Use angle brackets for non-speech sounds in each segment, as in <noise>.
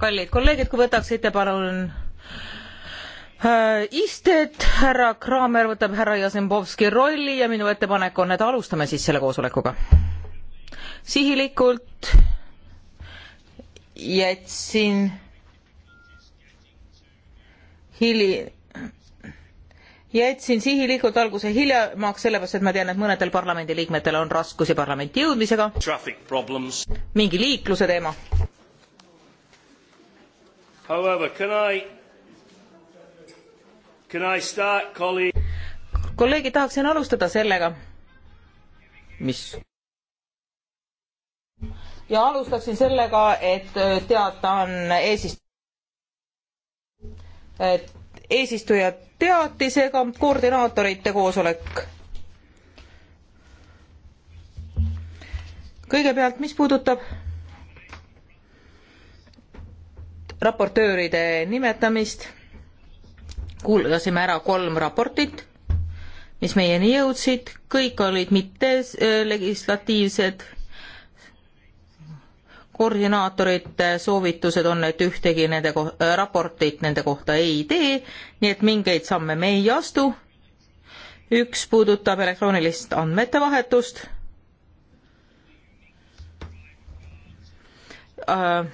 kallid kolleegid, kui võtaksite palun äh, istet, härra Kraamer võtab härra Jasembovski rolli ja minu ettepanek on, et alustame siis selle koosolekuga. sihilikult jätsin hili-, jätsin sihilikult alguse hiljemaks, sellepärast et ma tean, et mõnedel parlamendiliikmetel on raskusi parlamenti jõudmisega. mingi liikluse teema. However, can I, can I start, colleague? kolleegid, tahaksin alustada sellega, mis ja alustaksin sellega, et äh, teatan eesist-, eesistujat teatisega koordinaatorite koosolek. kõigepealt, mis puudutab raportööride nimetamist, kuulasime ära kolm raportit, mis meieni jõudsid, kõik olid mitte eh, legislatiivsed koordinaatorite soovitused on, et ühtegi nende ko-, äh, raportit nende kohta ei tee, nii et mingeid samme me ei astu. üks puudutab elektroonilist andmete vahetust äh,,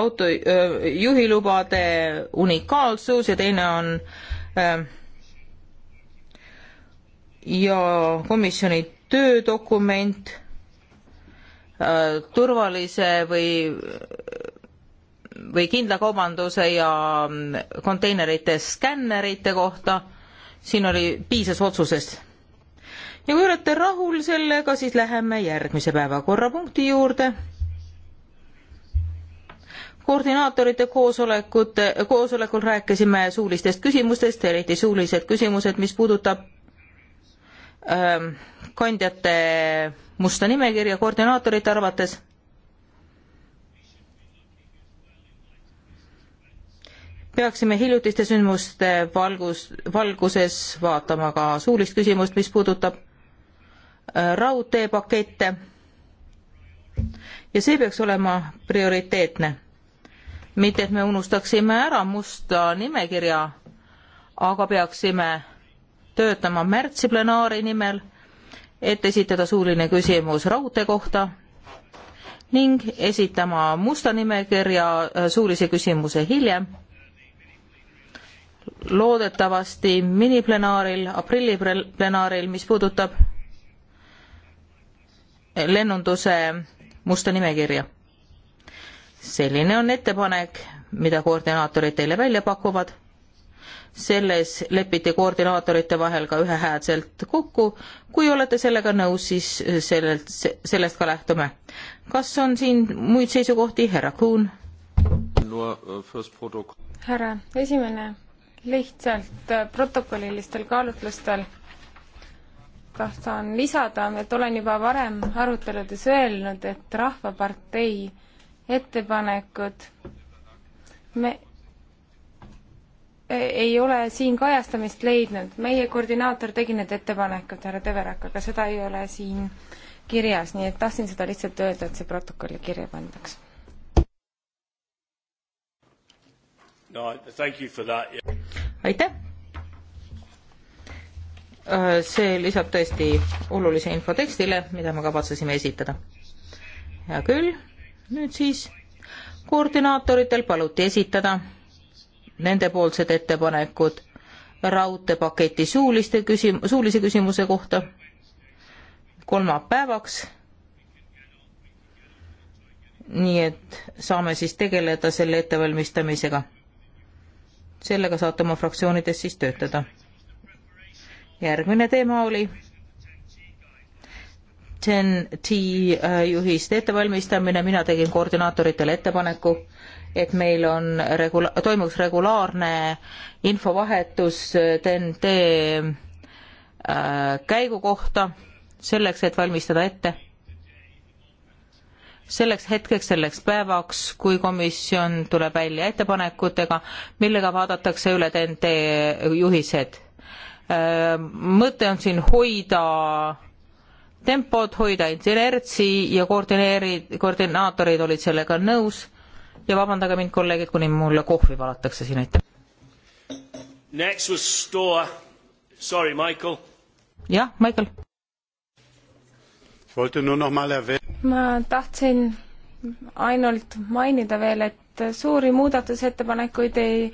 auto äh,, juhilubade unikaalsus ja teine on äh, ja komisjoni töödokument Äh, turvalise või või kindla kaubanduse ja mm, konteinerite skännerite kohta, siin oli, piisas otsusest. ja kui olete rahul sellega, siis läheme järgmise päevakorrapunkti juurde. koordinaatorite koosolekute, koosolekul rääkisime suulistest küsimustest, eriti suulised küsimused, mis puudutab ähm, kandjate musta nimekirja koordinaatorite arvates. peaksime hiljutiste sündmuste valgus, valguses vaatama ka suulist küsimust, mis puudutab äh, raudteepakette ja see peaks olema prioriteetne. mitte, et me unustaksime ära musta nimekirja, aga peaksime töötama märtsi plenaari nimel et esitada suuline küsimus raudtee kohta ning esitama musta nimekirja äh, suulise küsimuse hiljem, loodetavasti miniplenaaril, aprilli plenaaril, mis puudutab lennunduse musta nimekirja. selline on ettepanek, mida koordinaatorid teile välja pakuvad selles lepiti koordinaatorite vahel ka ühehäälselt kokku. kui olete sellega nõus, siis sellelt, sellest ka lähtume. kas on siin muid seisukohti, härra Kuhn? härra esimene, lihtsalt äh, protokollilistel kaalutlustel tahan lisada, et olen juba varem aruteludes öelnud, et Rahvapartei ettepanekud me ei ole siin kajastamist leidnud. meie koordinaator tegi need ettepanekud, härra Teverak, aga seda ei ole siin kirjas, nii et tahtsin seda lihtsalt öelda, et see protokolli kirja pandaks. no thank you for that yeah.. aitäh! Äh, see lisab tõesti olulise info tekstile, mida me kavatsesime esitada. hea küll, nüüd siis koordinaatoritel paluti esitada nendepoolsed ettepanekud raudteepaketi suuliste küsim-, suulise küsimuse kohta kolmapäevaks. nii et saame siis tegeleda selle ettevalmistamisega. sellega saate oma fraktsioonides siis töötada. järgmine teema oli TEN-T äh, juhiste ettevalmistamine, mina tegin koordinaatoritele ettepaneku et meil on regula-, toimuks regulaarne infovahetus TNT äh, käigu kohta, selleks, et valmistada ette selleks hetkeks, selleks päevaks, kui komisjon tuleb välja ettepanekutega, millega vaadatakse üle TNT juhised. Äh, mõte on siin hoida tempot, hoida inertsi ja koordineeri-, koordinaatorid olid sellega nõus ja vabandage mind, kolleegid, kuni mulle kohvi valatakse siin ette. Next was Stoa. Sorry, Michael. jah, Michael. ma tahtsin ainult mainida veel, et suuri muudatusettepanekuid ei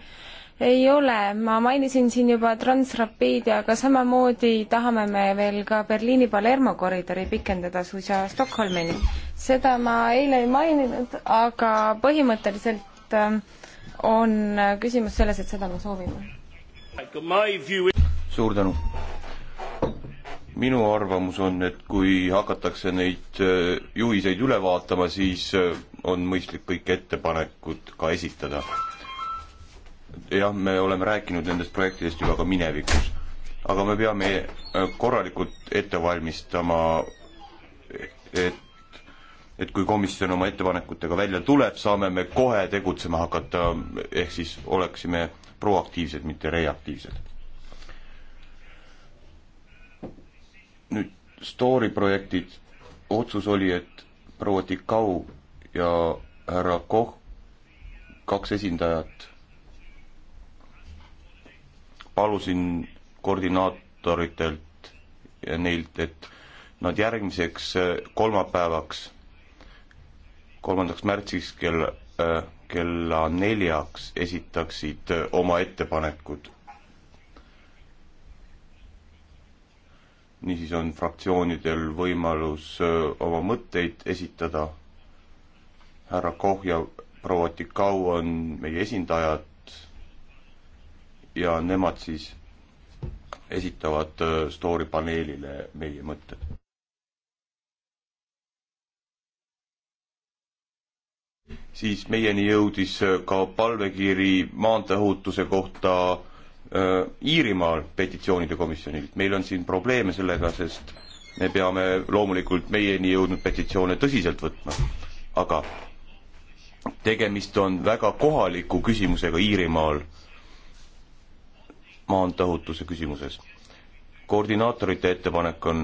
ei ole, ma mainisin siin juba Transrapiidi, aga samamoodi tahame me veel ka Berliini-Palermo koridori pikendada suisa Stockholmini seda ma eile ei maininud, aga põhimõtteliselt ähm, on äh, küsimus selles, et seda me soovime. suur tänu. minu arvamus on, et kui hakatakse neid äh, juhiseid üle vaatama, siis äh, on mõistlik kõik ettepanekud ka esitada. jah, me oleme rääkinud nendest projektidest juba ka minevikus, aga me peame korralikult ette valmistama, et et kui komisjon oma ettepanekutega välja tuleb, saame me kohe tegutsema hakata, ehk siis oleksime proaktiivsed, mitte reaktiivsed. nüüd story projektid, otsus oli, et proua Tikau ja härra Koch, kaks esindajat, palusin koordinaatoritelt ja neilt, et nad järgmiseks kolmapäevaks kolmandaks märtsiks kell, äh, kella neljaks esitaksid äh, oma ettepanekud. niisiis on fraktsioonidel võimalus äh, oma mõtteid esitada. härra Koh ja proua Tikau on meie esindajad ja nemad siis esitavad story paneelile meie mõtted. siis meieni jõudis äh, ka palvekiri maanteeohutuse kohta äh, Iirimaal petitsioonide komisjonilt. meil on siin probleeme sellega, sest me peame loomulikult meieni jõudnud petitsioone tõsiselt võtma, aga tegemist on väga kohaliku küsimusega Iirimaal maanteeohutuse küsimuses. koordinaatorite ettepanek on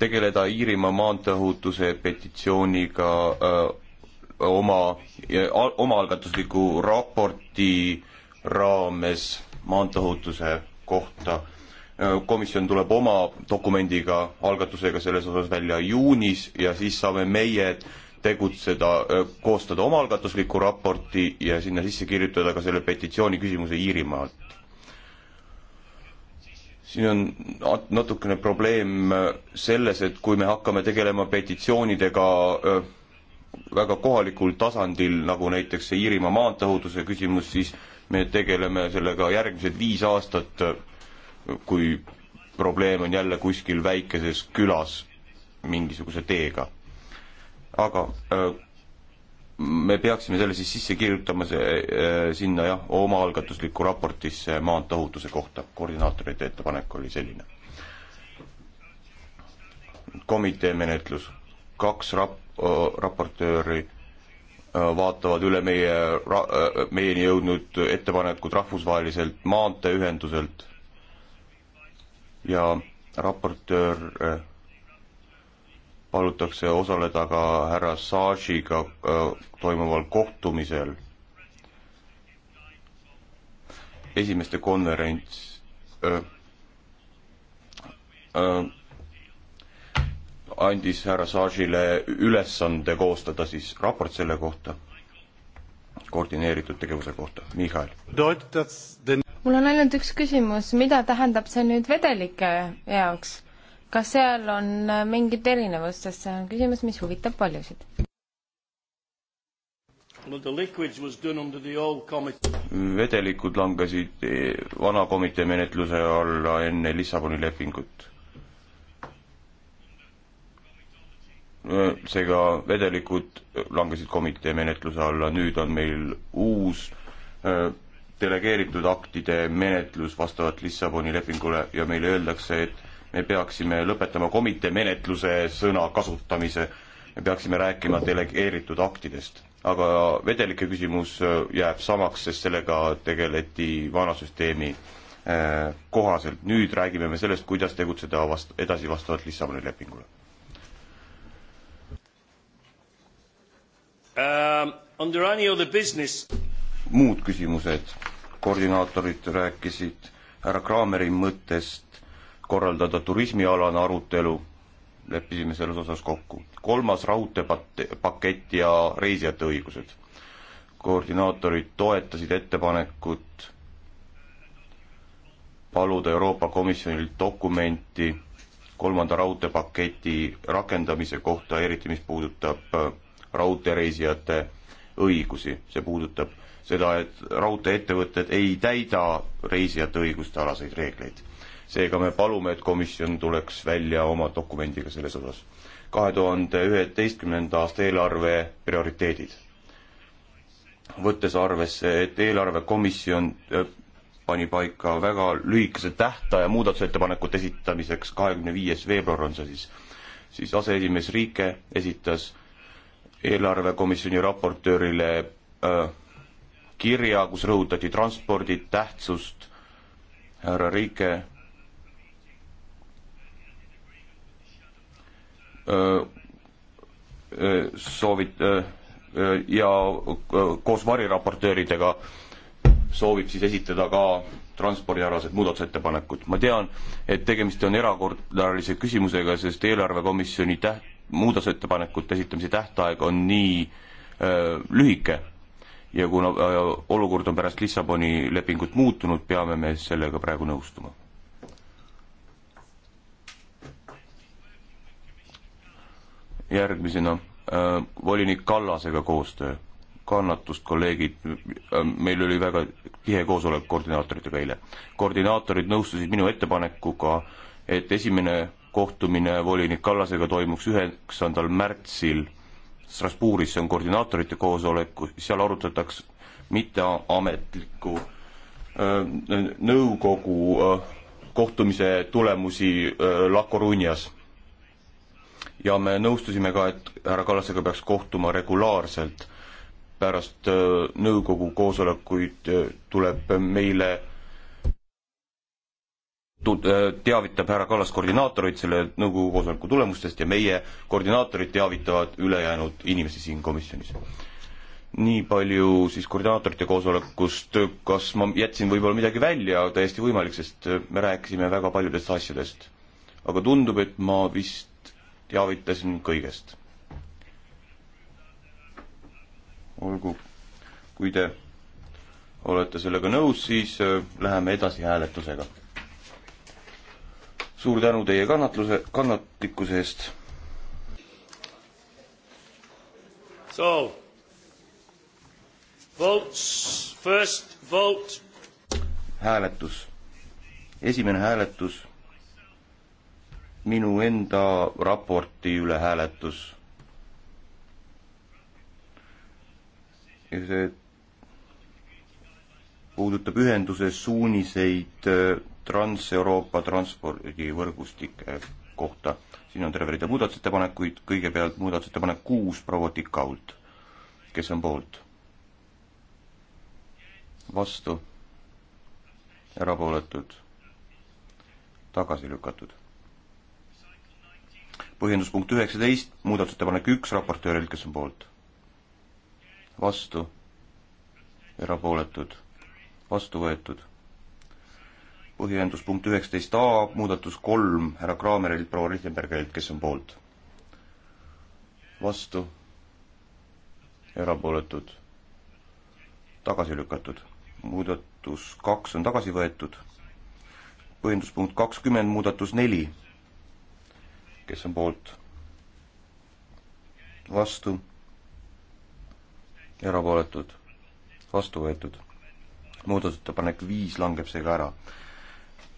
tegeleda Iirimaa maanteeohutuse petitsiooniga öö, äh, oma, omaalgatusliku raporti raames maanteeohutuse kohta. Äh, komisjon tuleb oma dokumendiga, algatusega selles osas välja juunis ja siis saame meie tegutseda, äh, koostada omaalgatusliku raporti ja sinna sisse kirjutada ka selle petitsiooni küsimuse Iirimaalt siin on natukene probleem äh, selles, et kui me hakkame tegelema petitsioonidega äh, väga kohalikul tasandil, nagu näiteks see Iirimaa maanteeohutuse küsimus, siis me tegeleme sellega järgmised viis aastat, äh, kui probleem on jälle kuskil väikeses külas mingisuguse teega. aga me peaksime selle siis sisse kirjutama see, äh, sinna jah, omaalgatuslikku raportisse maanteeohutuse kohta, koordinaatorite ettepanek oli selline. komitee menetlus, kaks rap-, raportööri vaatavad üle meie ra-, meieni jõudnud ettepanekud rahvusvaheliselt maanteeühenduselt ja raportöör palutakse osaleda ka härra Saažiga äh, toimuval kohtumisel. esimeste konverents öö, äh, öö, äh, andis härra Saažile ülesande koostada siis raport selle kohta, koordineeritud tegevuse kohta. Mihhail. mul on ainult üks küsimus, mida tähendab see nüüd vedelike jaoks? kas seal on äh, mingit erinevust, sest see on küsimus, mis huvitab paljusid? vedelikud langesid eh, vana komitee menetluse alla enne Lissaboni lepingut. Äh, seega vedelikud langesid komitee menetluse alla, nüüd on meil uus äh, delegeeritud aktide menetlus vastavalt Lissaboni lepingule ja meile öeldakse, et me peaksime lõpetama komitee menetluse sõna kasutamise, me peaksime rääkima delegeeritud aktidest. aga vedelike küsimus äh, jääb samaks, sest sellega tegeleti vana süsteemi äh, kohaselt. nüüd räägime me sellest, kuidas tegutseda vast-, edasi vastavalt Lissaboni lepingule uh,. On the running of the business muud küsimused, koordinaatorid rääkisid härra Krahmeri mõttest korraldada turismialane arutelu, leppisime selles osas kokku. kolmas raudteepakett ja reisijate õigused. koordinaatorid toetasid ettepanekut paluda Euroopa Komisjonilt dokumenti kolmanda raudteepaketi rakendamise kohta, eriti mis puudutab äh, raudteereisijate õigusi, see puudutab seda, et raudteeettevõtted ei täida reisijate õiguste alaseid reegleid seega me palume, et komisjon tuleks välja oma dokumendiga selles osas. kahe tuhande üheteistkümnenda aasta eelarve prioriteedid. võttes arvesse, et eelarvekomisjon äh, pani paika väga lühikese tähtaja muudatusettepanekute esitamiseks, kahekümne viies veebruar on see siis, siis aseesimees Riike esitas eelarvekomisjoni raportöörile äh, kirja, kus rõhutati transpordi tähtsust. härra Riike soovid- ja koos variraportööridega soovib siis esitada ka transpordialased muudatusettepanekud. ma tean, et tegemist on erakorralise küsimusega, sest eelarvekomisjoni täht-, muudatusettepanekute esitamise tähtaeg on nii öö, lühike ja kuna öö, olukord on pärast Lissaboni lepingut muutunud, peame me sellega praegu nõustuma järgmisena äh, volinik Kallasega koostöö. kannatust, kolleegid äh,, meil oli väga tihe koosolek koordinaatoritega eile. koordinaatorid nõustusid minu ettepanekuga, et esimene kohtumine volinik Kallasega toimuks üheksandal märtsil Strasbourgis, see on koordinaatorite koosolek, seal arutatakse mitteametliku äh, nõukogu äh, kohtumise tulemusi äh, La Coruñas ja me nõustusime ka, et härra Kallasega peaks kohtuma regulaarselt. pärast äh, nõukogu koosolekuid äh, tuleb meile, äh, teavitab härra Kallas koordinaatorid selle nõukogu koosoleku tulemustest ja meie koordinaatorid teavitavad ülejäänud inimesi siin komisjonis. nii palju siis koordinaatorite koosolekust, kas ma jätsin võib-olla midagi välja, täiesti võimalik, sest me rääkisime väga paljudest asjadest. aga tundub, et ma vist teavitasin kõigest. olgu, kui te olete sellega nõus, siis äh, läheme edasi hääletusega. suur tänu teie kannatluse, kannatlikkuse eest. So votes, first vote. hääletus, esimene hääletus minu enda raporti üle hääletus. ja see puudutab ühenduse suuniseid äh, Trans-Euroopa transpordivõrgustike kohta. siin on terve rida muudatusettepanekuid, kõigepealt muudatusettepanek kuus proua Tikault, kes on poolt? vastu? erapooletud? tagasi lükatud? põhjendus punkt üheksateist, muudatusettepanek üks raportööril, kes on poolt? vastu? erapooletud? vastu võetud? põhjendus punkt üheksateist A, muudatus kolm härra Kraamerilt, proua Lichtenbergerilt, kes on poolt? vastu? erapooletud? tagasi lükatud? muudatus kaks on tagasi võetud põhjenduspunkt kakskümmend, muudatus neli kes on poolt? vastu? erapooletud? vastu võetud. muudatusettepanek viis langeb seega ära.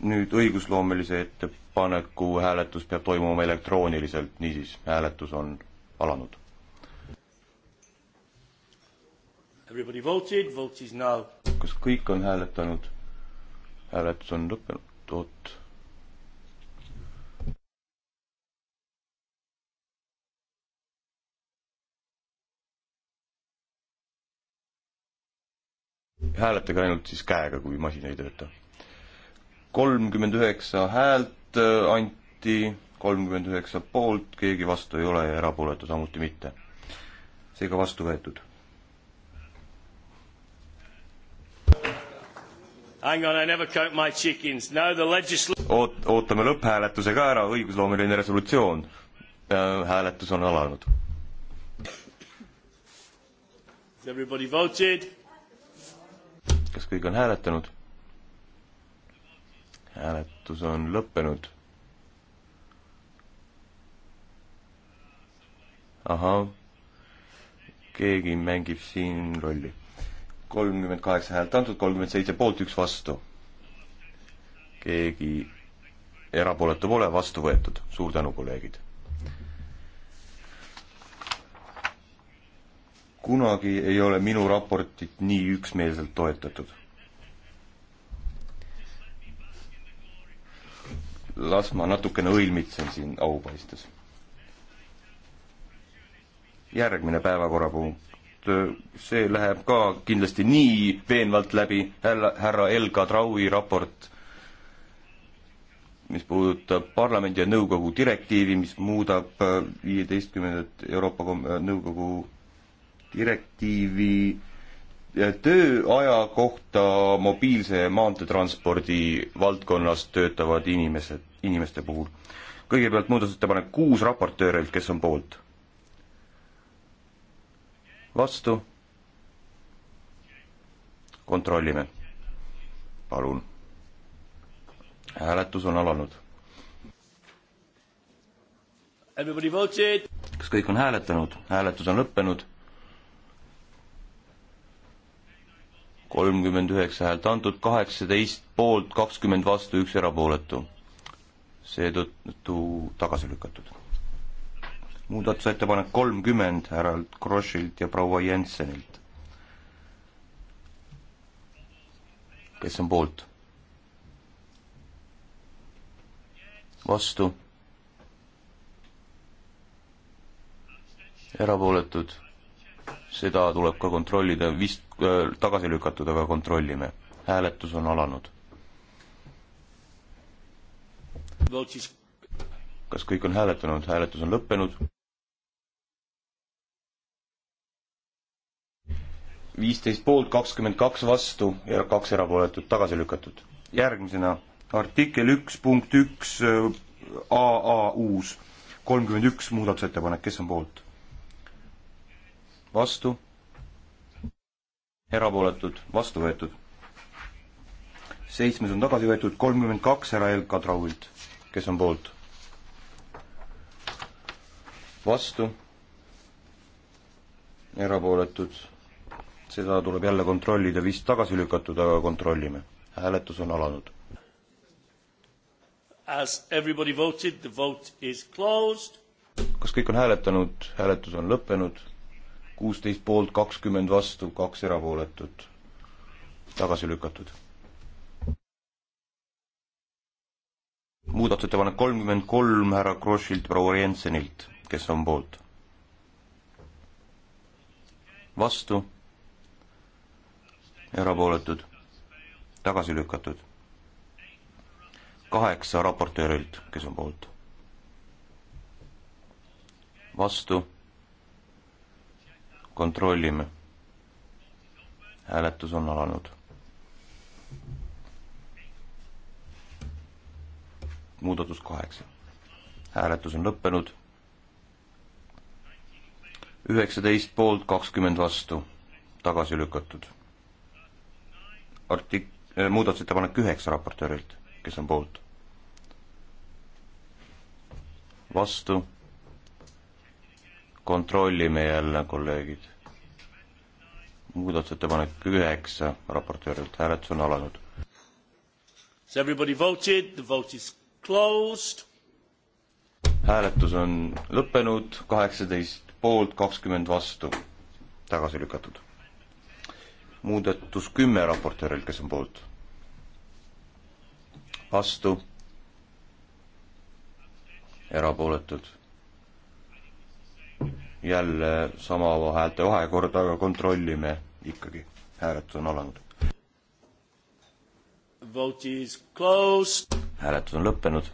nüüd õigusloomelise ettepaneku hääletus peab toimuma elektrooniliselt, niisiis hääletus on alanud. Everybody voted, vote is now. kas kõik on hääletanud? hääletus on lõppenud, oot hääletage ainult siis käega, kui masin ei tööta. kolmkümmend üheksa häält äh, anti, kolmkümmend üheksa poolt, keegi vastu ei ole ja erapooletu samuti mitte. seega vastu võetud. Hang on, I never count my chickens. Now the legisl- Oot-, ootame lõpphääletuse ka ära, õigusloomeline resolutsioon. hääletus on alanud. Has everybody voted? kas kõik on hääletanud? hääletus on lõppenud. ahah, keegi mängib siin rolli. kolmkümmend kaheksa häält antud, kolmkümmend seitse poolt, üks vastu. keegi erapooletu pole, vastu võetud. suur tänu, kolleegid. kunagi ei ole minu raportit nii üksmeelselt toetatud las ma natukene õilmitsen siin aupaistes. järgmine päevakorrapunkt, see läheb ka kindlasti nii veenvalt läbi, härra, härra Elga Traui raport, mis puudutab parlamendi ja nõukogu direktiivi, mis muudab äh, viieteistkümnendat Euroopa Kom-, äh, nõukogu direktiivi äh, tööaja kohta mobiilse maanteetranspordi valdkonnas töötavad inimesed inimeste puhul. kõigepealt muudatusettepanek kuus raportöörilt, kes on poolt? vastu? kontrollime. palun. hääletus on alanud. kas kõik on hääletanud? hääletus on lõppenud. kolmkümmend üheksa häält antud, kaheksateist poolt, kakskümmend vastu, üks erapooletu seetõttu tagasi lükatud. muudatusettepanek kolmkümmend härralt Krossilt ja proua Jensenilt. kes on poolt? vastu? erapooletud? seda tuleb ka kontrollida, vist äh, tagasi lükatud, aga kontrollime. hääletus on alanud kas kõik on hääletanud, hääletus on lõppenud? viisteist poolt, kakskümmend kaks vastu ja kaks erapooletut tagasi lükatud. järgmisena artikkel üks punkt üks AA uus kolmkümmend üks muudatusettepanek, kes on poolt? vastu? erapooletud, vastu võetud. seitsmes on tagasi võetud, kolmkümmend kaks härra Elka Trauilt kes on poolt? vastu? erapooletud? seda tuleb jälle kontrollida, vist tagasi lükatud, aga kontrollime. hääletus on alanud. As everybody voted, the vote is closed. kas kõik on hääletanud, hääletus on lõppenud, kuusteist poolt, kakskümmend vastu, kaks erapooletut, tagasi lükatud muudatusettepanek kolmkümmend kolm härra Krossilt, proua Jensenilt, kes on poolt? vastu? erapooletud? tagasi lükatud? kaheksa raportöörilt, kes on poolt? vastu? kontrollime. hääletus on alanud. muudatus kaheksa. hääletus on lõppenud. üheksateist poolt, kakskümmend vastu, tagasi lükatud. Artik-, äh, muudatusettepanek üheksa raportöörilt, kes on poolt? vastu. kontrollime jälle, kolleegid. muudatusettepanek üheksa raportöörilt, hääletus on alanud. Has everybody voted? The vote is Closed. hääletus on lõppenud, kaheksateist poolt, kakskümmend vastu, tagasi lükatud. muudatus kümme raportööril, kes on poolt? vastu erapooletud. jälle sama häälte vahekord, aga kontrollime ikkagi, hääletus on alanud. Vote is closed. hääletus on lõppenud.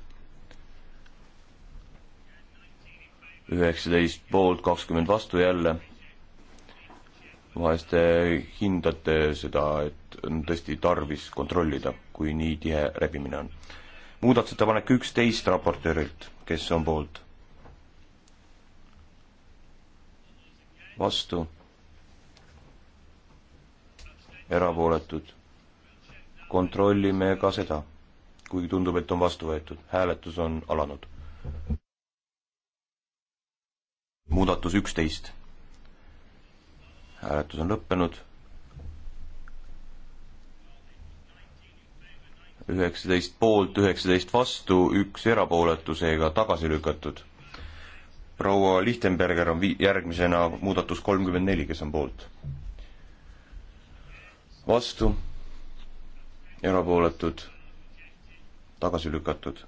üheksateist poolt, kakskümmend vastu jälle. vahest te hindate seda, et on tõesti tarvis kontrollida, kui nii tihe rebimine on. muudatusettepanek üksteist raportöörilt, kes on poolt? vastu erapooletud kontrollime ka seda, kuigi tundub, et on vastu võetud. hääletus on alanud. muudatus üksteist. hääletus on lõppenud. üheksateist poolt, üheksateist vastu, üks erapooletu, seega tagasi lükatud. proua Lichtenberger on vi-, järgmisena muudatus kolmkümmend neli, kes on poolt. vastu erapooletud, tagasi lükatud.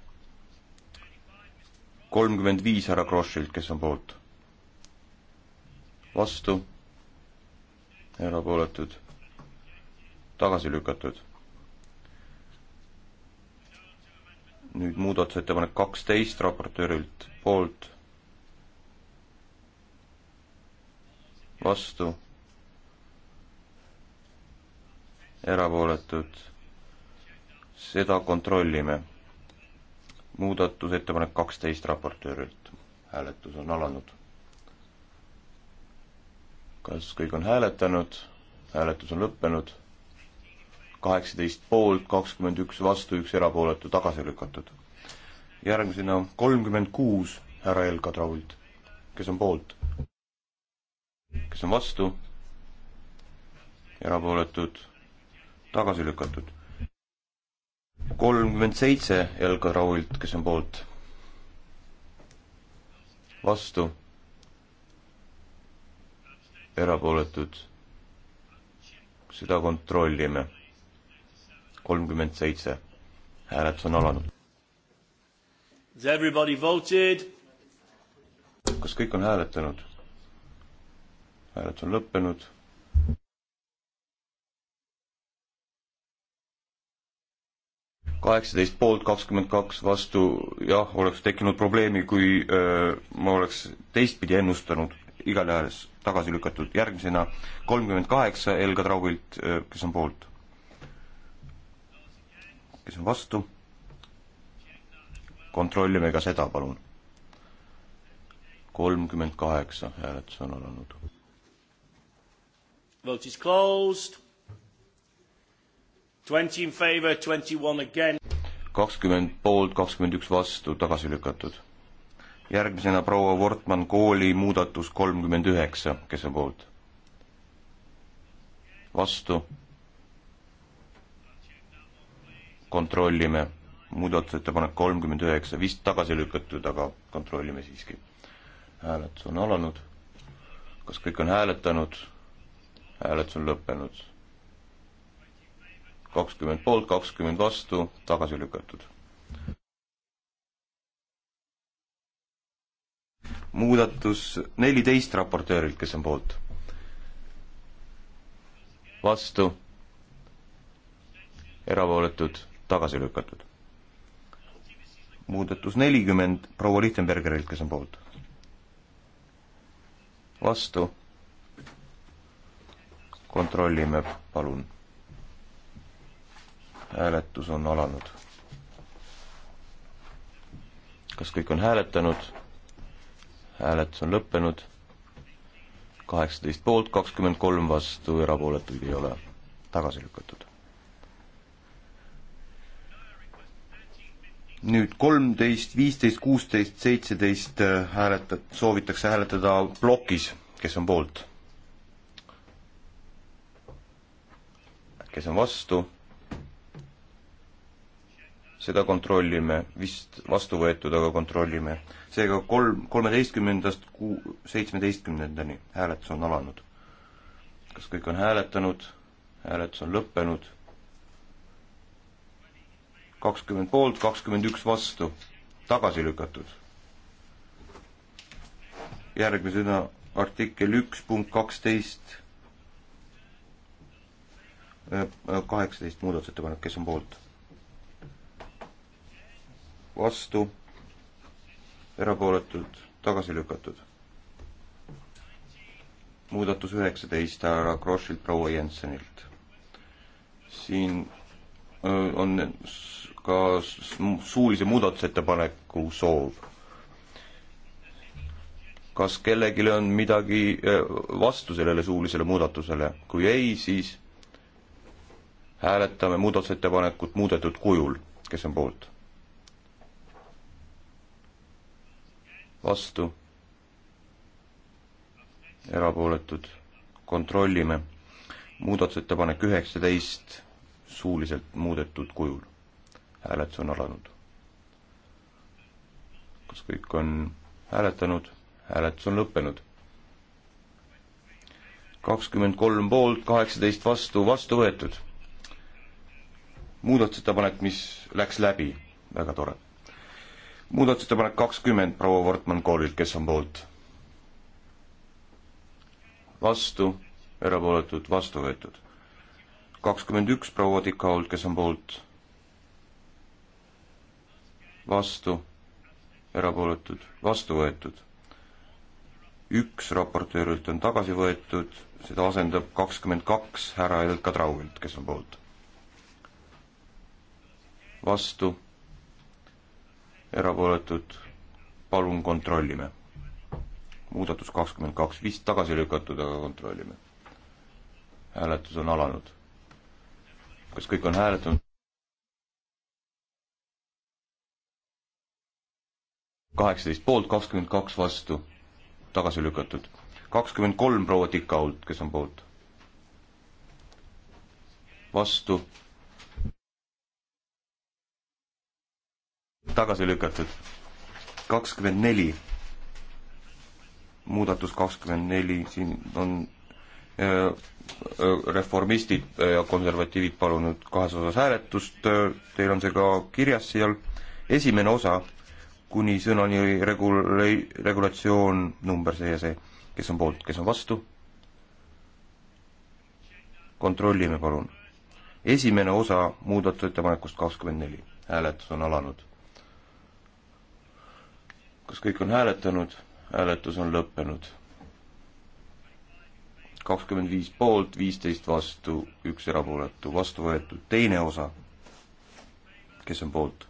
kolmkümmend viis härra Krossilt, kes on poolt. vastu, erapooletud, tagasi lükatud. nüüd muudatusettepanek kaksteist raportöörilt poolt, vastu erapooletud seda kontrollime. muudatusettepanek kaksteist raportöörilt. hääletus on alanud. kas kõik on hääletanud? hääletus on lõppenud. kaheksateist poolt, kakskümmend üks vastu, üks erapooletu tagasi lükatud. järgmisena kolmkümmend kuus härra Elkadrault, kes on poolt, kes on vastu, erapooletud, tagasi lükatud kolmkümmend seitse Elka Rault, kes on poolt. vastu. erapooletud. seda kontrollime. kolmkümmend seitse. hääletus on alanud. Has everybody voted? kas kõik on hääletanud? hääletus on lõppenud kaheksateist poolt, kakskümmend kaks vastu, jah, oleks tekkinud probleemi, kui öö, äh, ma oleks teistpidi ennustanud, igatahes tagasi lükatud. järgmisena kolmkümmend kaheksa Helga Traugilt, äh, kes on poolt. kes on vastu? kontrollime ka seda, palun. kolmkümmend kaheksa hääletus on alanud. Vote is closed Twenty in favor, twenty one again. kakskümmend poolt, kakskümmend üks vastu, tagasi lükatud. järgmisena proua Wortmann kooli muudatus kolmkümmend üheksa, kes on poolt? vastu. kontrollime, muudatusettepanek kolmkümmend üheksa, vist tagasi lükatud, aga kontrollime siiski. hääletus on alanud. kas kõik on hääletanud? hääletus on lõppenud kakskümmend poolt, kakskümmend vastu, tagasi lükatud. muudatus neliteist raportöörilt, kes on poolt? vastu, erapooletud, tagasi lükatud. muudatus nelikümmend proua Lichtenbergerilt, kes on poolt? vastu, kontrollime, palun hääletus on alanud. kas kõik on hääletanud? hääletus on lõppenud. kaheksateist poolt, kakskümmend kolm vastu, erapooletuid ei ole. tagasi lükatud. nüüd kolmteist, viisteist, kuusteist, seitseteist äh, hääletat-, soovitakse hääletada plokis, kes on poolt. kes on vastu seda kontrollime, vist vastu võetud, aga kontrollime. seega kolm, kolmeteistkümnendast kuu, seitsmeteistkümnendani hääletus on alanud. kas kõik on hääletanud? hääletus on lõppenud. kakskümmend poolt, kakskümmend üks vastu, tagasi lükatud. järgmisena artikkel üks punkt kaksteist, äh, äh, kaheksateist muudatusettepanek, kes on poolt? vastu, erapooletud, tagasi lükatud. muudatus üheksateist härra Krossilt proua Jensenilt. siin on ka suulise muudatusettepaneku soov. kas kellelgi on midagi vastu sellele suulisele muudatusele? kui ei, siis hääletame muudatusettepanekut muudetud kujul, kes on poolt vastu, erapooletud, kontrollime. muudatusettepanek üheksateist, suuliselt muudetud kujul. hääletus on alanud. kas kõik on hääletanud? hääletus on lõppenud. kakskümmend kolm poolt, kaheksateist vastu, vastu võetud. muudatusettepanek, mis läks läbi, väga tore muudatusettepanek kakskümmend proua Wortmann koolilt, kes on poolt? vastu, erapooletud, vastu võetud. kakskümmend üks proua Tikaolt, kes on poolt? vastu, erapooletud, vastu võetud. üks raportöörilt on tagasi võetud, seda asendab kakskümmend kaks härra Elka Trauvilt, kes on poolt. vastu erapooletud, palun kontrollime. muudatus kakskümmend kaks, vist tagasi lükatud, aga kontrollime. hääletus on alanud. kas kõik on hääletanud? kaheksateist poolt, kakskümmend kaks vastu, tagasi lükatud. kakskümmend kolm proua Tikault, kes on poolt? vastu tagasi lükatud. kakskümmend neli, muudatus kakskümmend neli, siin on öö, äh, äh, reformistid ja konservatiivid palunud kahes osas hääletust, äh, teil on see ka kirjas seal, esimene osa kuni sõnani regula-, regulatsioon number see ja see, kes on poolt, kes on vastu, kontrollime palun. esimene osa muudatusettepanekust kakskümmend neli, hääletus on alanud kas kõik on hääletanud? hääletus on lõppenud. kakskümmend viis poolt, viisteist vastu, üks erapooletu, vastu võetud teine osa. kes on poolt?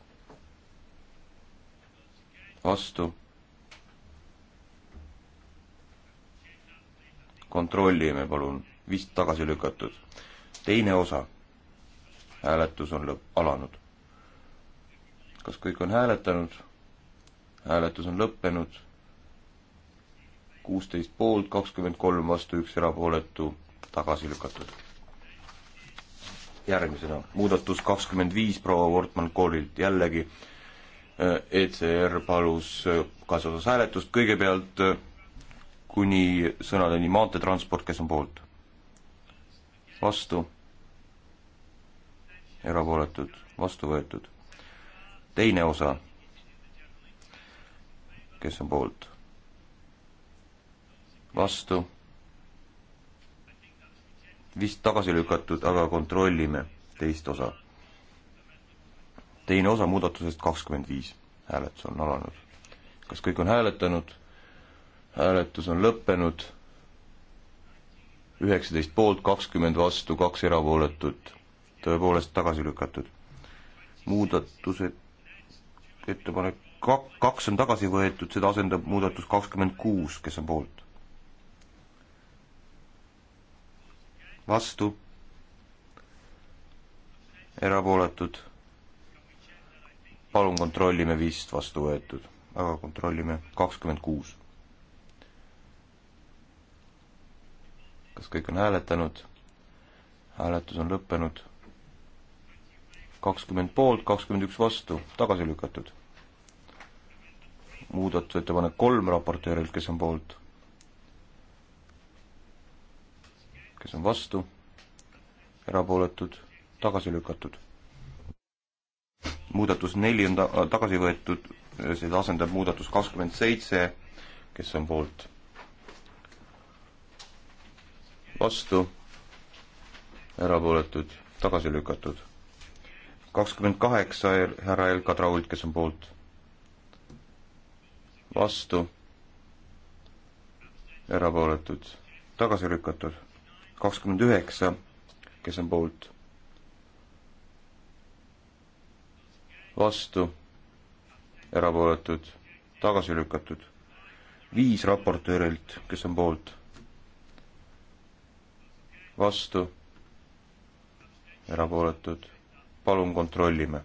vastu. kontrollime palun, vist tagasi lükatud. teine osa. hääletus on lõpp, alanud. kas kõik on hääletanud? hääletus on lõppenud. kuusteist poolt, kakskümmend kolm vastu, üks erapooletu, tagasi lükatud. järgmisena muudatus kakskümmend viis proua Wortmann-Koolilt jällegi. Äh, ECR palus äh, kaasosas hääletust, kõigepealt äh, kuni sõnadeni maanteetransport, kes on poolt? vastu? erapooletud, vastu võetud. teine osa kes on poolt? vastu? vist tagasi lükatud, aga kontrollime teist osa. teine osa muudatusest kakskümmend viis, hääletus on alanud. kas kõik on hääletanud? hääletus on lõppenud, üheksateist poolt, kakskümmend vastu, kaks erapooletut, tõepoolest tagasi lükatud. muudatused, ettepanek kaks on tagasi võetud, seda asendab muudatus kakskümmend kuus, kes on poolt. vastu. erapooletud. palun kontrollime, vist vastu võetud, aga kontrollime, kakskümmend kuus. kas kõik on hääletanud? hääletus on lõppenud. kakskümmend poolt, kakskümmend üks vastu, tagasi lükatud muudatusettepanek kolm raportöörilt, kes on poolt? kes on vastu? erapooletud, tagasi lükatud. muudatus neli on ta-, tagasi võetud, seda asendab muudatus kakskümmend seitse, kes on poolt? vastu, erapooletud, tagasi lükatud. kakskümmend kaheksa härra Elka Trault, kes on poolt vastu, erapooletud, tagasi lükatud. kakskümmend üheksa, kes on poolt, vastu, erapooletud, tagasi lükatud. viis raportöörilt, kes on poolt, vastu, erapooletud. palun kontrollime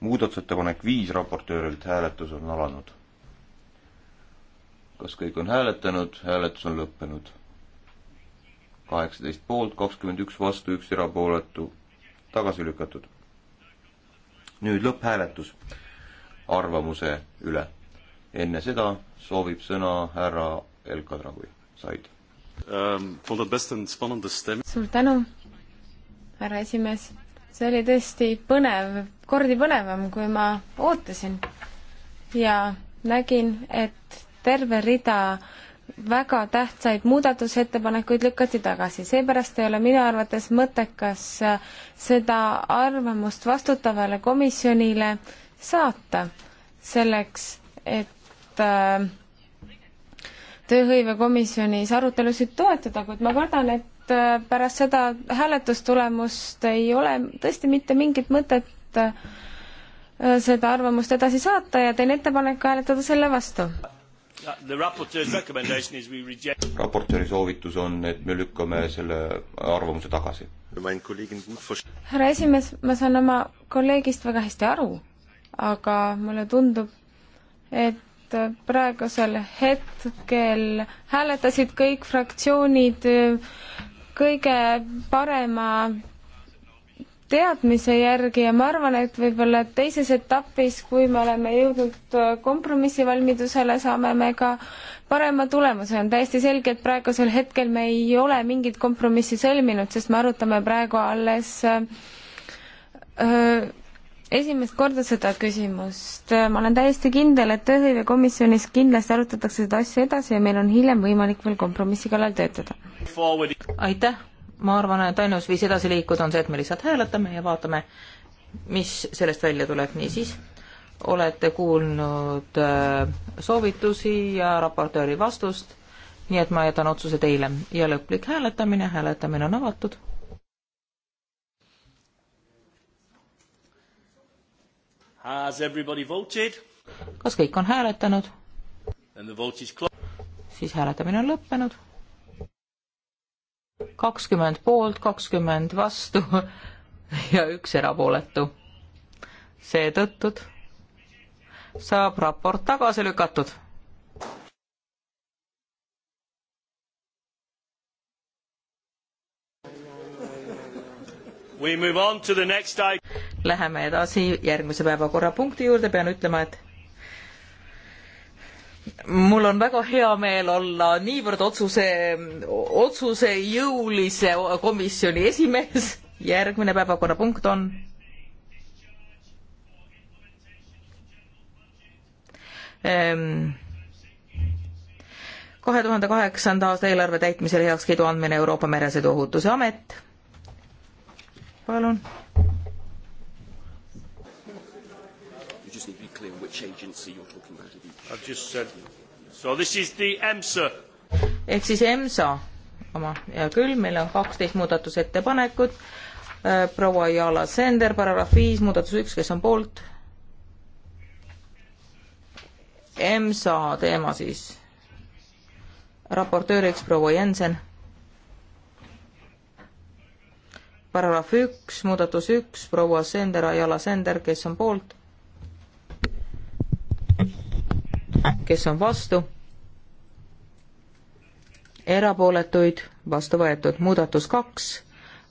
muudatusettepanek viis raportöörilt, hääletus on alanud. kas kõik on hääletanud, hääletus on lõppenud. kaheksateist poolt, kakskümmend üks vastu, üks erapooletu, tagasi lükatud. nüüd lõpphääletus arvamuse üle. enne seda soovib sõna härra Elka Dragui, said um,. suur tänu, härra esimees see oli tõesti põnev, kordi põnevam, kui ma ootasin. ja nägin, et terve rida väga tähtsaid muudatusettepanekuid lükati tagasi, seepärast ei ole minu arvates mõttekas seda arvamust vastutavale komisjonile saata, selleks et äh, tööhõivekomisjonis arutelusid toetada, kuid ma kardan, et et äh, pärast seda hääletustulemust ei ole tõesti mitte mingit mõtet äh, seda arvamust edasi saata ja teen ettepaneku hääletada selle vastu. Uh, raportööri soovitus on, et me lükkame selle arvamuse tagasi. härra esimees, ma saan oma kolleegist väga hästi aru, aga mulle tundub, et äh, praegusel hetkel hääletasid kõik fraktsioonid kõige parema teadmise järgi ja ma arvan, et võib-olla teises etapis, kui me oleme jõudnud kompromissivalmidusele, saame me ka parema tulemuse. on täiesti selge, et praegusel hetkel me ei ole mingit kompromissi sõlminud, sest me arutame praegu alles öö, äh, esimest korda seda küsimust. ma olen täiesti kindel, et tööhõivekomisjonis kindlasti arutatakse seda asja edasi ja meil on hiljem võimalik veel kompromissi kallal töötada. aitäh, ma arvan, et ainus viis edasi liikuda on see, et me lihtsalt hääletame ja vaatame, mis sellest välja tuleb, niisiis olete kuulnud äh, soovitusi ja raportööri vastust, nii et ma jätan otsuse teile ja lõplik hääletamine, hääletamine on avatud kas kõik on hääletanud? siis hääletamine on lõppenud. kakskümmend poolt, kakskümmend vastu <laughs> ja üks erapooletu. seetõttu saab raport tagasi lükatud Läheme edasi järgmise päevakorrapunkti juurde, pean ütlema, et mul on väga hea meel olla niivõrd otsuse, otsusejõulise komisjoni esimees. järgmine päevakorrapunkt on ehm, kahe tuhande kaheksanda aasta eelarve täitmisele heakskiidu andmine Euroopa Meresõiduohutuse Amet palun. You just need to be clear which agency you're talking about. I've just said. So this is the EMSA. ehk siis EMSA oma, hea küll, meil on kaksteist muudatusettepanekut. Äh, proua Jaala Sender, paragrahv viis, muudatus üks, kes on poolt? EMSA teema siis. raportööriks proua Jensen paragrahv üks, muudatus üks, proua Sender, Ajala Sender, kes on poolt? kes on vastu? erapooletuid, vastu võetud, muudatus kaks,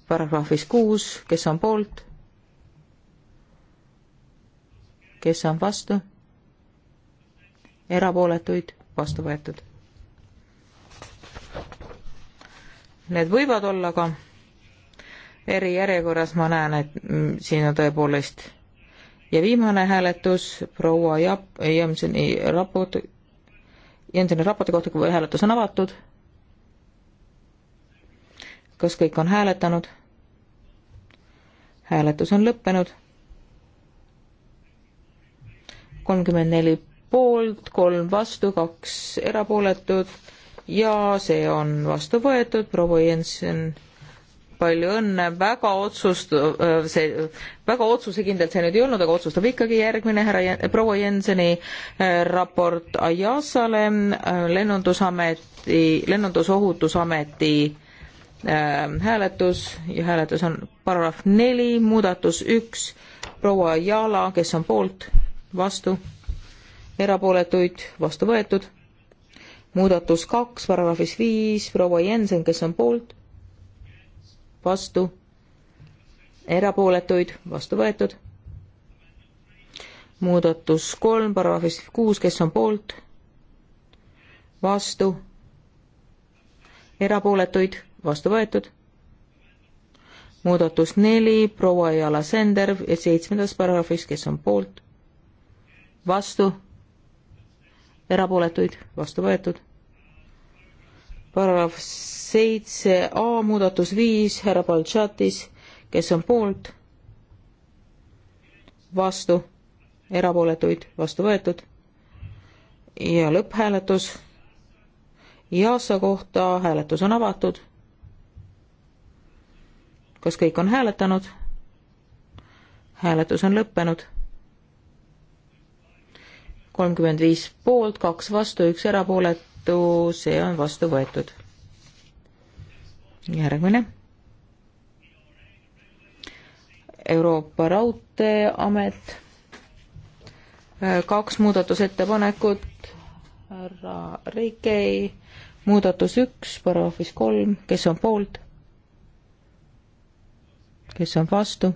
paragrahvis kuus, kes on poolt? kes on vastu? erapooletuid, vastu võetud. Need võivad olla ka erijärjekorras ma näen, et mm, siin on tõepoolest ja viimane hääletus proua Jap-, Jenseni raport, Jenseni raporti kohta, kui hääletus on avatud. kas kõik on hääletanud? hääletus on lõppenud. kolmkümmend neli poolt, kolm vastu, kaks erapooletut ja see on vastu võetud, proua Jensen palju õnne, väga otsust-, äh, see, väga otsusekindlalt see nüüd ei olnud, aga otsustab ikkagi järgmine härra, proua Jenseni äh, raport Ajasale, äh, lennundusameti, lennundusohutusameti hääletus ja hääletus on paragrahv neli, muudatus üks, proua Ajala, kes on poolt, vastu, erapooletuid, vastu võetud, muudatus kaks, paragrahvis viis, proua Jensen, kes on poolt, vastu, erapooletuid, vastu võetud. muudatus kolm, paragrahvis kuus, kes on poolt, vastu, erapooletuid, vastu võetud. muudatus neli, proua Jala Sender, seitsmendas paragrahvis, kes on poolt, vastu, erapooletuid, vastu võetud paragrahv seitse A muudatus viis härra Baltšatis, kes on poolt, vastu, erapooletuid vastu võetud ja lõpphääletus. Jaasa kohta hääletus on avatud. kas kõik on hääletanud? hääletus on lõppenud. kolmkümmend viis poolt, kaks vastu, üks erapooletu vastu, see on vastu võetud. järgmine. Euroopa Raudteeamet, kaks muudatusettepanekut, härra Reikei, muudatus üks, paragrahvis kolm, kes on poolt? kes on vastu?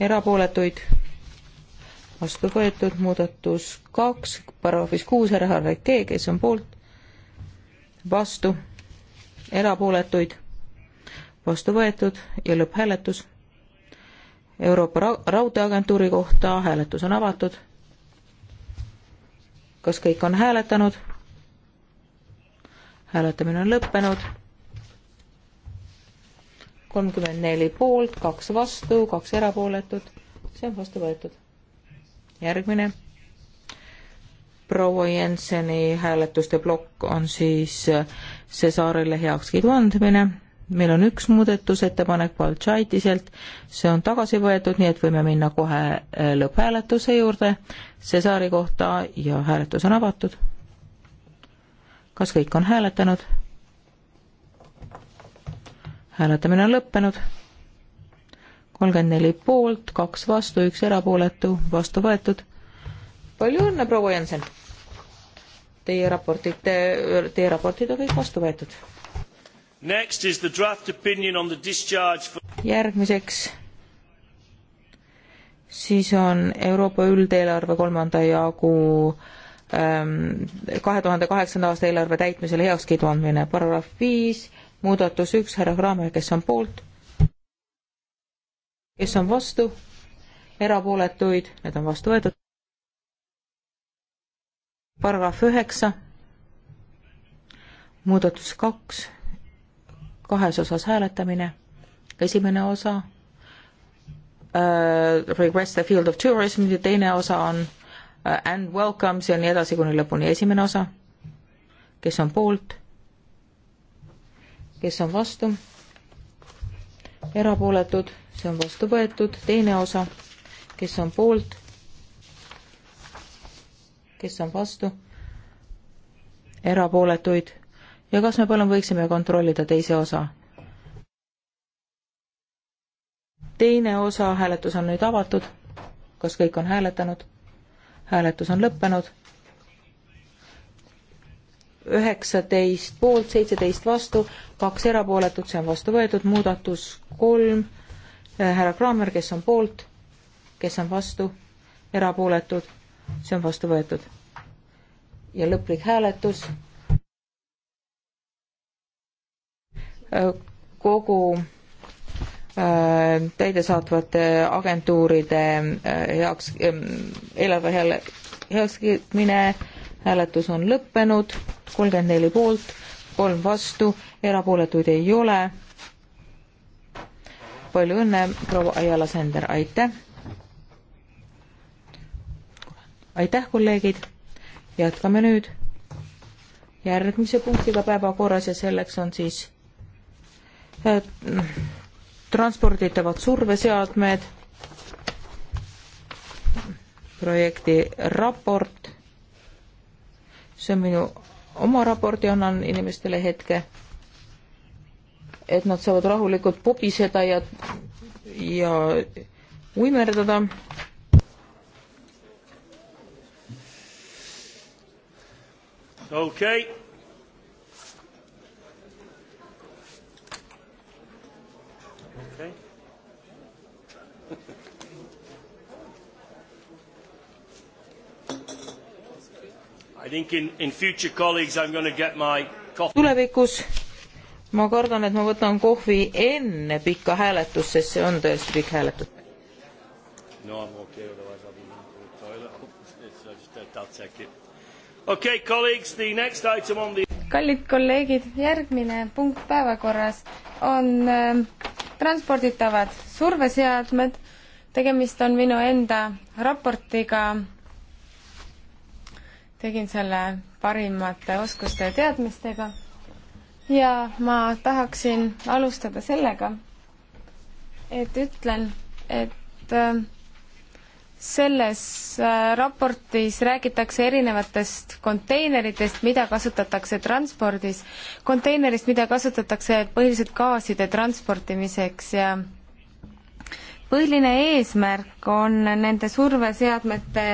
erapooletuid vastu võetud, muudatus kaks, paragrahvis kuus, härra Reke, kes on poolt, vastu, erapooletuid, vastu võetud ja lõpphääletus. Euroopa Raudteeagentuuri kohta hääletus on avatud. kas kõik on hääletanud? hääletamine on lõppenud. kolmkümmend neli poolt, kaks vastu, kaks erapooletut, see on vastu võetud järgmine proua Jenseni hääletuste plokk on siis äh, see saarele heakskiidu andmine. meil on üks muudatusettepanek Baltšaitiselt, see on tagasi võetud, nii et võime minna kohe äh, lõpphääletuse juurde Cesari kohta ja hääletus on avatud. kas kõik on hääletanud? hääletamine on lõppenud kolmkümmend neli poolt, kaks vastu, üks erapooletu, vastu võetud. palju õnne, proua Jensen! Teie raportid, teie raportid on kõik vastu võetud. For... järgmiseks siis on Euroopa üldeelarve kolmanda jagu ähm, kahe tuhande kaheksanda aasta eelarve täitmisele heakskiidu andmine, paragrahv viis, muudatus üks, härra Kraamer, kes on poolt kes on vastu, erapooletuid, need on vastu võetud. paragrahv üheksa, muudatus kaks, kahes osas hääletamine, esimene osa uh, request the field of tourism ja teine osa on uh, and welcomes ja nii edasi kuni lõpuni esimene osa. kes on poolt? kes on vastu? erapooletud? see on vastu võetud, teine osa, kes on poolt, kes on vastu, erapooletuid ja kas me palun võiksime kontrollida teise osa? teine osa, hääletus on nüüd avatud, kas kõik on hääletanud? hääletus on lõppenud üheksateist poolt, seitseteist vastu, kaks erapooletut, see on vastu võetud, muudatus kolm Äh, härra Kraamer, kes on poolt, kes on vastu, erapooletud, see on vastu võetud. ja lõplik hääletus. Äh, kogu äh, täidesaatvate agentuuride heaks, eelarve hääle, heakskiitmine, hääletus on lõppenud, kolmkümmend neli poolt, kolm vastu, erapooletuid ei ole palju õnne, proua Ajala Sender, aitäh! aitäh, kolleegid! jätkame nüüd järgmise punktiga päevakorras ja selleks on siis äh, transporditavad surveseadmed, projekti raport, see on minu oma raporti, annan inimestele hetke et nad saavad rahulikult pubiseda ja, ja uimerdada. okei okay.. okei okay.. I think in, in future colleagues I am going to get my tulevikus ma kardan, et ma võtan kohvi enne pikka hääletust, sest see on tõesti pikk hääletus. no I am okay otherwise I will go to the toilet. I'll check it. Okay colleagues, the next item on the kallid kolleegid, järgmine punkt päevakorras on äh, transporditavad surveseadmed. tegemist on minu enda raportiga. tegin selle parimate oskuste ja teadmistega ja ma tahaksin alustada sellega, et ütlen, et äh, selles äh, raportis räägitakse erinevatest konteineritest, mida kasutatakse transpordis, konteinerist, mida kasutatakse põhiliselt gaaside transportimiseks ja põhiline eesmärk on nende surveseadmete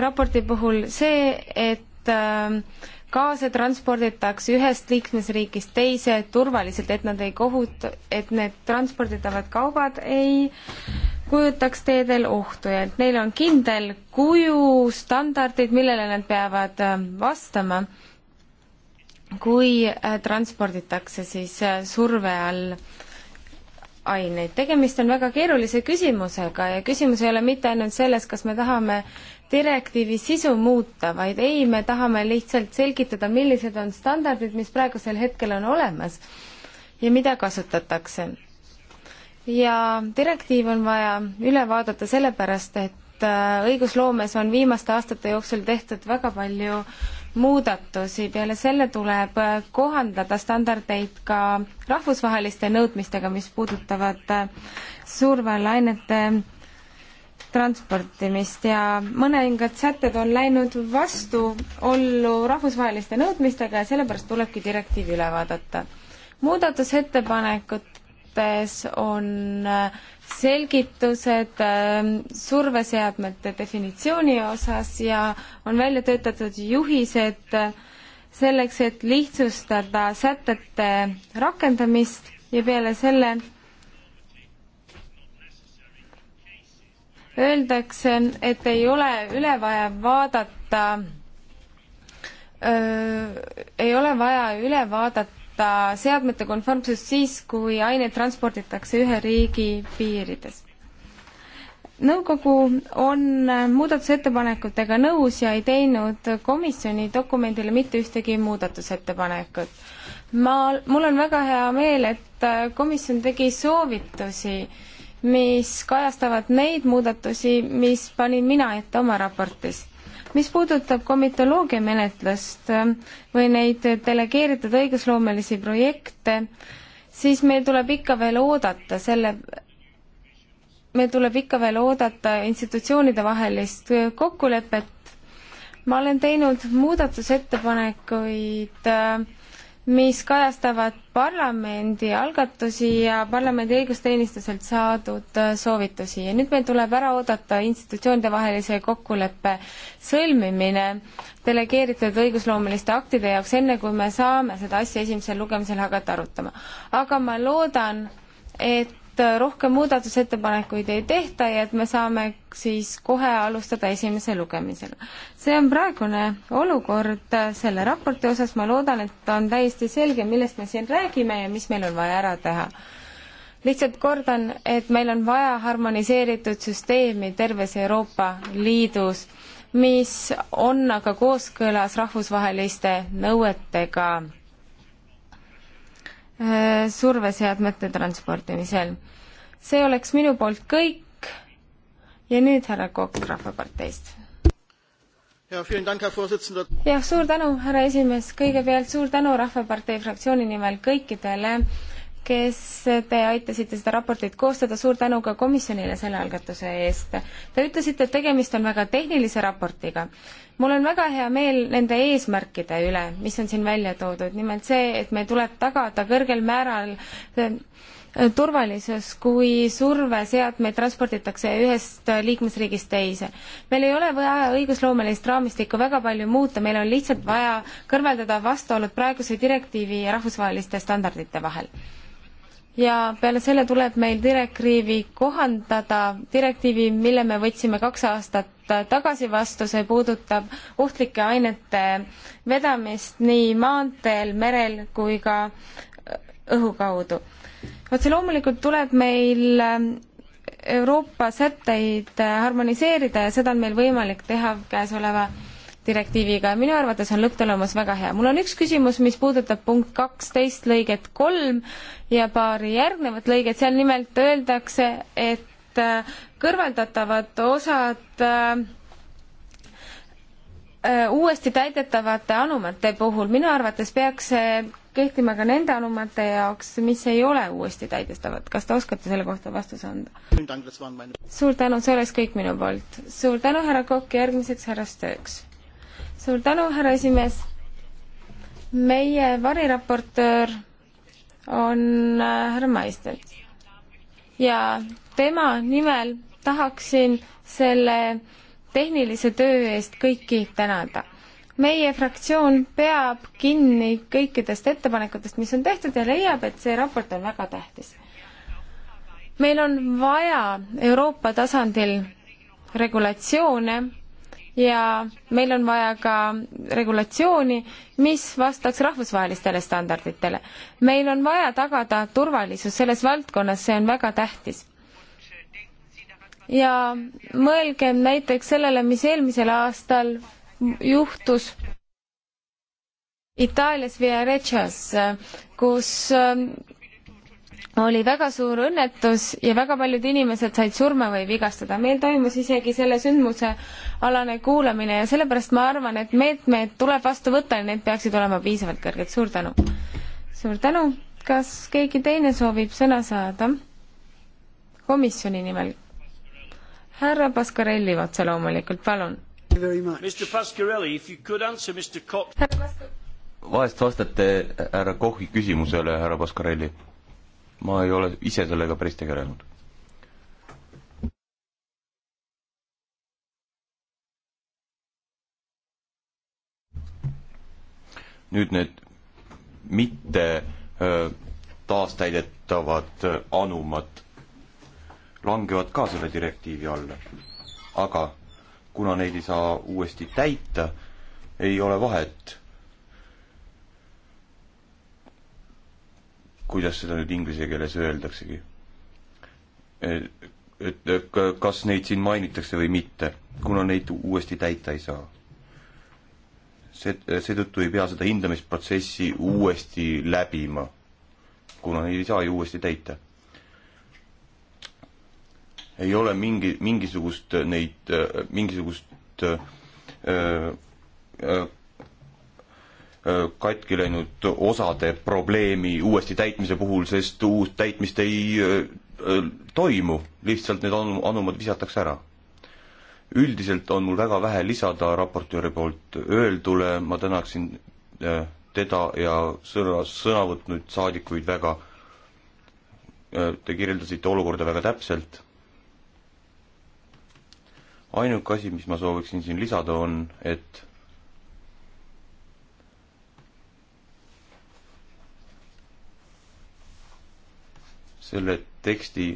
raporti puhul see, et äh, kaasa transporditakse ühest liikmesriigist teise turvaliselt, et nad ei kohut-, et need transporditavad kaubad ei kujutaks teedel ohtu ja et neil on kindel kuju, standardid, millele nad peavad äh, vastama, kui äh, transporditakse siis äh, surve all aineid. tegemist on väga keerulise küsimusega ja küsimus ei ole mitte ainult selles, kas me tahame direktiivi sisu muuta, vaid ei, me tahame lihtsalt selgitada, millised on standardid, mis praegusel hetkel on olemas ja mida kasutatakse. ja direktiiv on vaja üle vaadata sellepärast, et äh, õigusloomes on viimaste aastate jooksul tehtud väga palju muudatusi, peale selle tuleb äh, kohandada standardeid ka rahvusvaheliste nõudmistega, mis puudutavad äh, survelainete transportimist ja mõningad sätted on läinud vastuollu rahvusvaheliste nõudmistega ja sellepärast tulebki direktiiv üle vaadata. muudatusettepanekutes on äh, selgitused äh, surveseadmete definitsiooni osas ja on välja töötatud juhised äh, selleks, et lihtsustada sätete rakendamist ja peale selle öeldakse, et ei ole üle vaja vaadata, ei ole vaja üle vaadata seadmete konformsust siis, kui aineid transporditakse ühe riigi piirides nõukogu on muudatusettepanekutega nõus ja ei teinud komisjoni dokumendile mitte ühtegi muudatusettepanekut. ma, mul on väga hea meel, et komisjon tegi soovitusi mis kajastavad neid muudatusi, mis panin mina ette oma raportis. mis puudutab komitoloogia menetlust äh, või neid delegeeritud õigusloomelisi projekte, siis meil tuleb ikka veel oodata selle, meil tuleb ikka veel oodata institutsioonide vahelist äh, kokkulepet. ma olen teinud muudatusettepanekuid äh, mis kajastavad parlamendi algatusi ja parlamendi õigusteenistuselt saadud äh, soovitusi ja nüüd meil tuleb ära oodata institutsioonide vahelise kokkuleppe sõlmimine delegeeritud õigusloomeliste aktide jaoks, enne kui me saame seda asja esimesel lugemisel hakata arutama. aga ma loodan, et et rohkem muudatusettepanekuid ei tehta ja et me saame siis kohe alustada esimese lugemisega. see on praegune olukord selle raporti osas, ma loodan, et on täiesti selge, millest me siin räägime ja mis meil on vaja ära teha lihtsalt kordan, et meil on vaja harmoniseeritud süsteemi terves Euroopa Liidus, mis on aga kooskõlas rahvusvaheliste nõuetega Äh, surveseadmete transportimisel. see oleks minu poolt kõik ja nüüd härra Kokk Rahvaparteist. jah, suur tänu, härra esimees, kõigepealt suur tänu Rahvapartei fraktsiooni nimel kõikidele kes te aitasite seda raportit koostada, suur tänu ka komisjonile selle algatuse eest. Te ütlesite, et tegemist on väga tehnilise raportiga. mul on väga hea meel nende eesmärkide üle, mis on siin välja toodud, nimelt see, et meil tuleb tagada kõrgel määral äh, turvalisus, kui surveseadmeid transporditakse ühest liikmesriigist teise. meil ei ole vaja õigusloomelist raamistikku väga palju muuta, meil on lihtsalt vaja kõrvaldada vastuolud praeguse direktiivi ja rahvusvaheliste standardite vahel ja peale selle tuleb meil direktiivi kohandada, direktiivi, mille me võtsime kaks aastat tagasi vastu, see puudutab ohtlike ainete vedamist nii maanteel, merel kui ka õhu kaudu. otse loomulikult tuleb meil Euroopa sätteid harmoniseerida ja seda on meil võimalik teha käesoleva direktiiviga ja minu arvates on lõpptulemus väga hea. mul on üks küsimus, mis puudutab punkt kaksteist lõiget kolm ja paari järgnevat lõiget, seal nimelt öeldakse, et äh, kõrvaldatavad osad äh, äh, uuesti täidetavate anumate puhul, minu arvates peaks see kehtima ka nende anumate jaoks, mis ei ole uuesti täidetavad. kas te oskate selle kohta vastuse anda? suur tänu, see oleks kõik minu poolt. suur tänu, härra Kokk, järgmiseks härra Stööks suur tänu, härra esimees. meie variraportöör on äh, härra Maistel ja tema nimel tahaksin selle tehnilise töö eest kõiki tänada. meie fraktsioon peab kinni kõikidest ettepanekutest, mis on tehtud ja leiab, et see raport on väga tähtis. meil on vaja Euroopa tasandil regulatsioone ja meil on vaja ka regulatsiooni, mis vastaks rahvusvahelistele standarditele. meil on vaja tagada turvalisus selles valdkonnas, see on väga tähtis. ja mõelgem näiteks sellele, mis eelmisel aastal juhtus Itaalias Via Rechas, kus oli väga suur õnnetus ja väga paljud inimesed said surma või vigastada. meil toimus isegi selle sündmuse alane kuulamine ja sellepärast ma arvan, et meetmed tuleb vastu võtta ja need peaksid olema piisavalt kõrged. suur tänu! suur tänu! kas keegi teine soovib sõna saada? komisjoni nimel. härra Pascarelli otse loomulikult, palun. vahest vastate äh, härra Kochi küsimusele, härra Pascarelli ma ei ole ise sellega päris tegelenud. nüüd need mitte taastäidetavad anumad langevad ka selle direktiivi alla. aga kuna neid ei saa uuesti täita, ei ole vahet kuidas seda nüüd inglise keeles öeldaksegi. et kas neid siin mainitakse või mitte, kuna neid uuesti täita ei saa. see, seetõttu ei pea seda hindamisprotsessi uuesti läbima, kuna neid ei saa ju uuesti täita ei ole mingi, mingisugust neid, mingisugust öö, äh, öö, äh, Äh, katki läinud osade probleemi uuesti täitmise puhul, sest uut täitmist ei äh, äh, toimu, lihtsalt need anum-, anumad visatakse ära. üldiselt on mul väga vähe lisada raportööri poolt öeldule, ma tänaksin teda ja sõna, sõna võtnud saadikuid väga, te kirjeldasite olukorda väga täpselt ainuke asi, mis ma sooviksin siin lisada, on, et selle teksti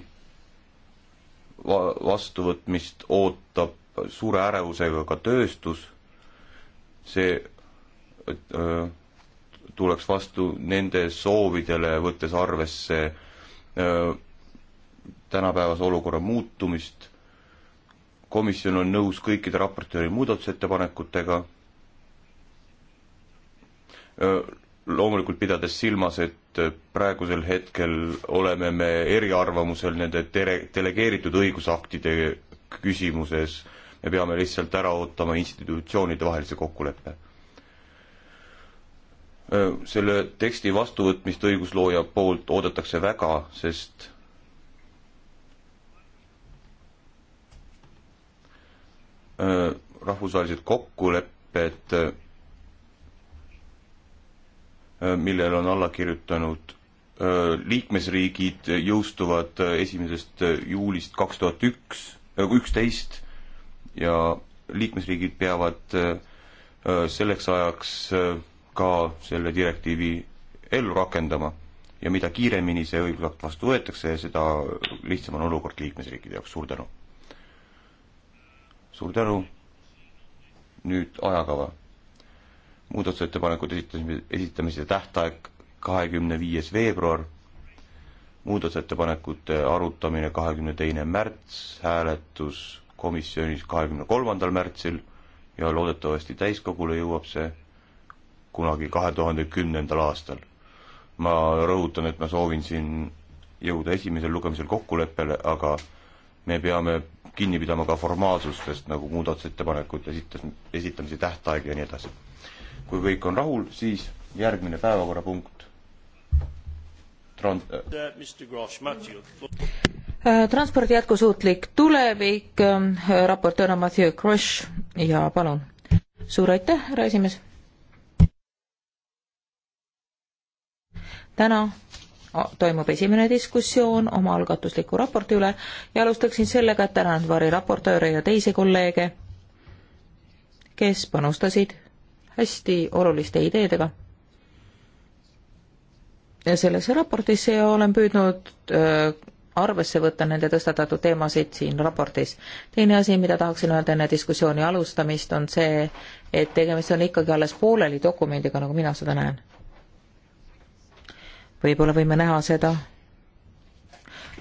va-, vastuvõtmist ootab suure ärevusega ka tööstus, see et, öö, tuleks vastu nende soovidele, võttes arvesse öö, tänapäevase olukorra muutumist, komisjon on nõus kõikide raportööri muudatusettepanekutega, loomulikult pidades silmas, et äh, praegusel hetkel oleme me eriarvamusel nende tere-, delegeeritud õigusaktide küsimuses, me peame lihtsalt ära ootama institutsioonide vahelise kokkuleppe. Äh, selle teksti vastuvõtmist õiguslooja poolt oodatakse väga, sest äh, rahvusvahelised kokkulepped Äh, millele on alla kirjutanud äh, liikmesriigid, jõustuvad äh, esimesest juulist kaks tuhat üks, üksteist ja liikmesriigid peavad selleks ajaks ka selle direktiivi ellu rakendama ja mida kiiremini see õigusakt vastu võetakse, seda lihtsam on olukord liikmesriikide jaoks, suur tänu. suur tänu, nüüd ajakava muudatusettepanekute esitamise, esitamise tähtaeg kahekümne viies veebruar, muudatusettepanekute arutamine kahekümne teine märts, hääletus komisjonis kahekümne kolmandal märtsil ja loodetavasti täiskogule jõuab see kunagi kahe tuhande kümnendal aastal. ma rõhutan, et ma soovin siin jõuda esimesel lugemisel kokkuleppele, aga me peame kinni pidama ka formaalsustest, nagu muudatusettepanekute esitas, esitamise tähtaeg ja nii edasi kui kõik on rahul, siis järgmine päevakorrapunkt. Äh. Äh, äh, transpordi jätkusuutlik tulevik, ähm, raportöör on Mathieu Grosch ja palun. suur aitäh, härra esimees. täna toimub esimene diskussioon omaalgatusliku raporti üle ja alustaksin sellega, et tänan variraportööre ja teisi kolleege, kes panustasid hästi oluliste ideedega. selles raportis ja olen püüdnud öö, äh, arvesse võtta nende tõstatatud teemasid siin raportis. teine asi, mida tahaksin öelda enne diskussiooni alustamist, on see, et tegemist on ikkagi alles pooleli dokumendiga, nagu mina seda näen. võib-olla võime näha seda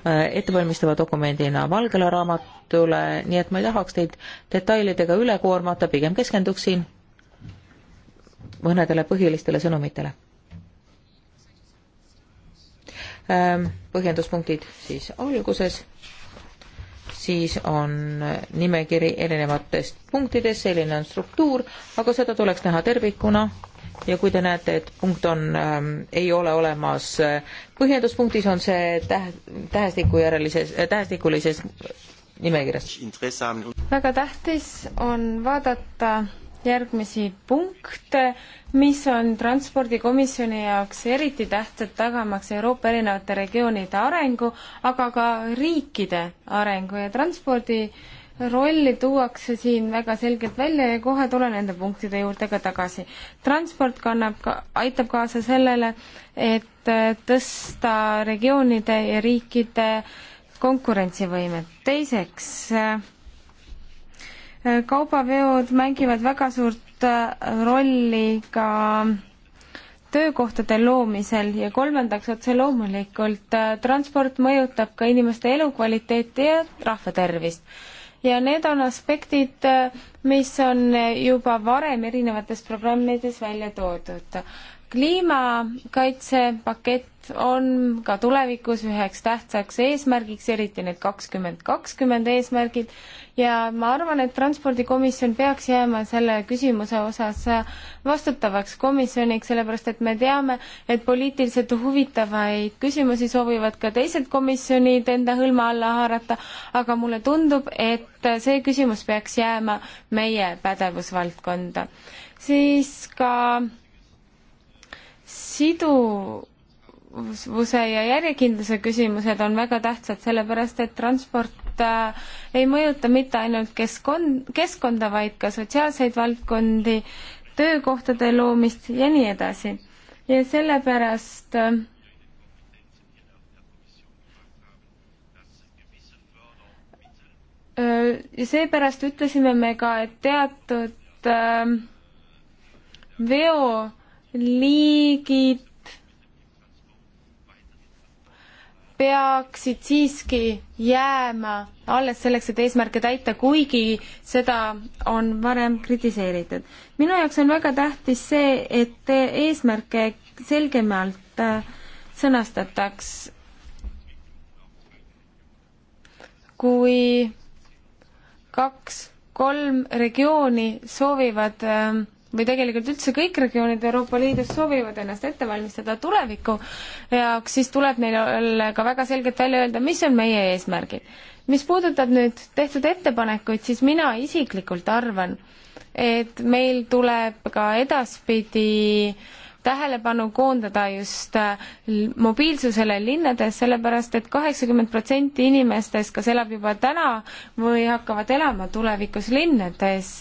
äh, ettevalmistava dokumendina valgele raamatule, nii et ma ei tahaks teid detailidega üle koormata, pigem keskenduksin mõnedele põhilistele sõnumitele. Ähm, põhjenduspunktid siis alguses, siis on nimekiri erinevatest punktidest, selline on struktuur, aga seda tuleks näha tervikuna ja kui te näete, et punkt on ähm,, ei ole olemas äh, põhjenduspunktis, on see täh-, tähestiku järelises, äh, tähestikulises nimekirjas. väga tähtis on vaadata järgmisi punkte, mis on transpordikomisjoni jaoks eriti tähtsad, tagamaks Euroopa erinevate regioonide arengu, aga ka riikide arengu ja transpordi rolli tuuakse siin väga selgelt välja ja kohe tulen nende punktide juurde ka tagasi. transport kannab ka, aitab kaasa sellele, et tõsta regioonide ja riikide konkurentsivõimet. teiseks äh, kaubaveod mängivad väga suurt äh, rolli ka töökohtade loomisel ja kolmandaks otse loomulikult äh, transport mõjutab ka inimeste elukvaliteeti ja rahvatervist. ja need on aspektid, äh, mis on juba varem erinevates programmides välja toodud kliimakaitsepakett on ka tulevikus üheks tähtsaks eesmärgiks, eriti need kakskümmend kakskümmend eesmärgid ja ma arvan, et Transpordikomisjon peaks jääma selle küsimuse osas vastutavaks komisjoniks, sellepärast et me teame, et poliitiliselt huvitavaid küsimusi soovivad ka teised komisjonid enda hõlma alla haarata, aga mulle tundub, et see küsimus peaks jääma meie pädevusvaldkonda. siis ka siduvuse ja järjekindluse küsimused on väga tähtsad, sellepärast et transport äh, ei mõjuta mitte ainult keskkond, keskkonda, vaid ka sotsiaalseid valdkondi, töökohtade loomist ja nii edasi. ja sellepärast äh, ja seepärast ütlesime me ka, et teatud äh, veo liigid peaksid siiski jääma alles selleks, et eesmärke täita, kuigi seda on varem kritiseeritud. minu jaoks on väga tähtis see, et eesmärke selgemalt äh, sõnastataks. kui kaks-kolm regiooni soovivad äh, või tegelikult üldse kõik regioonid Euroopa Liidus soovivad ennast ette valmistada tuleviku jaoks, siis tuleb neil ka väga selgelt välja öelda, mis on meie eesmärgid. mis puudutab nüüd tehtud ettepanekuid, siis mina isiklikult arvan, et meil tuleb ka edaspidi tähelepanu koondada just äh, mobiilsusele linnades, sellepärast et kaheksakümmend protsenti inimestest kas elab juba täna või hakkavad elama tulevikus linnades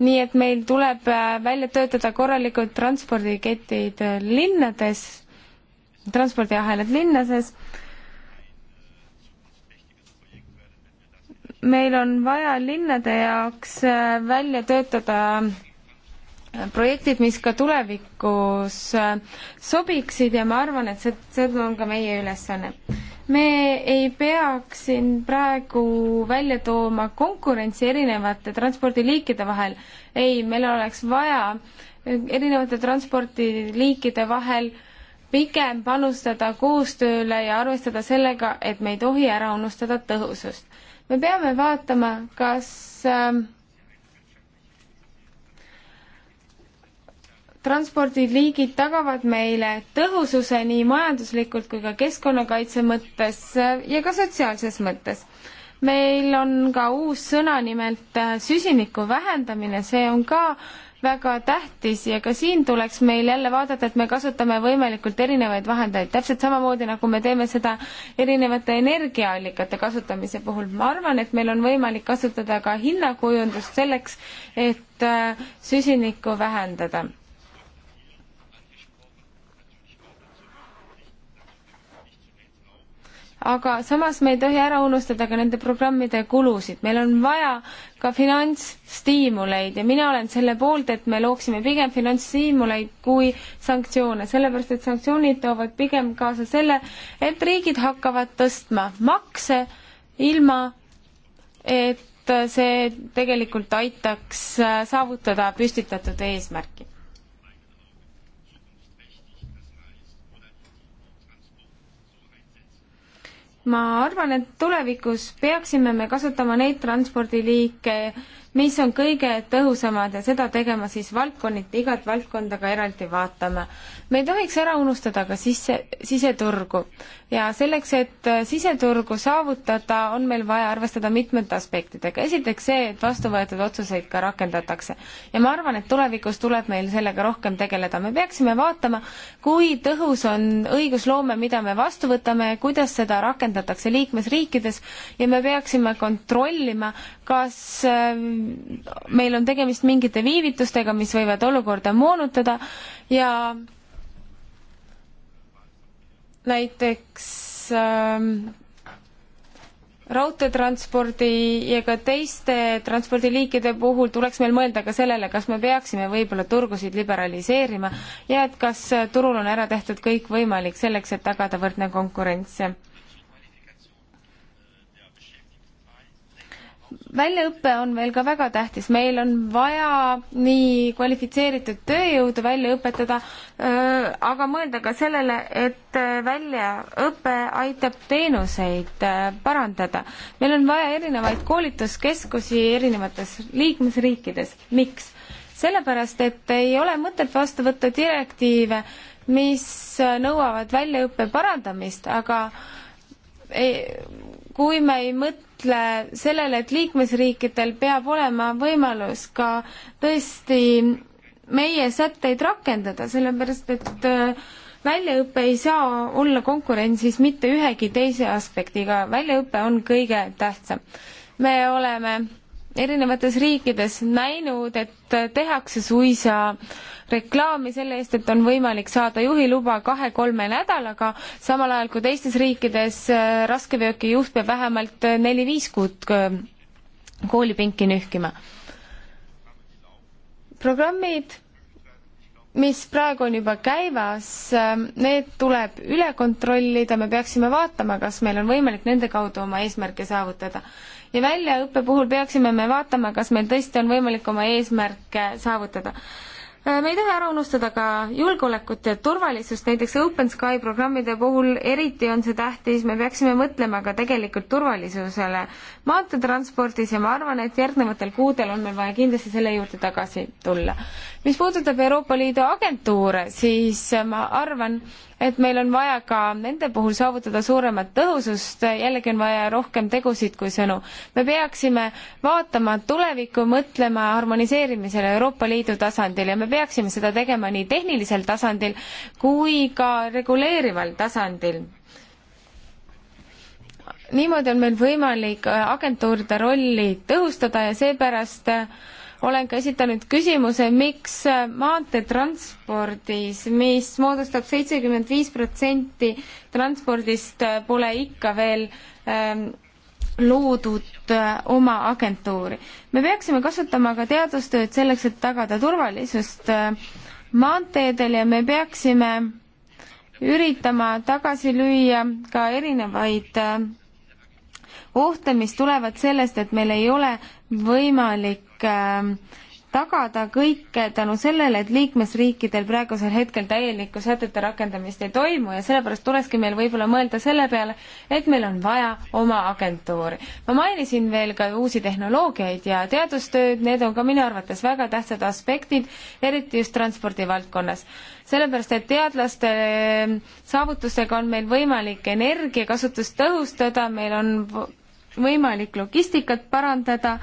nii et meil tuleb äh, välja töötada korralikud transpordiketid linnades, transpordiahelad linnades. meil on vaja linnade jaoks äh, välja töötada projektid, mis ka tulevikus äh, sobiksid ja ma arvan, et see, see on ka meie ülesanne. me ei peaks siin praegu välja tooma konkurentsi erinevate transpordiliikide vahel. ei, meil oleks vaja erinevate transpordiliikide vahel pigem panustada koostööle ja arvestada sellega, et me ei tohi ära unustada tõhusust. me peame vaatama, kas äh, transpordiliigid tagavad meile tõhususe nii majanduslikult kui ka keskkonnakaitse mõttes ja ka sotsiaalses mõttes. meil on ka uus sõna, nimelt äh, süsiniku vähendamine, see on ka väga tähtis ja ka siin tuleks meil jälle vaadata, et me kasutame võimalikult erinevaid vahendeid, täpselt samamoodi nagu me teeme seda erinevate energiaallikate kasutamise puhul. ma arvan, et meil on võimalik kasutada ka hinnakujundust selleks, et äh, süsinikku vähendada aga samas me ei tohi ära unustada ka nende programmide kulusid, meil on vaja ka finantsstiimuleid ja mina olen selle poolt, et me looksime pigem finantsstiimuleid kui sanktsioone, sellepärast et sanktsioonid toovad pigem kaasa selle, et riigid hakkavad tõstma makse ilma, et see tegelikult aitaks saavutada püstitatud eesmärki. ma arvan, et tulevikus peaksime me kasutama neid transpordiliike, mis on kõige tõhusamad ja seda tegema siis valdkonniti, igat valdkonda ka eraldi vaatama. me ei tohiks ära unustada ka sisse, siseturgu ja selleks, et äh, siseturgu saavutada, on meil vaja arvestada mitmete aspektidega. esiteks see, et vastu võetud otsuseid ka rakendatakse ja ma arvan, et tulevikus tuleb meil sellega rohkem tegeleda. me peaksime vaatama, kui tõhus on õigusloome, mida me vastu võtame, kuidas seda rakendatakse liikmesriikides ja me peaksime kontrollima, kas äh, meil on tegemist mingite viivitustega, mis võivad olukorda moonutada ja näiteks äh, raudteetranspordi ja ka teiste transpordiliikide puhul tuleks meil mõelda ka sellele, kas me peaksime võib-olla turgusid liberaliseerima ja et kas turul on ära tehtud kõik võimalik selleks, et tagada võrdne konkurents väljaõpe on meil ka väga tähtis, meil on vaja nii kvalifitseeritud tööjõudu välja õpetada, aga mõelda ka sellele, et väljaõpe aitab teenuseid parandada. meil on vaja erinevaid koolituskeskusi erinevates liikmesriikides, miks? sellepärast, et ei ole mõtet vastu võtta direktiive, mis nõuavad väljaõppe parandamist, aga ei, kui me ei mõtle mõtle sellele, et liikmesriikidel peab olema võimalus ka tõesti meie sätteid rakendada, sellepärast et äh, väljaõpe ei saa olla konkurentsis mitte ühegi teise aspektiga, väljaõpe on kõige tähtsam. me oleme erinevates riikides näinud, et tehakse suisa reklaami selle eest, et on võimalik saada juhiluba kahe-kolme nädalaga, samal ajal kui teistes riikides äh, raskeveokijuht peab vähemalt neli-viis kuud äh, koolipinki nühkima. programmid, mis praegu on juba käivas, äh, need tuleb üle kontrollida, me peaksime vaatama, kas meil on võimalik nende kaudu oma eesmärke saavutada ja väljaõppe puhul peaksime me vaatama, kas meil tõesti on võimalik oma eesmärke saavutada äh, me ei tohi ära unustada ka julgeolekut ja turvalisust, näiteks Open Sky programmide puhul eriti on see tähtis, me peaksime mõtlema ka tegelikult turvalisusele maanteetranspordis ja ma arvan, et järgnevatel kuudel on meil vaja kindlasti selle juurde tagasi tulla mis puudutab Euroopa Liidu agentuure, siis ma arvan, et meil on vaja ka nende puhul saavutada suuremat tõhusust, jällegi on vaja rohkem tegusid kui sõnu. me peaksime vaatama tulevikku, mõtlema harmoniseerimisele Euroopa Liidu tasandil ja me peaksime seda tegema nii tehnilisel tasandil kui ka reguleerival tasandil niimoodi on meil võimalik agentuuride rolli tõhustada ja seepärast äh, olen ka esitanud küsimuse, miks maanteetranspordis, mis moodustab seitsekümmend viis protsenti transpordist, pole ikka veel ähm, loodud äh, oma agentuuri. me peaksime kasutama ka teadustööd selleks, et tagada turvalisust äh, maanteedel ja me peaksime üritama tagasi lüüa ka erinevaid äh, ohte, mis tulevad sellest, et meil ei ole võimalik Ähm, tagada kõike tänu sellele, et liikmesriikidel praegusel hetkel täielikku sätete rakendamist ei toimu ja sellepärast tulekski meil võib-olla mõelda selle peale, et meil on vaja oma agentuuri. ma mainisin veel ka uusi tehnoloogiaid ja teadustööd, need on ka minu arvates väga tähtsad aspektid, eriti just transpordi valdkonnas sellepärast, et teadlaste ähm, saavutustega on meil võimalik energiakasutust tõhustada, meil on võimalik logistikat parandada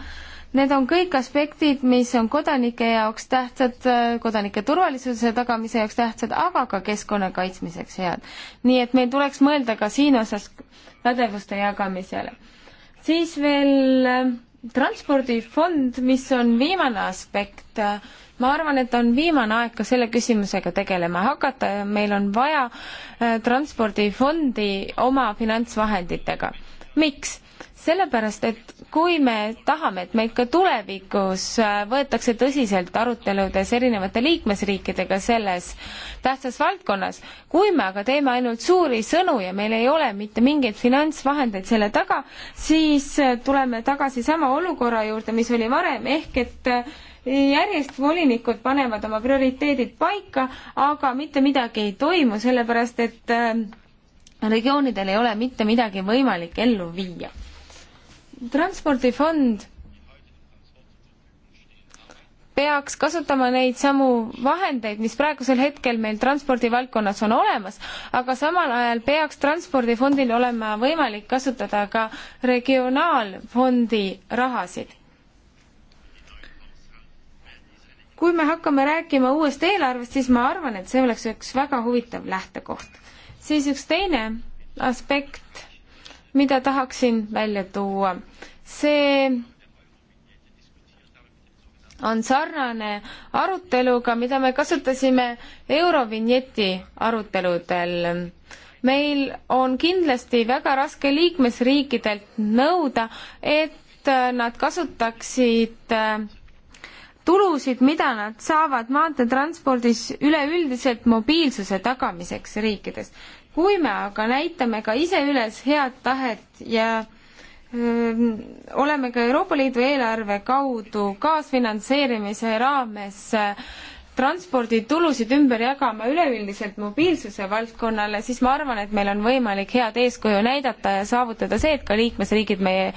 Need on kõik aspektid, mis on kodanike jaoks tähtsad, kodanike turvalisuse tagamise jaoks tähtsad, aga ka keskkonna kaitsmiseks head. nii et meil tuleks mõelda ka siin osas pädevuste jagamisele. siis veel äh, transpordifond, mis on viimane aspekt, ma arvan, et on viimane aeg ka selle küsimusega tegelema hakata ja meil on vaja äh, transpordifondi oma finantsvahenditega. miks? sellepärast, et kui me tahame, et meid ka tulevikus äh, võetakse tõsiselt aruteludes erinevate liikmesriikidega selles tähtsas valdkonnas, kui me aga teeme ainult suuri sõnu ja meil ei ole mitte mingeid finantsvahendeid selle taga, siis äh, tuleme tagasi sama olukorra juurde, mis oli varem, ehk et äh, järjest volinikud panevad oma prioriteedid paika, aga mitte midagi ei toimu, sellepärast et regioonidel ei ole mitte midagi võimalik ellu viia transpordifond peaks kasutama neid samu vahendeid, mis praegusel hetkel meil transpordivaldkonnas on olemas, aga samal ajal peaks transpordifondil olema võimalik kasutada ka regionaalfondi rahasid. kui me hakkame rääkima uuest eelarvest, siis ma arvan, et see oleks üks väga huvitav lähtekoht. siis üks teine aspekt mida tahaksin välja tuua. see on sarnane aruteluga, mida me kasutasime Eurovinjeti aruteludel. meil on kindlasti väga raske liikmesriikidelt nõuda, et nad kasutaksid äh, tulusid, mida nad saavad maanteetranspordis üleüldiselt mobiilsuse tagamiseks riikides kui me aga näitame ka ise üles head tahet ja öö, ähm, oleme ka Euroopa Liidu eelarve kaudu kaasfinantseerimise raames transporditulusid ümber jagama üleüldiselt mobiilsuse valdkonnale, siis ma arvan, et meil on võimalik head eeskuju näidata ja saavutada see, et ka liikmesriigid meie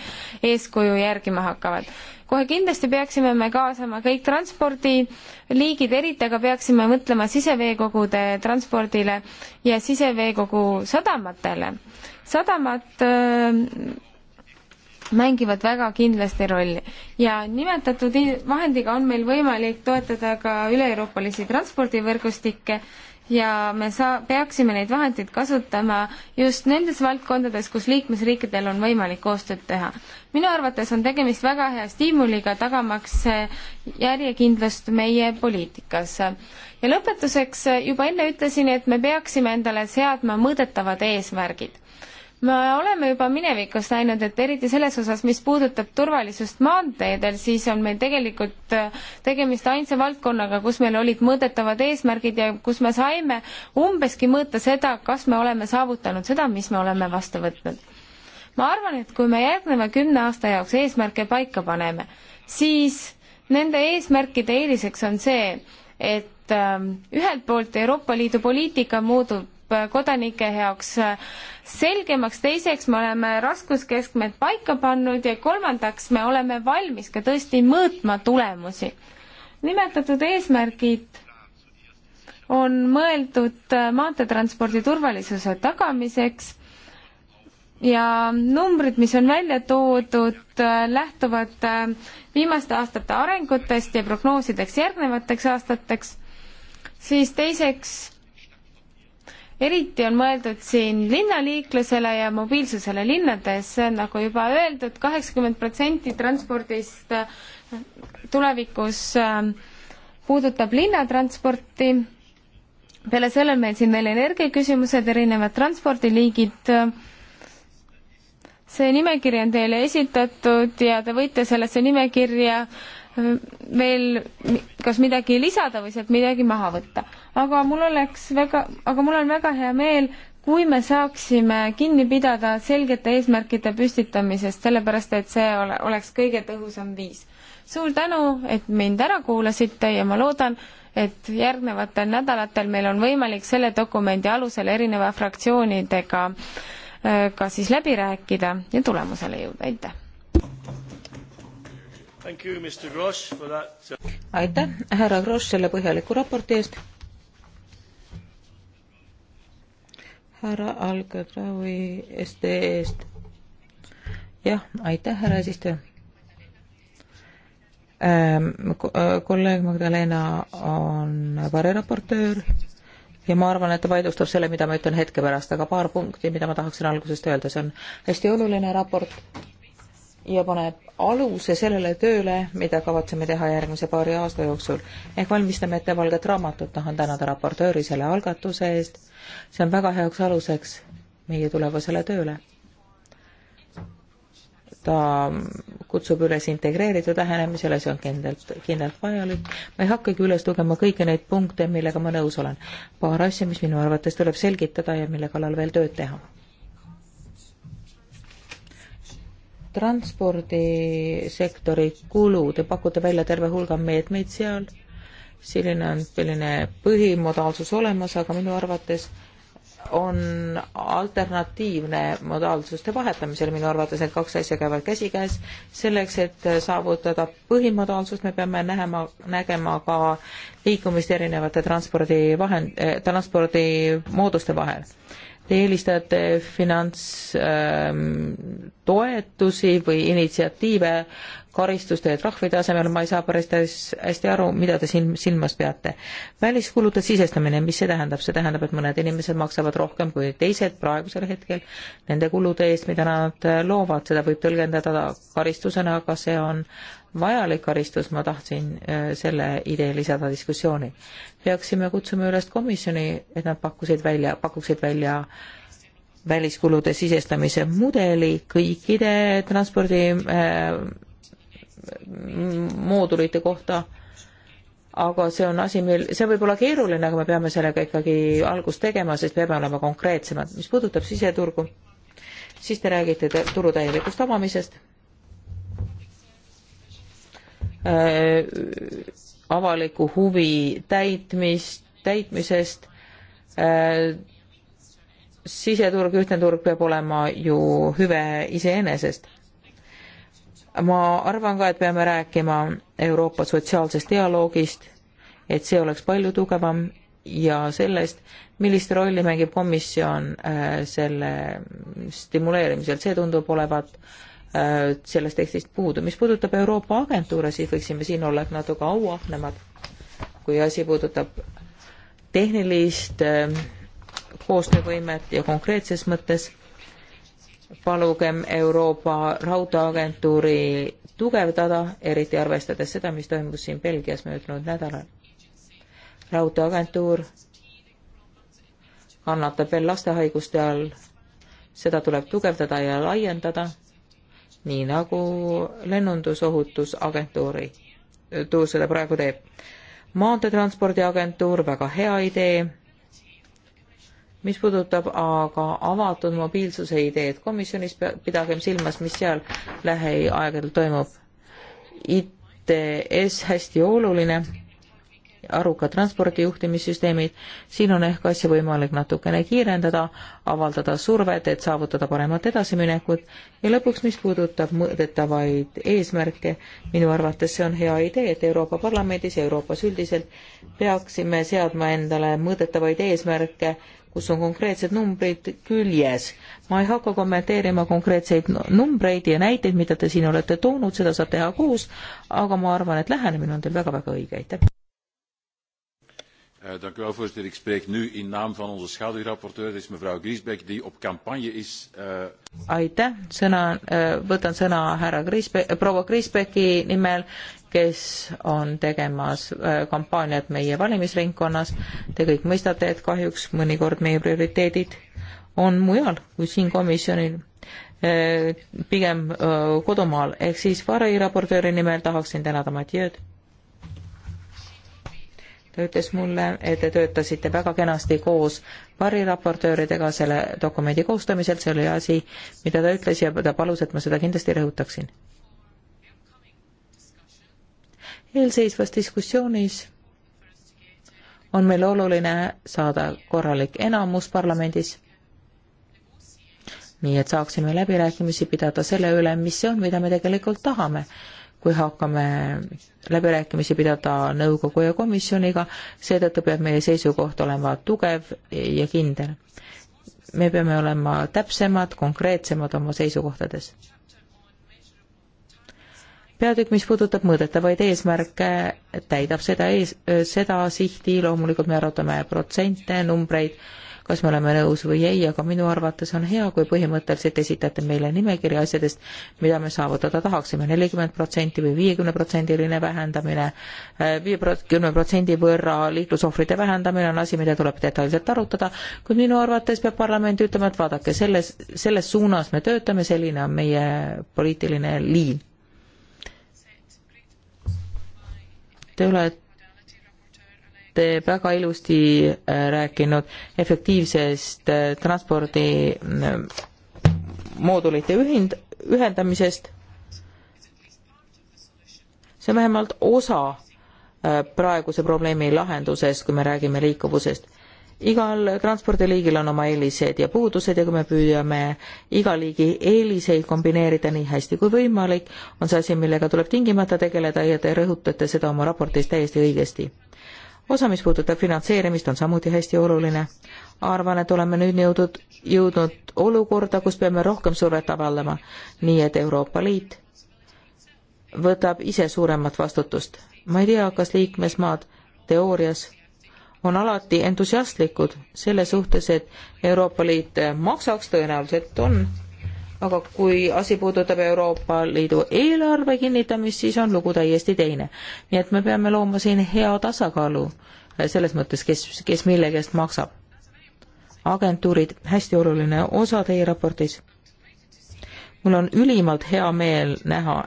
eeskuju järgima hakkavad. kohe kindlasti peaksime me kaasama kõik transpordiliigid, eriti aga peaksime mõtlema siseveekogude transpordile ja siseveekogu sadamatele. sadamad öö, mängivad väga kindlasti rolli. ja nimetatud vahendiga on meil võimalik toetada ka üle-euroopalisi transpordivõrgustikke ja me saa-, peaksime neid vahendeid kasutama just nendes valdkondades, kus liikmesriikidel on võimalik koostööd teha. minu arvates on tegemist väga hea stiimuliga, tagamaks järjekindlust meie poliitikas. ja lõpetuseks juba enne ütlesin, et me peaksime endale seadma mõõdetavad eesmärgid me oleme juba minevikus näinud, et eriti selles osas, mis puudutab turvalisust maanteedel, siis on meil tegelikult äh, tegemist ainsa valdkonnaga, kus meil olid mõõdetavad eesmärgid ja kus me saime umbeski mõõta seda, kas me oleme saavutanud seda, mis me oleme vastu võtnud. ma arvan, et kui me järgneva kümne aasta jaoks eesmärke paika paneme, siis nende eesmärkide eeliseks on see, et ähm, ühelt poolt Euroopa Liidu poliitika muutub äh, kodanike jaoks äh, selgemaks, teiseks me oleme raskuskeskmed paika pannud ja kolmandaks me oleme valmis ka tõesti mõõtma tulemusi. nimetatud eesmärgid on mõeldud maanteetranspordi turvalisuse tagamiseks ja numbrid, mis on välja toodud, lähtuvad viimaste aastate arengutest ja prognoosideks järgnevateks aastateks, siis teiseks eriti on mõeldud siin linnaliiklusele ja mobiilsusele linnades, nagu juba öeldud, kaheksakümmend protsenti transpordist äh, tulevikus ähm, puudutab linnatransporti. peale selle on meil siin veel energiaküsimused, erinevad transpordiliigid see nimekiri on teile esitatud ja te võite sellesse nimekirja veel kas midagi lisada või sealt midagi maha võtta. aga mul oleks väga, aga mul on väga hea meel, kui me saaksime kinni pidada selgete eesmärkide püstitamisest, sellepärast et see ole, oleks kõige tõhusam viis. suur tänu, et mind ära kuulasite ja ma loodan, et järgnevatel nädalatel meil on võimalik selle dokumendi alusel erineva fraktsioonidega äh, ka siis läbi rääkida ja tulemusele jõuda, aitäh! Uh, aitäh, härra Grosch, selle põhjaliku raporti eest. härra Algedraui STE-st. jah, aitäh, härra eesistuja ähm,. Äh, kolleeg Magdalena on vareraportöör ja ma arvan, et ta vaidlustab selle, mida ma ütlen hetke pärast, aga paar punkti, mida ma tahaksin algusest öelda, see on hästi oluline raport ja paneb aluse sellele tööle, mida kavatseme teha järgmise paari aasta jooksul. ehk valmistame ette valget raamatut, tahan tänada raportööri selle algatuse eest, see on väga heaks aluseks meie tulevasele tööle. ta kutsub üles integreeritud lähenemisele, see on kindlalt, kindlalt vajalik. ma ei hakkagi üles lugema kõiki neid punkte, millega ma nõus olen. paar asja, mis minu arvates tuleb selgitada ja mille kallal veel tööd teha transpordisektori kulu, te pakute välja terve hulga meetmeid seal, selline on selline põhimodaalsus olemas, aga minu arvates on alternatiivne modaalsuste vahetamisel, minu arvates need kaks asja käivad käsikäes. selleks, et saavutada põhimodaalsust, me peame nähema, nägema ka liikumist erinevate transpordivahend eh,, transpordimooduste vahel Te eelistate finantstoetusi ähm, või initsiatiive karistuste ja trahvide asemel, ma ei saa päris hästi aru, mida te siin silmas peate. väliskulude sisestamine, mis see tähendab? see tähendab, et mõned inimesed maksavad rohkem kui teised praegusel hetkel nende kulude eest, mida nad loovad, seda võib tõlgendada karistusena, aga see on äh, vajalik karistus, ma tahtsin äh, selle idee lisada diskussiooni. peaksime kutsuma üles komisjoni, et nad pakkusid välja, pakuksid välja väliskulude sisestamise mudeli kõikide transpordi äh, moodulite kohta, aga see on asi, mil, see võib olla keeruline, aga me peame sellega ikkagi algust tegema, sest peame olema konkreetsemad. mis puudutab siseturgu, siis te räägite turu täielikust avamisest Äh, avaliku huvi täitmist, täitmisest. Äh, siseturg, ühtne turg peab olema ju hüve iseenesest. ma arvan ka, et peame rääkima Euroopa sotsiaalsest dialoogist, et see oleks palju tugevam ja sellest, millist rolli mängib komisjon äh, selle stimuleerimisel, see tundub olevat äh, Äh, sellest tekstist puudu. mis puudutab Euroopa agentuure, siis võiksime siin olla natuke auahnemad, kui asi puudutab tehnilist äh, koostöövõimet ja konkreetses mõttes palugem Euroopa Raudteeagentuuri tugevdada, eriti arvestades seda, mis toimus siin Belgias möödunud nädalal. raudteeagentuur kannatab veel lastehaiguste all, seda tuleb tugevdada ja laiendada nii nagu lennundusohutusagentuuri, tuu seda praegu teeb. maanteetranspordiagentuur, väga hea idee, mis puudutab aga avatud mobiilsuse ideed, komisjonis pidagem silmas, mis seal lähiaegadel toimub. ITS hästi oluline aruka transpordijuhtimissüsteemid, siin on ehk asja võimalik natukene kiirendada, avaldada survet, et saavutada paremat edasiminekut ja lõpuks, mis puudutab mõõdetavaid eesmärke, minu arvates see on hea idee, et Euroopa Parlamendis ja Euroopas üldiselt peaksime seadma endale mõõdetavaid eesmärke, kus on konkreetsed numbrid küljes. ma ei hakka kommenteerima konkreetseid numbreid ja näiteid, mida te siin olete toonud, seda saab teha koos, aga ma arvan, et lähenemine on teil väga-väga õige, aitäh. Uh, dank u wel, voorzitter. Ik spreek nu in naam van onze schaduwrapporteur, dat is mevrouw Griesbeck, die op campagne is. Uh... aitäh, sõna uh,, võtan sõna härra Griesbeck, proua Griesbecki nimel, kes on tegemas uh, kampaaniat meie valimisringkonnas. Te kõik mõistate, et kahjuks mõnikord meie prioriteedid on mujal kui siin komisjonil uh,, pigem uh, kodumaal, ehk siis variraportööri nimel tahaksin tänada Mattiööd ta ütles mulle, et te töötasite väga kenasti koos variraportööridega selle dokumendi koostamisel, see oli asi, mida ta ütles ja ta palus, et ma seda kindlasti rõhutaksin. eelseisvas diskussioonis on meil oluline saada korralik enamus parlamendis, nii et saaksime läbirääkimisi pidada selle üle, mis see on, mida me tegelikult tahame kui hakkame läbirääkimisi pidada nõukogu ja komisjoniga, seetõttu peab meie seisukoht olema tugev ja kindel. me peame olema täpsemad, konkreetsemad oma seisukohtades. peatükk, mis puudutab mõõdetavaid eesmärke, täidab seda ees, seda sihti, loomulikult me arutame protsente, numbreid kas me oleme nõus või ei, aga minu arvates on hea, kui põhimõtteliselt esitate meile nimekirja asjadest, mida me saavutada tahaksime, nelikümmend protsenti või viiekümneprotsendiline vähendamine, eh, viiekümne protsendi võrra liiklusohvrite vähendamine on asi, mida tuleb detailselt arutada, kuid minu arvates peab parlament ütlema, et vaadake, selles, selles suunas me töötame, selline on meie poliitiline liin. Te olete olete väga ilusti äh, rääkinud efektiivsest äh, transpordi mm, moodulite ühind, ühendamisest. see on vähemalt osa äh, praeguse probleemi lahendusest, kui me räägime liikuvusest. igal transpordiliigil on oma eelised ja puudused ja kui me püüame iga liigi eeliseid kombineerida nii hästi kui võimalik, on see asi, millega tuleb tingimata tegeleda ja te rõhutate seda oma raportis täiesti õigesti osa, mis puudutab finantseerimist, on samuti hästi oluline. arvan, et oleme nüüd jõudnud, jõudnud olukorda, kus peame rohkem survet avaldama, nii et Euroopa Liit võtab ise suuremat vastutust. ma ei tea, kas liikmesmaad teoorias on alati entusiastlikud selle suhtes, et Euroopa Liit maksaks, tõenäoliselt on aga kui asi puudutab Euroopa Liidu eelarve kinnitamist, siis on lugu täiesti teine. nii et me peame looma siin hea tasakaalu eh, selles mõttes, kes, kes mille käest maksab. agentuurid, hästi oluline osa teie raportis. mul on ülimalt hea meel näha,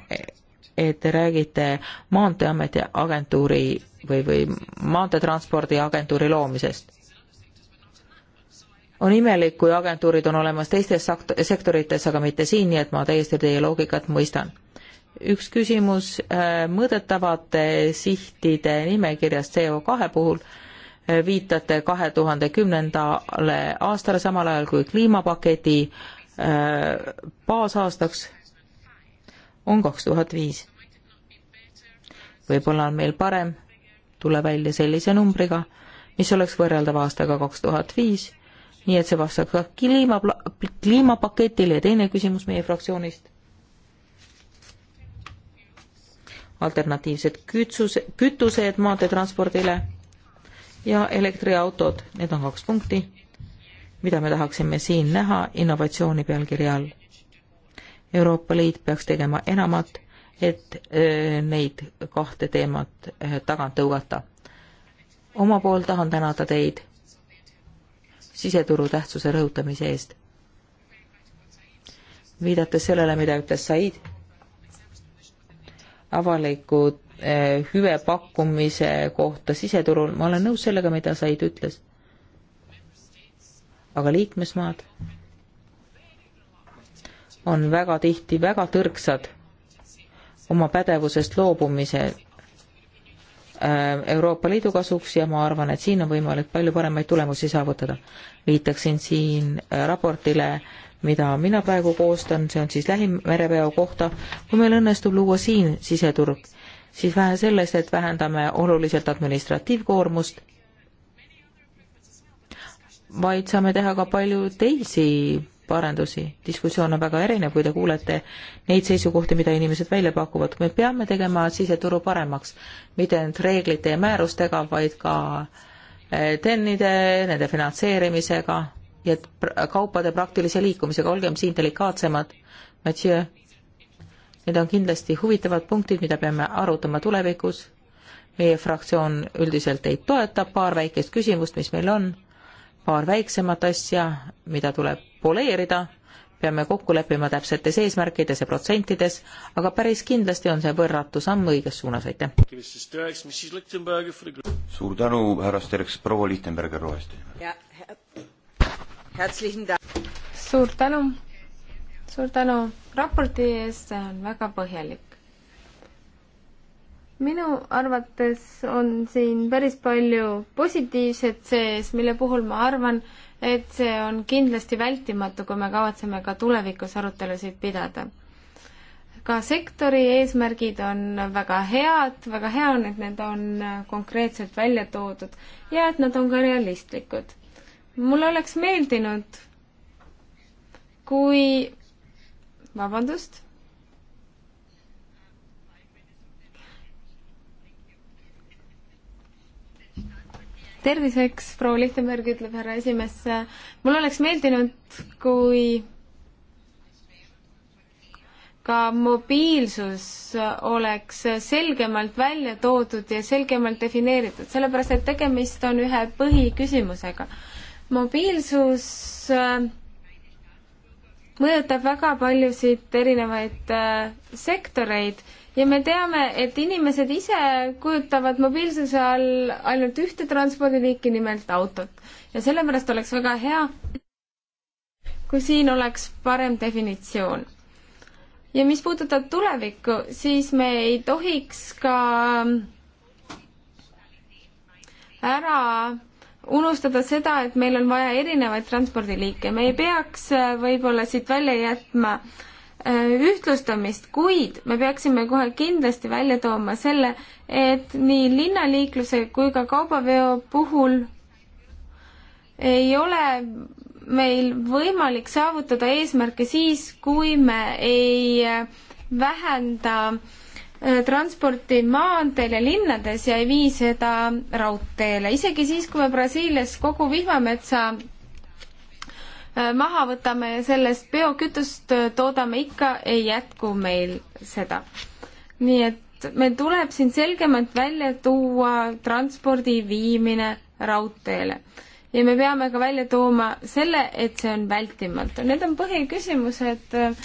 et te räägite Maanteeameti agentuuri või, või maanteetranspordi agentuuri loomisest on imelik, kui agentuurid on olemas teistes sektorites, aga mitte siin, nii et ma täiesti teie loogikat mõistan. üks küsimus äh, mõõdetavate sihtide nimekirjast CO kahe puhul äh, viitate kahe tuhande kümnendale aastale, samal ajal kui kliimapaketi äh, baasaastaks on kaks tuhat viis. võib-olla on meil parem tulla välja sellise numbriga, mis oleks võrreldav aastaga kaks tuhat viis nii et see vastab ka kliima, kliimapaketile ja teine küsimus meie fraktsioonist. alternatiivsed kütsus, kütused maanteetranspordile ja elektriautod, need on kaks punkti, mida me tahaksime siin näha innovatsiooni pealkirja all. Euroopa Liit peaks tegema enamat, et äh, neid kahte teemat äh, tagant tõugata. oma poolt tahan tänada teid siseturu tähtsuse rõhutamise eest. viidates sellele, mida ütles Said, avaliku eh, hüve pakkumise kohta siseturul, ma olen nõus sellega, mida Said ütles. aga liikmesmaad on väga tihti väga tõrksad oma pädevusest loobumise Äh, Euroopa Liidu kasuks ja ma arvan, et siin on võimalik palju paremaid tulemusi saavutada. viitaksin siin äh, raportile, mida mina praegu koostan, see on siis lähimereveo kohta, kui meil õnnestub luua siin siseturg, siis vähe sellest, et vähendame oluliselt administratiivkoormust, vaid saame teha ka palju teisi parandusi. diskussioon on väga erinev, kui te kuulete neid seisukohti, mida inimesed välja pakuvad. me peame tegema siseturu paremaks, mitte ainult reeglite ja määrustega, vaid ka eh, TEN-ide, nende finantseerimisega ja kaupade praktilise liikumisega, olgem siin delikaatsemad. Mathieu, need on kindlasti huvitavad punktid, mida peame arutama tulevikus. meie fraktsioon üldiselt teid toetab, paar väikest küsimust, mis meil on, paar väiksemat asja, mida tuleb poleerida, peame kokku leppima täpsetes eesmärkides ja protsentides, aga päris kindlasti on see võrratu samm õiges suunas, aitäh. suur tänu, härra Sterks, proua Lichtenberger rohest. suur tänu, suur tänu raporti eest, see on väga põhjalik. minu arvates on siin päris palju positiivset sees, mille puhul ma arvan, et see on kindlasti vältimatu, kui me kavatseme ka tulevikus arutelusid pidada. ka sektori eesmärgid on väga head, väga hea on, et need on konkreetselt välja toodud ja et nad on ka realistlikud. mulle oleks meeldinud, kui, vabandust terviseks, proua Lichtenberg, ütleb härra esimees. mul oleks meeldinud, kui ka mobiilsus oleks selgemalt välja toodud ja selgemalt defineeritud, sellepärast et tegemist on ühe põhiküsimusega. mobiilsus äh, mõjutab väga paljusid erinevaid äh, sektoreid ja me teame, et inimesed ise kujutavad mobiilsuse all ainult ühte transpordiliiki, nimelt autot. ja sellepärast oleks väga hea, kui siin oleks parem definitsioon. ja mis puudutab tulevikku, siis me ei tohiks ka ära unustada seda, et meil on vaja erinevaid transpordiliike, me ei peaks äh, võib-olla siit välja jätma äh, Äh, ühtlustamist, kuid me peaksime kohe kindlasti välja tooma selle, et nii linnaliikluse kui ka kaubaveo puhul ei ole meil võimalik saavutada eesmärke siis, kui me ei äh, vähenda äh, transporti maanteel ja linnades ja ei vii seda raudteele, isegi siis, kui me Brasiilias kogu vihmametsa Äh, maha võtame ja sellest biokütust äh, toodame, ikka ei jätku meil seda. nii et meil tuleb siin selgemalt välja tuua transpordi viimine raudteele. ja me peame ka välja tooma selle, et see on vältimatu. Need on põhiküsimused, äh,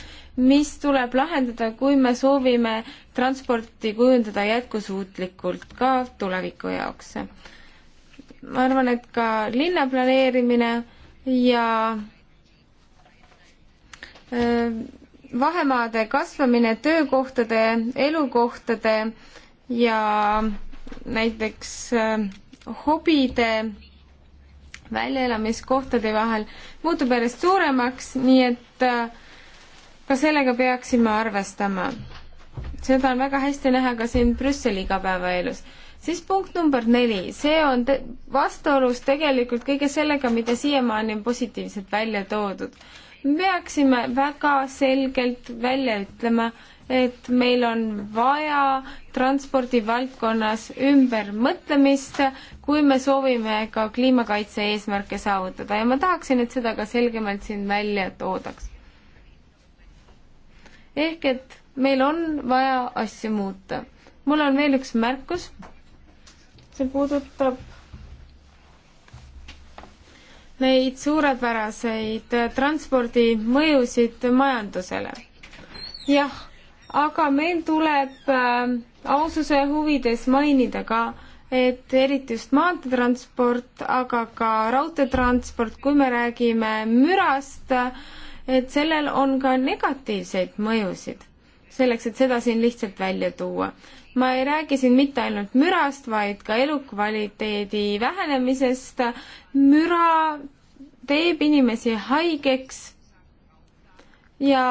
mis tuleb lahendada, kui me soovime transporti kujundada jätkusuutlikult ka tuleviku jaoks. ma arvan, et ka linnaplaneerimine ja Äh, vahemaade kasvamine töökohtade, elukohtade ja näiteks äh, hobide väljaelamiskohtade vahel muutub järjest suuremaks, nii et äh, ka sellega peaksime arvestama. seda on väga hästi näha ka siin Brüsseli igapäevaelus. siis punkt number neli, see on te vastuolus tegelikult kõige sellega, mida siiamaani on positiivselt välja toodud me peaksime väga selgelt välja ütlema, et meil on vaja transpordivaldkonnas ümbermõtlemist, kui me soovime ka kliimakaitse eesmärke saavutada ja ma tahaksin, et seda ka selgemalt siin välja toodaks. ehk et meil on vaja asju muuta. mul on veel üks märkus, see puudutab neid suurepäraseid transpordimõjusid majandusele. jah, aga meil tuleb äh, aususe huvides mainida ka, et eriti just maanteetransport, aga ka raudteetransport, kui me räägime mürast, et sellel on ka negatiivseid mõjusid, selleks et seda siin lihtsalt välja tuua ma ei räägi siin mitte ainult mürast, vaid ka elukvaliteedi vähenemisest. müra teeb inimesi haigeks ja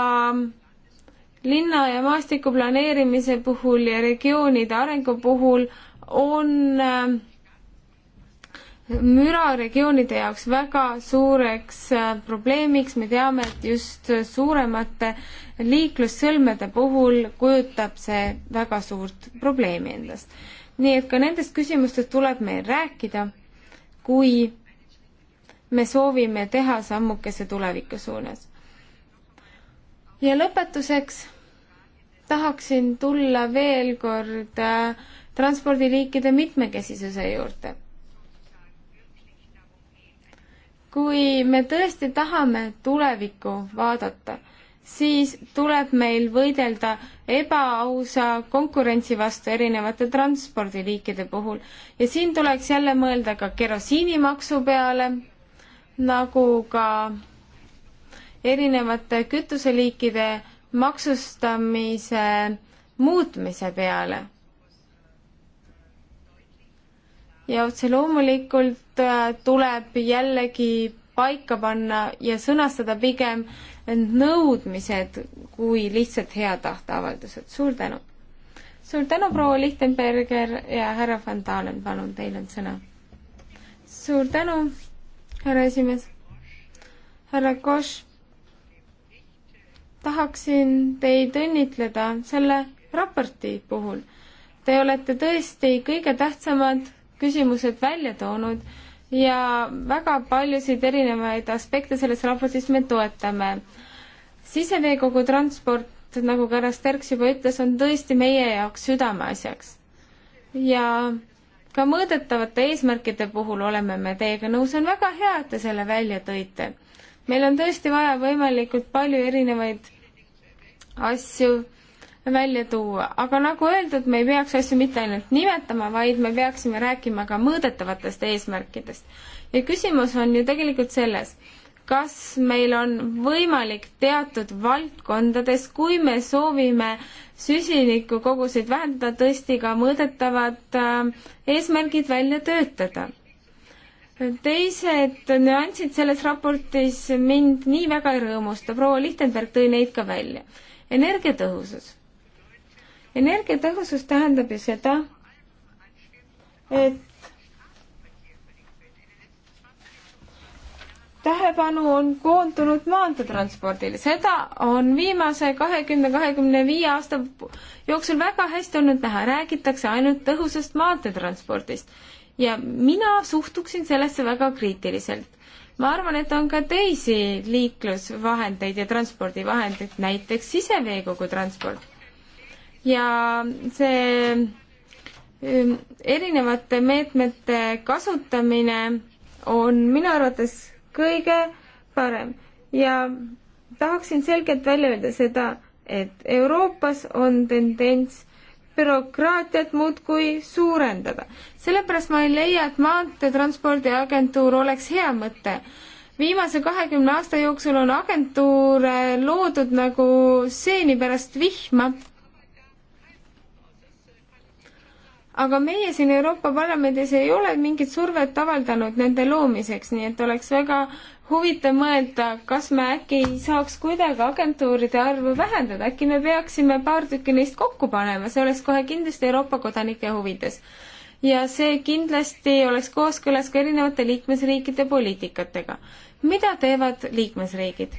linna ja maastiku planeerimise puhul ja regioonide arengu puhul on äh, müraregioonide jaoks väga suureks äh, probleemiks, me teame, et just suuremate liiklussõlmede puhul kujutab see väga suurt probleemi endast. nii et ka nendest küsimustest tuleb meil rääkida, kui me soovime teha sammukese tuleviku suunas. ja lõpetuseks tahaksin tulla veel kord äh, transpordiliikide mitmekesisuse juurde kui me tõesti tahame tulevikku vaadata, siis tuleb meil võidelda ebaausa konkurentsi vastu erinevate transpordiliikide puhul. ja siin tuleks jälle mõelda ka kerosiinimaksu peale, nagu ka erinevate kütuseliikide maksustamise muutmise peale ja otse loomulikult äh, tuleb jällegi paika panna ja sõnastada pigem nõudmised kui lihtsalt hea tahte avaldused. suur tänu! suur tänu, proua Lichtenberger ja härra van Dalen, palun, teil on sõna. suur tänu, härra esimees. härra Koš, tahaksin teid õnnitleda selle raporti puhul. Te olete tõesti kõige tähtsamad küsimused välja toonud ja väga paljusid erinevaid aspekte selles raportis me toetame. siseveekogu transport, nagu härra Sterks juba ütles, on tõesti meie jaoks südameasjaks. ja ka mõõdetavate eesmärkide puhul oleme me teiega nõus, on väga hea, et te selle välja tõite. meil on tõesti vaja võimalikult palju erinevaid asju välja tuua, aga nagu öeldud, me ei peaks asju mitte ainult nimetama, vaid me peaksime rääkima ka mõõdetavatest eesmärkidest. ja küsimus on ju tegelikult selles, kas meil on võimalik teatud valdkondades, kui me soovime süsinikukoguseid vähendada, tõesti ka mõõdetavad äh, eesmärgid välja töötada. teised nüansid selles raportis mind nii väga ei rõõmusta, proua Lichtenberg tõi neid ka välja. energiatõhusus energiatõhusus tähendab ju seda, et tähelepanu on koondunud maanteetranspordile. seda on viimase kahekümne, kahekümne viie aasta jooksul väga hästi olnud näha, räägitakse ainult tõhusast maanteetranspordist. ja mina suhtuksin sellesse väga kriitiliselt. ma arvan, et on ka teisi liiklusvahendeid ja transpordivahendeid, näiteks siseveekogu transport ja see ähm, erinevate meetmete kasutamine on minu arvates kõige parem ja tahaksin selgelt välja öelda seda, et Euroopas on tendents bürokraatiat muudkui suurendada. sellepärast ma ei leia, et Maanteetranspordiagentuur oleks hea mõte. viimase kahekümne aasta jooksul on agentuure loodud nagu seeni pärast vihma aga meie siin Euroopa Parlamendis ei ole mingit survet avaldanud nende loomiseks, nii et oleks väga huvitav mõelda, kas me äkki saaks kuidagi agentuuride arvu vähendada, äkki me peaksime paar tükki neist kokku panema, see oleks kohe kindlasti Euroopa kodanike huvides. ja see kindlasti oleks kooskõlas ka erinevate liikmesriikide poliitikatega. mida teevad liikmesriigid?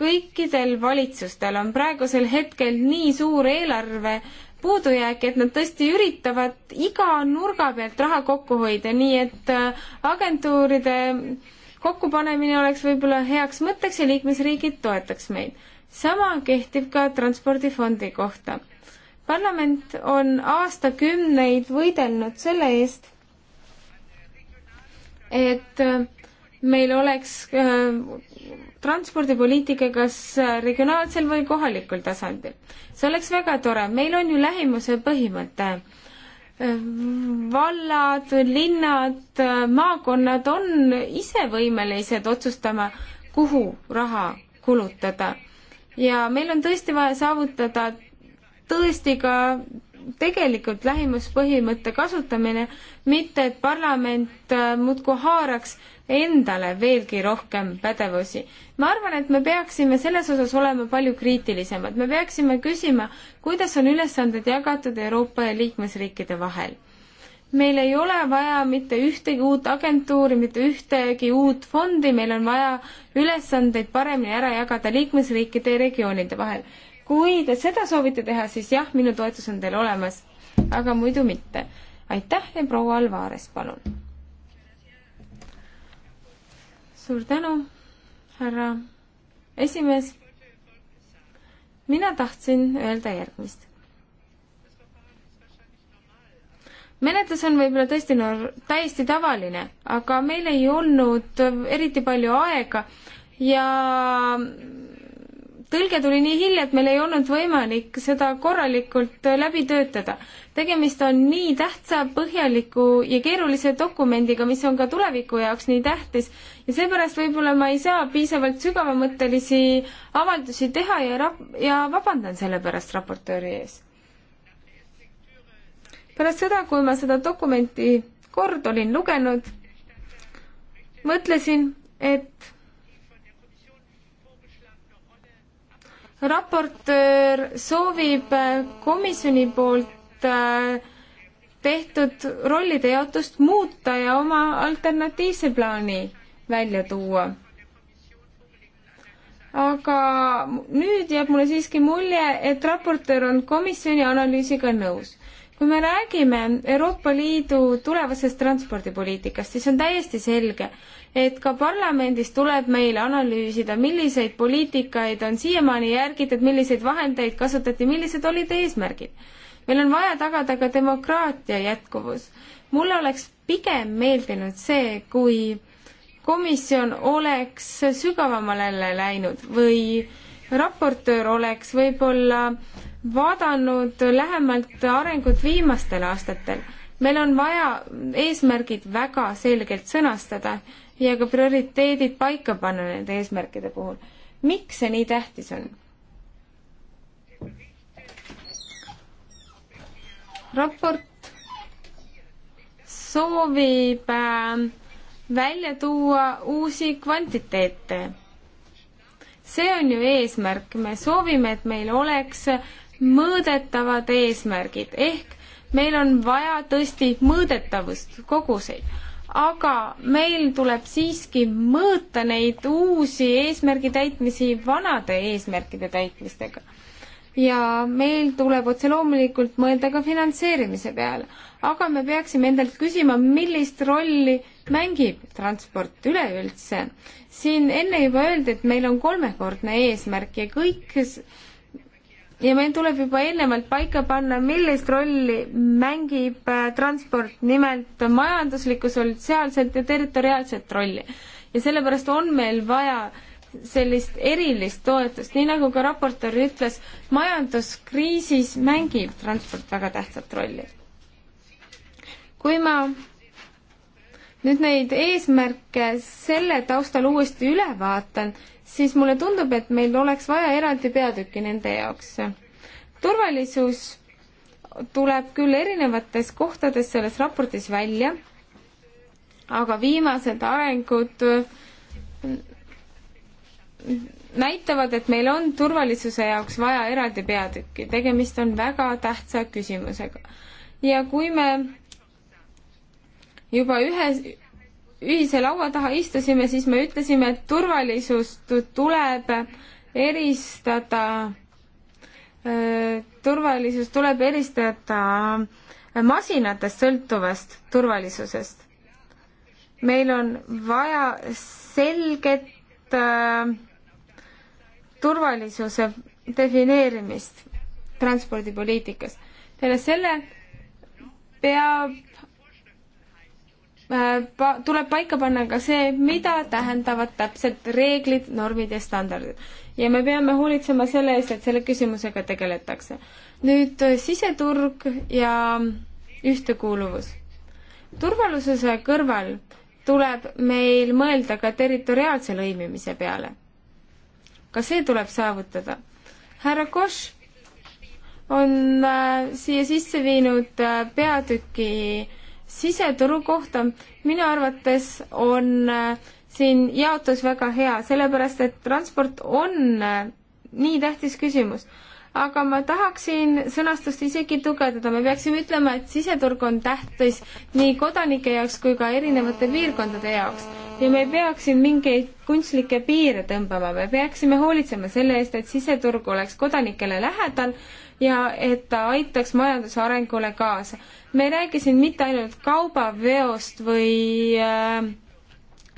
kõikidel valitsustel on praegusel hetkel nii suur eelarve, puudujääk, et nad tõesti üritavad iga nurga pealt raha kokku hoida, nii et äh, agentuuride kokkupanemine oleks võib-olla heaks mõtteks ja liikmesriigid toetaks meid. sama kehtib ka Transpordifondi kohta. parlament on aastakümneid võidelnud selle eest, et äh, meil oleks äh, transpordipoliitika kas regionaalsel või kohalikul tasandil. see oleks väga tore, meil on ju lähimuse põhimõte. vallad, linnad, maakonnad on ise võimelised otsustama, kuhu raha kulutada. ja meil on tõesti vaja saavutada tõesti ka tegelikult lähimuspõhimõtte kasutamine, mitte et parlament äh, muudkui haaraks endale veelgi rohkem pädevusi. ma arvan, et me peaksime selles osas olema palju kriitilisemad, me peaksime küsima, kuidas on ülesanded jagatud Euroopa ja liikmesriikide vahel. meil ei ole vaja mitte ühtegi uut agentuuri, mitte ühtegi uut fondi, meil on vaja ülesandeid paremini ära jagada liikmesriikide ja regioonide vahel kui te seda soovite teha, siis jah, minu toetus on teil olemas, aga muidu mitte. aitäh ja proua Alvares, palun. suur tänu, härra esimees. mina tahtsin öelda järgmist. menetlus on võib-olla tõesti no täiesti tavaline, aga meil ei olnud eriti palju aega ja tõlge tuli nii hilja, et meil ei olnud võimalik seda korralikult äh, läbi töötada. tegemist on nii tähtsa, põhjaliku ja keerulise dokumendiga, mis on ka tuleviku jaoks nii tähtis ja seepärast võib-olla ma ei saa piisavalt sügavamõttelisi avaldusi teha ja rap-, ja vabandan selle pärast raportööri ees. pärast seda, kui ma seda dokumenti kord olin lugenud, mõtlesin, et raportöör soovib komisjoni poolt äh, tehtud rollide jaotust muuta ja oma alternatiivse plaani välja tuua aga nüüd jääb mulle siiski mulje, et raportöör on komisjoni analüüsiga nõus. kui me räägime Euroopa Liidu tulevasest transpordipoliitikast, siis on täiesti selge, et ka parlamendis tuleb meil analüüsida, milliseid poliitikaid on siiamaani järgitud, milliseid vahendeid kasutati, millised olid eesmärgid. meil on vaja tagada ka demokraatia jätkuvus. mulle oleks pigem meeldinud see, kui komisjon oleks sügavamale läinud või raportöör oleks võib-olla vaadanud lähemalt arengut viimastel aastatel. meil on vaja eesmärgid väga selgelt sõnastada ja ka prioriteedid paika panna nende eesmärkide puhul. miks see nii tähtis on? raport soovib äh, välja tuua uusi kvantiteete. see on ju eesmärk, me soovime, et meil oleks mõõdetavad eesmärgid ehk meil on vaja tõesti mõõdetavust, koguseid aga meil tuleb siiski mõõta neid uusi eesmärgi täitmisi vanade eesmärkide täitmistega. ja meil tuleb otse loomulikult mõelda ka finantseerimise peale, aga me peaksime endalt küsima, millist rolli mängib transport üleüldse. siin enne juba öeldi, et meil on kolmekordne eesmärk ja kõik ja meil tuleb juba eelnevalt paika panna, millist rolli mängib äh, transport, nimelt majanduslikku, sotsiaalset ja territoriaalset rolli. ja sellepärast on meil vaja sellist erilist toetust, nii nagu ka raportöör ütles, majanduskriisis mängib transport väga tähtsat rolli. kui ma nüüd neid eesmärke selle taustal uuesti üle vaatan, siis mulle tundub, et meil oleks vaja eraldi peatükki nende jaoks. turvalisus tuleb küll erinevates kohtades selles raportis välja, aga viimased arengud näitavad, et meil on turvalisuse jaoks vaja eraldi peatükki, tegemist on väga tähtsa küsimusega. ja kui me juba ühe, ühise laua taha istusime, siis me ütlesime, et turvalisust tuleb eristada, turvalisust tuleb eristada masinatest sõltuvast turvalisusest. meil on vaja selget äh, turvalisuse defineerimist transpordipoliitikas. peale selle peab Äh, pa-, tuleb paika panna ka see, mida tähendavad täpselt reeglid, normid ja standardid. ja me peame hoolitsema selle eest, et selle küsimusega tegeletakse. nüüd äh, siseturg ja ühtekuuluvus. turvalisuse kõrval tuleb meil mõelda ka territoriaalse lõimimise peale. ka see tuleb saavutada. härra Koš on äh, siia sisse viinud äh, peatüki äh, siseturu kohta, minu arvates on äh, siin jaotus väga hea, sellepärast et transport on äh, nii tähtis küsimus. aga ma tahaksin sõnastust isegi tugevdada, me peaksime ütlema, et siseturg on tähtis nii kodanike jaoks kui ka erinevate piirkondade jaoks ja me ei peaks siin mingeid kunstlikke piire tõmbama, me peaksime hoolitsema selle eest, et siseturg oleks kodanikele lähedal ja et ta aitaks majanduse arengule kaasa. me ei räägi siin mitte ainult kaubaveost või äh,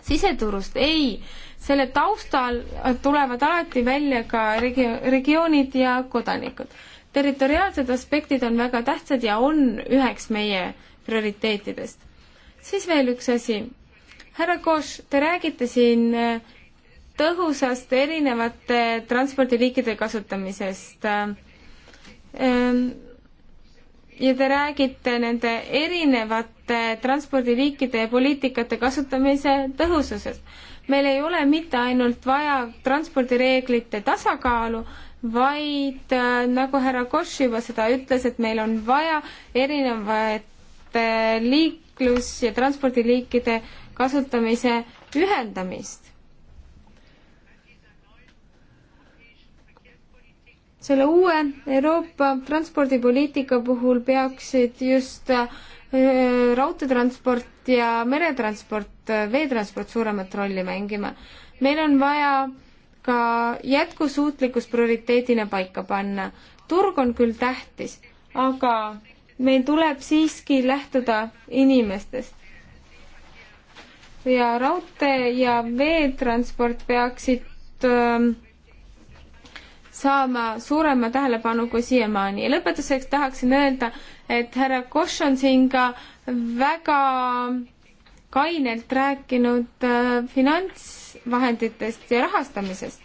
siseturust, ei, selle taustal tulevad alati välja ka regio-, regioonid ja kodanikud. territoriaalsed aspektid on väga tähtsad ja on üheks meie prioriteetidest. siis veel üks asi. härra Koš, te räägite siin äh, tõhusast erinevate transpordiliikide kasutamisest äh, Ehm, ja te räägite nende erinevate transpordiliikide ja poliitikate kasutamise tõhususest. meil ei ole mitte ainult vaja transpordireeglite tasakaalu, vaid äh, nagu härra Koš juba seda ütles, et meil on vaja erinevate liiklus- ja transpordiliikide kasutamise ühendamist. selle uue Euroopa transpordipoliitika puhul peaksid just äh, raudteetransport ja meretransport, äh, veetransport suuremat rolli mängima. meil on vaja ka jätkusuutlikkus prioriteedina paika panna. turg on küll tähtis, aga meil tuleb siiski lähtuda inimestest. ja raudtee ja veetransport peaksid äh, saama suurema tähelepanu kui siiamaani. ja lõpetuseks tahaksin öelda, et härra Koš on siin ka väga kainelt rääkinud äh, finantsvahenditest ja rahastamisest.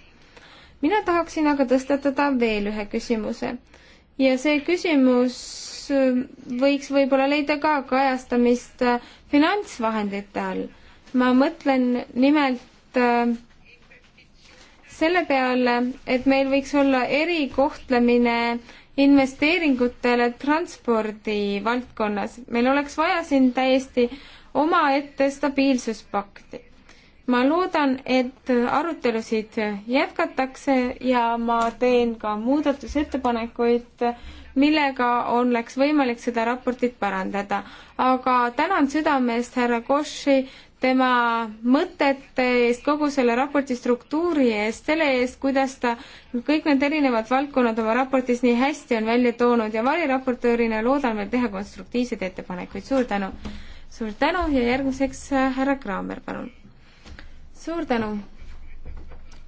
mina tahaksin aga tõstatada veel ühe küsimuse ja see küsimus äh, võiks võib-olla leida ka kajastamist äh, finantsvahendite all. ma mõtlen nimelt selle peale, et meil võiks olla erikohtlemine investeeringutele transpordi valdkonnas. meil oleks vaja siin täiesti omaette stabiilsuspakti. ma loodan, et arutelusid jätkatakse ja ma teen ka muudatusettepanekuid, millega oleks võimalik seda raportit parandada. aga tänan südamest härra Koši tema mõtete eest, kogu selle raporti struktuuri eest, selle eest, kuidas ta kõik need erinevad valdkonnad oma raportis nii hästi on välja toonud ja variraportöörina loodan veel teha konstruktiivseid ettepanekuid, suur tänu! suur tänu ja järgmiseks äh, härra Kraamer, palun! suur tänu!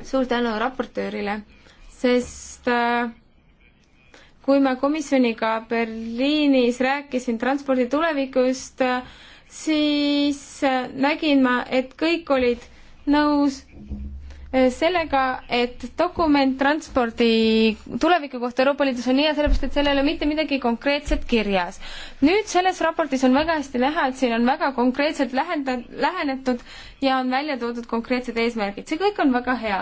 suur tänu raportöörile, sest äh, kui ma komisjoniga Berliinis rääkisin transpordi tulevikust äh,, siis äh, nägin ma, et kõik olid nõus äh, sellega, et dokument transpordi tuleviku kohta Euroopa Liidus on hea, sellepärast et seal ei ole mitte midagi konkreetset kirjas. nüüd selles raportis on väga hästi näha, et siin on väga konkreetselt lähenda-, lähenetud ja on välja toodud konkreetsed eesmärgid, see kõik on väga hea.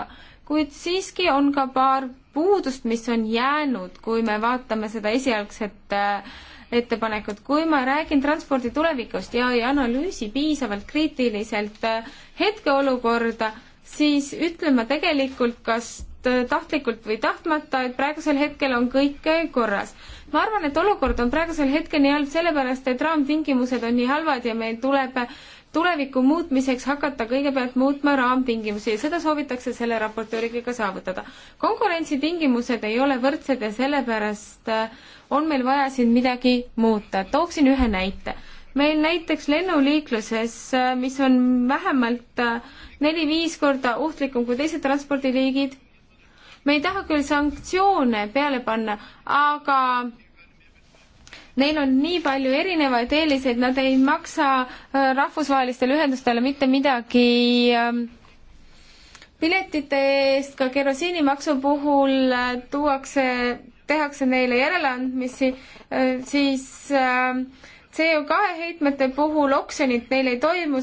kuid siiski on ka paar puudust, mis on jäänud, kui me vaatame seda esialgset äh, ettepanekut. kui ma räägin transpordi tulevikust ja ei analüüsi piisavalt kriitiliselt äh, hetkeolukorda, siis ütlen ma tegelikult kas äh, tahtlikult või tahtmata, et praegusel hetkel on kõik äh, korras. ma arvan, et olukord on praegusel hetkel nii halb sellepärast, et raamtingimused on nii halvad ja meil tuleb tuleviku muutmiseks hakata kõigepealt muutma raamtingimusi ja seda soovitakse selle raportööriga ka saavutada. konkurentsitingimused ei ole võrdsed ja sellepärast äh, on meil vaja siin midagi muuta. tooksin ühe näite. meil näiteks lennuliikluses, äh, mis on vähemalt äh, neli-viis korda ohtlikum kui teised transpordiliigid, me ei taha küll sanktsioone peale panna, aga Neil on nii palju erinevaid eeliseid, nad ei maksa äh, rahvusvahelistele ühendustele mitte midagi ähm, piletite eest, ka kerosiinimaksu puhul äh, tuuakse, tehakse neile järeleandmisi, äh, siis ähm, CO2 heitmete puhul oksjonid neil ei toimu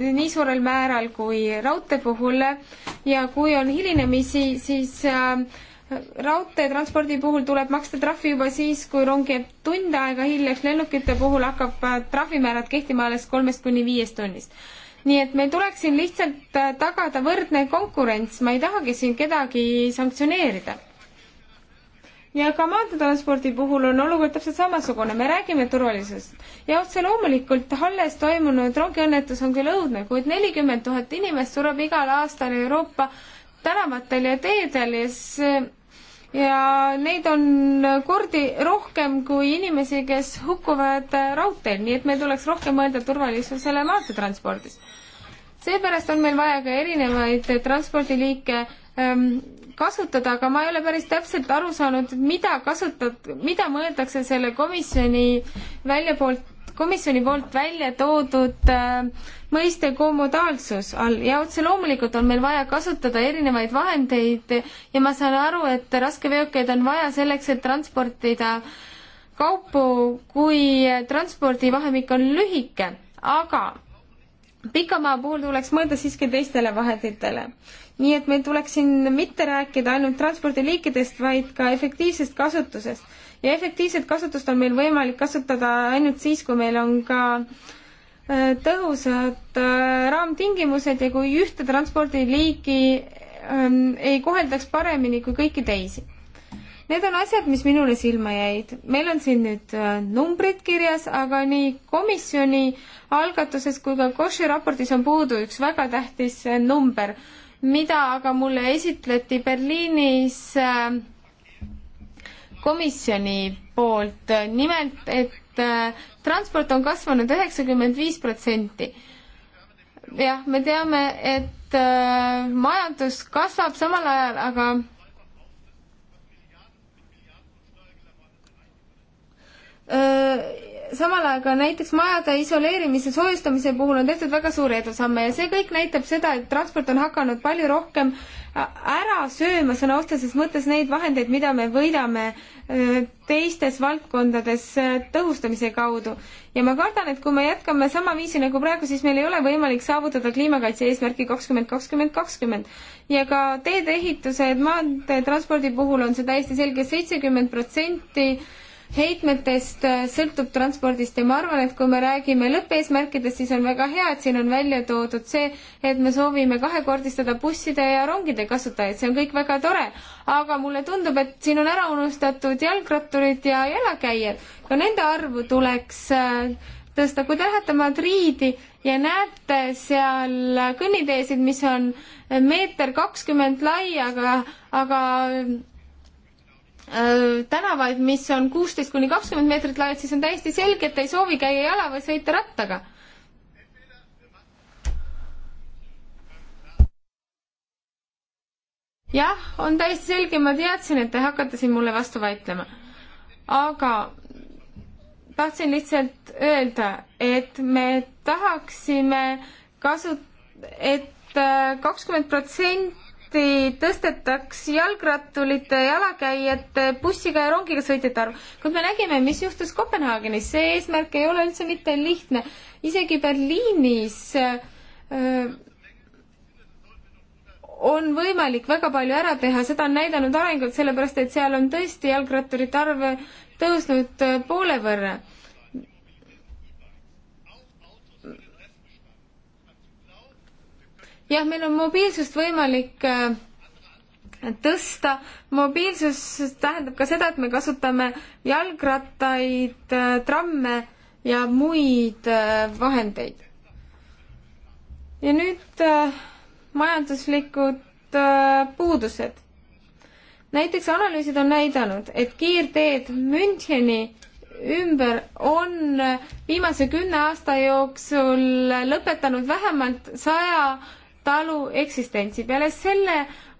nii suurel määral kui raudtee puhul ja kui on hilinemisi, siis äh, raudteetranspordi puhul tuleb maksta trahvi juba siis, kui rong jääb tund aega hiljaks, lennukite puhul hakkab äh, trahvimäärad kehtima alles kolmest kuni viiest tunnist. nii et meil tuleks siin lihtsalt äh, tagada võrdne konkurents, ma ei tahagi siin kedagi sanktsioneerida. ja ka maanteetranspordi puhul on olukord täpselt samasugune, me räägime turvalisusest. ja otse loomulikult alles toimunud rongiõnnetus on küll õudne, kuid nelikümmend tuhat inimest sureb igal aastal Euroopa tänavatel ja teedel ja see ja neid on kordi rohkem kui inimesi, kes hukkuvad äh, raudteel, nii et meil tuleks rohkem mõelda turvalisusele maanteetranspordis. seepärast on meil vaja ka erinevaid transpordiliike ähm, kasutada, aga ma ei ole päris täpselt aru saanud, mida kasutad, mida mõeldakse selle komisjoni välja poolt komisjoni poolt välja toodud äh, mõiste kommodaalsus all ja otse loomulikult on meil vaja kasutada erinevaid vahendeid ja ma saan aru, et raskeveokeid on vaja selleks, et transportida kaupu, kui transpordivahemik on lühike, aga pikamaa puhul tuleks mõelda siiski teistele vahenditele. nii et meil tuleks siin mitte rääkida ainult transpordiliikidest, vaid ka efektiivsest kasutusest. ja efektiivset kasutust on meil võimalik kasutada ainult siis, kui meil on ka äh, tõhusad äh, raamtingimused ja kui ühte transpordiliiki ähm, ei koheldaks paremini kui kõiki teisi Need on asjad, mis minule silma jäid. meil on siin nüüd äh, numbrid kirjas, aga nii komisjoni algatuses kui ka Koši raportis on puudu üks väga tähtis äh, number, mida aga mulle esitleti Berliinis äh, komisjoni poolt, nimelt et transport on kasvanud üheksakümmend viis protsenti. jah, me teame, et majandus kasvab samal ajal, aga samal ajal ka näiteks majade isoleerimise, soojustamise puhul on tehtud väga suuri edusamme ja see kõik näitab seda, et transport on hakanud palju rohkem ära sööma sõna otseses mõttes neid vahendeid, mida me võidame teistes valdkondades tõhustamise kaudu. ja ma kardan, et kui me jätkame sama viisi nagu praegu, siis meil ei ole võimalik saavutada kliimakaitse eesmärki kakskümmend, kakskümmend, kakskümmend. ja ka teedeehitused maanteetranspordi puhul on see täiesti selge, seitsekümmend protsenti heitmetest äh, sõltub transpordist ja ma arvan, et kui me räägime lõppeesmärkidest, siis on väga hea, et siin on välja toodud see, et me soovime kahekordistada busside ja rongide kasutajaid, see on kõik väga tore. aga mulle tundub, et siin on ära unustatud jalgratturid ja jalakäijad. ka nende arvu tuleks äh, tõsta, kui te lähete Madriidi ja näete seal kõnniteesid, mis on meeter kakskümmend lai, aga, aga Äh, tänavaid, mis on kuusteist kuni kakskümmend meetrit laiad, siis on täiesti selge, et ei soovi käia jala või sõita rattaga. jah, on täiesti selge, ma teadsin, et te hakkate siin mulle vastu vaidlema. aga tahtsin lihtsalt öelda, et me tahaksime kasu-, et äh, kakskümmend protsenti samuti tõstetaks jalgratturite, jalakäijate, bussiga ja rongiga sõitjate arv. kuid me nägime, mis juhtus Kopenhaagenis, see eesmärk ei ole üldse mitte lihtne. isegi Berliinis öö, äh, on võimalik väga palju ära teha, seda on näidanud arengud, sellepärast et seal on tõesti jalgratturite arv tõusnud äh, poole võrra jah, meil on mobiilsust võimalik äh, tõsta, mobiilsus tähendab ka seda, et me kasutame jalgrattaid, äh, tramme ja muid äh, vahendeid. ja nüüd majanduslikud puudused. näiteks analüüsid on näidanud, et kiirteed Müncheni ümber on viimase kümne aasta jooksul lõpetanud vähemalt saja talu eksistentsi. peale selle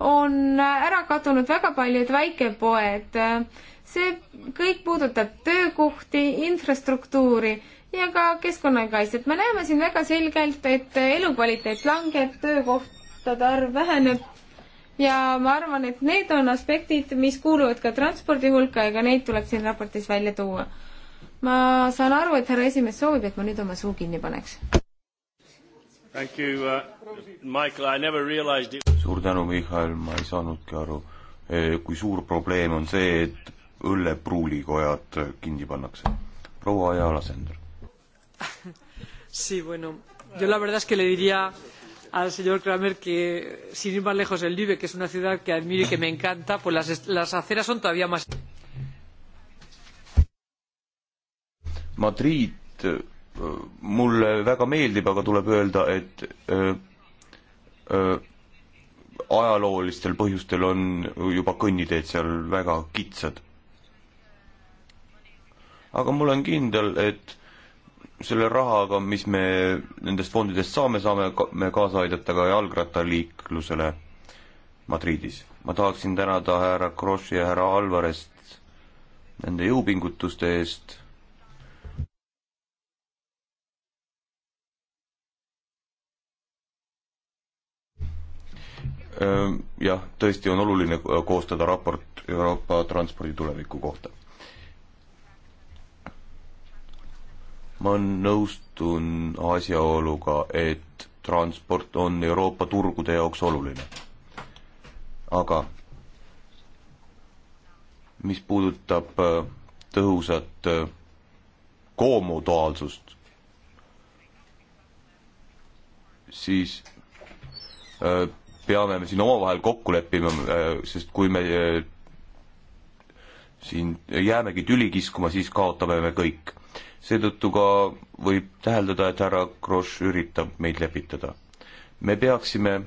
on ära kadunud väga paljud väikepoed. see kõik puudutab töökohti, infrastruktuuri ja ka keskkonnakaitset. me näeme siin väga selgelt, et elukvaliteet langeb, töökohtade arv väheneb ja ma arvan, et need on aspektid, mis kuuluvad ka transpordi hulka ja ka neid tuleb siin raportis välja tuua. ma saan aru, et härra esimees soovib, et ma nüüd oma suu kinni paneks. Uh, suur tänu, Mihhail, ma ei saanudki aru, eh, kui suur probleem on see, et õllepruulikojad kinni pannakse. proua Ajala Sender. <laughs> Sí, bueno, yo la verdad es que le diría al señor Kramer que, sin ir más lejos, el Libe, que es una ciudad que admiro y que me encanta, pues las, las aceras son todavía más. Madrid eh, mulle väga meeldib, aga tuleb öelda, et öö, öö, ajaloolistel põhjustel on juba kõnniteed seal väga kitsad. aga ma olen kindel, et selle rahaga, mis me nendest fondidest saame, saame ka, me kaasa aidata ka jalgrattaliiklusele Madridis. ma tahaksin tänada härra Kroši ja härra Alvarest nende jõupingutuste eest jah, tõesti on oluline äh, koostada raport Euroopa transpordi tuleviku kohta. ma nõustun asjaoluga, et transport on Euroopa turgude jaoks oluline. aga mis puudutab äh, tõhusat äh, koomutuaalsust, siis öö, peame me siin omavahel kokku leppima, äh, sest kui me äh, siin jäämegi tüli kiskuma, siis kaotame me kõik. seetõttu ka võib täheldada, et härra Kross üritab meid lepitada. me peaksime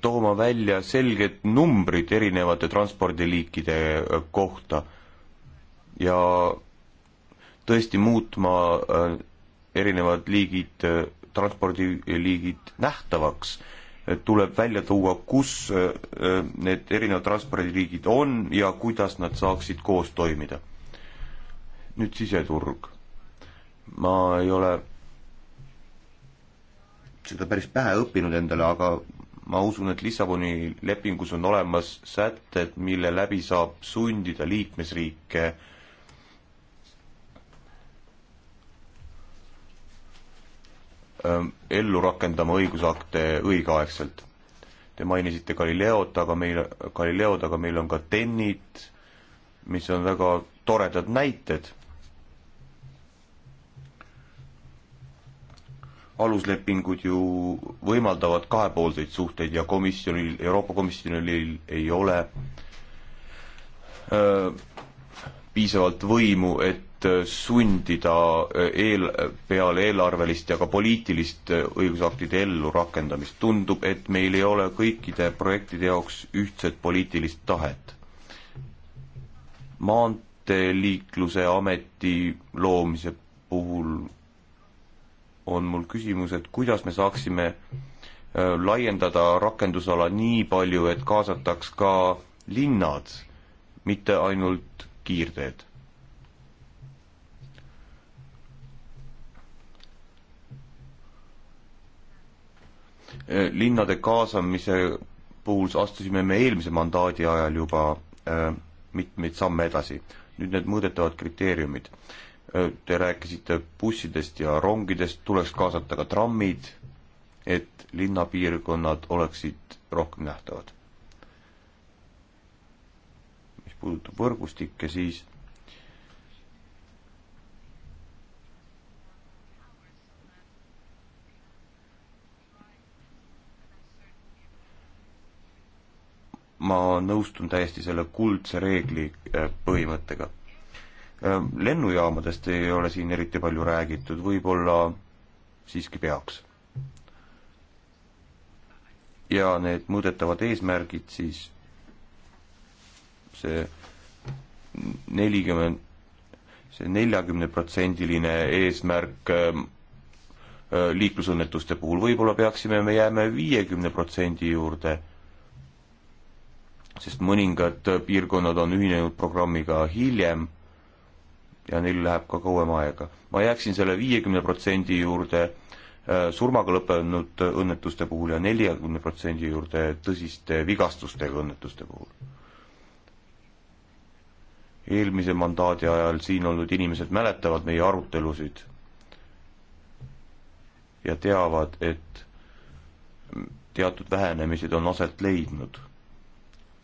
tooma välja selged numbrid erinevate transpordiliikide äh, kohta ja tõesti muutma erinevad liigid transpordiliigid nähtavaks, tuleb välja tuua, kus äh, äh, need erinevad transpordiliigid on ja kuidas nad saaksid koos toimida. nüüd siseturg. ma ei ole seda päris pähe õppinud endale, aga ma usun, et Lissaboni lepingus on olemas sätted, mille läbi saab sundida liikmesriike äh, Ähm, ellu rakendama õigusakte õigeaegselt. Te mainisite Galileod, aga meil, Galileod, aga meil on ka TEN-id, mis on väga toredad näited. aluslepingud ju võimaldavad kahepoolseid suhteid ja komisjonil, Euroopa Komisjonil ei ole öö, äh, piisavalt võimu, et Äh, sundida äh, eel, peale eelarvelist ja ka poliitilist äh, õigusaktide ellurakendamist. tundub, et meil ei ole kõikide projektide jaoks ühtset poliitilist tahet. maanteeliikluse ameti loomise puhul on mul küsimus, et kuidas me saaksime laiendada rakendusala nii palju, et kaasataks ka linnad, mitte ainult kiirteed Eh, linnade kaasamise puhul astusime me eelmise mandaadi ajal juba eh, mitmeid samme edasi. nüüd need mõõdetavad kriteeriumid. Eh, te rääkisite bussidest ja rongidest, tuleks kaasata ka trammid, et linnapiirkonnad oleksid rohkem nähtavad. mis puudutab võrgustikke, siis ma nõustun täiesti selle kuldse reegli äh, põhimõttega. Äh, lennujaamadest ei ole siin eriti palju räägitud, võib-olla siiski peaks. ja need mõõdetavad eesmärgid siis, see nelikümmend, see neljakümneprotsendiline eesmärk ähm, äh, liiklusõnnetuste puhul, võib-olla peaksime me jääme viiekümne protsendi juurde sest mõningad piirkonnad on ühinenud programmiga hiljem ja neil läheb ka kauem aega. ma jääksin selle viiekümne protsendi juurde äh, surmaga lõppenud õnnetuste puhul ja neljakümne protsendi juurde tõsiste vigastustega õnnetuste puhul. eelmise mandaadi ajal siin olnud inimesed mäletavad meie arutelusid ja teavad, et teatud vähenemised on aset leidnud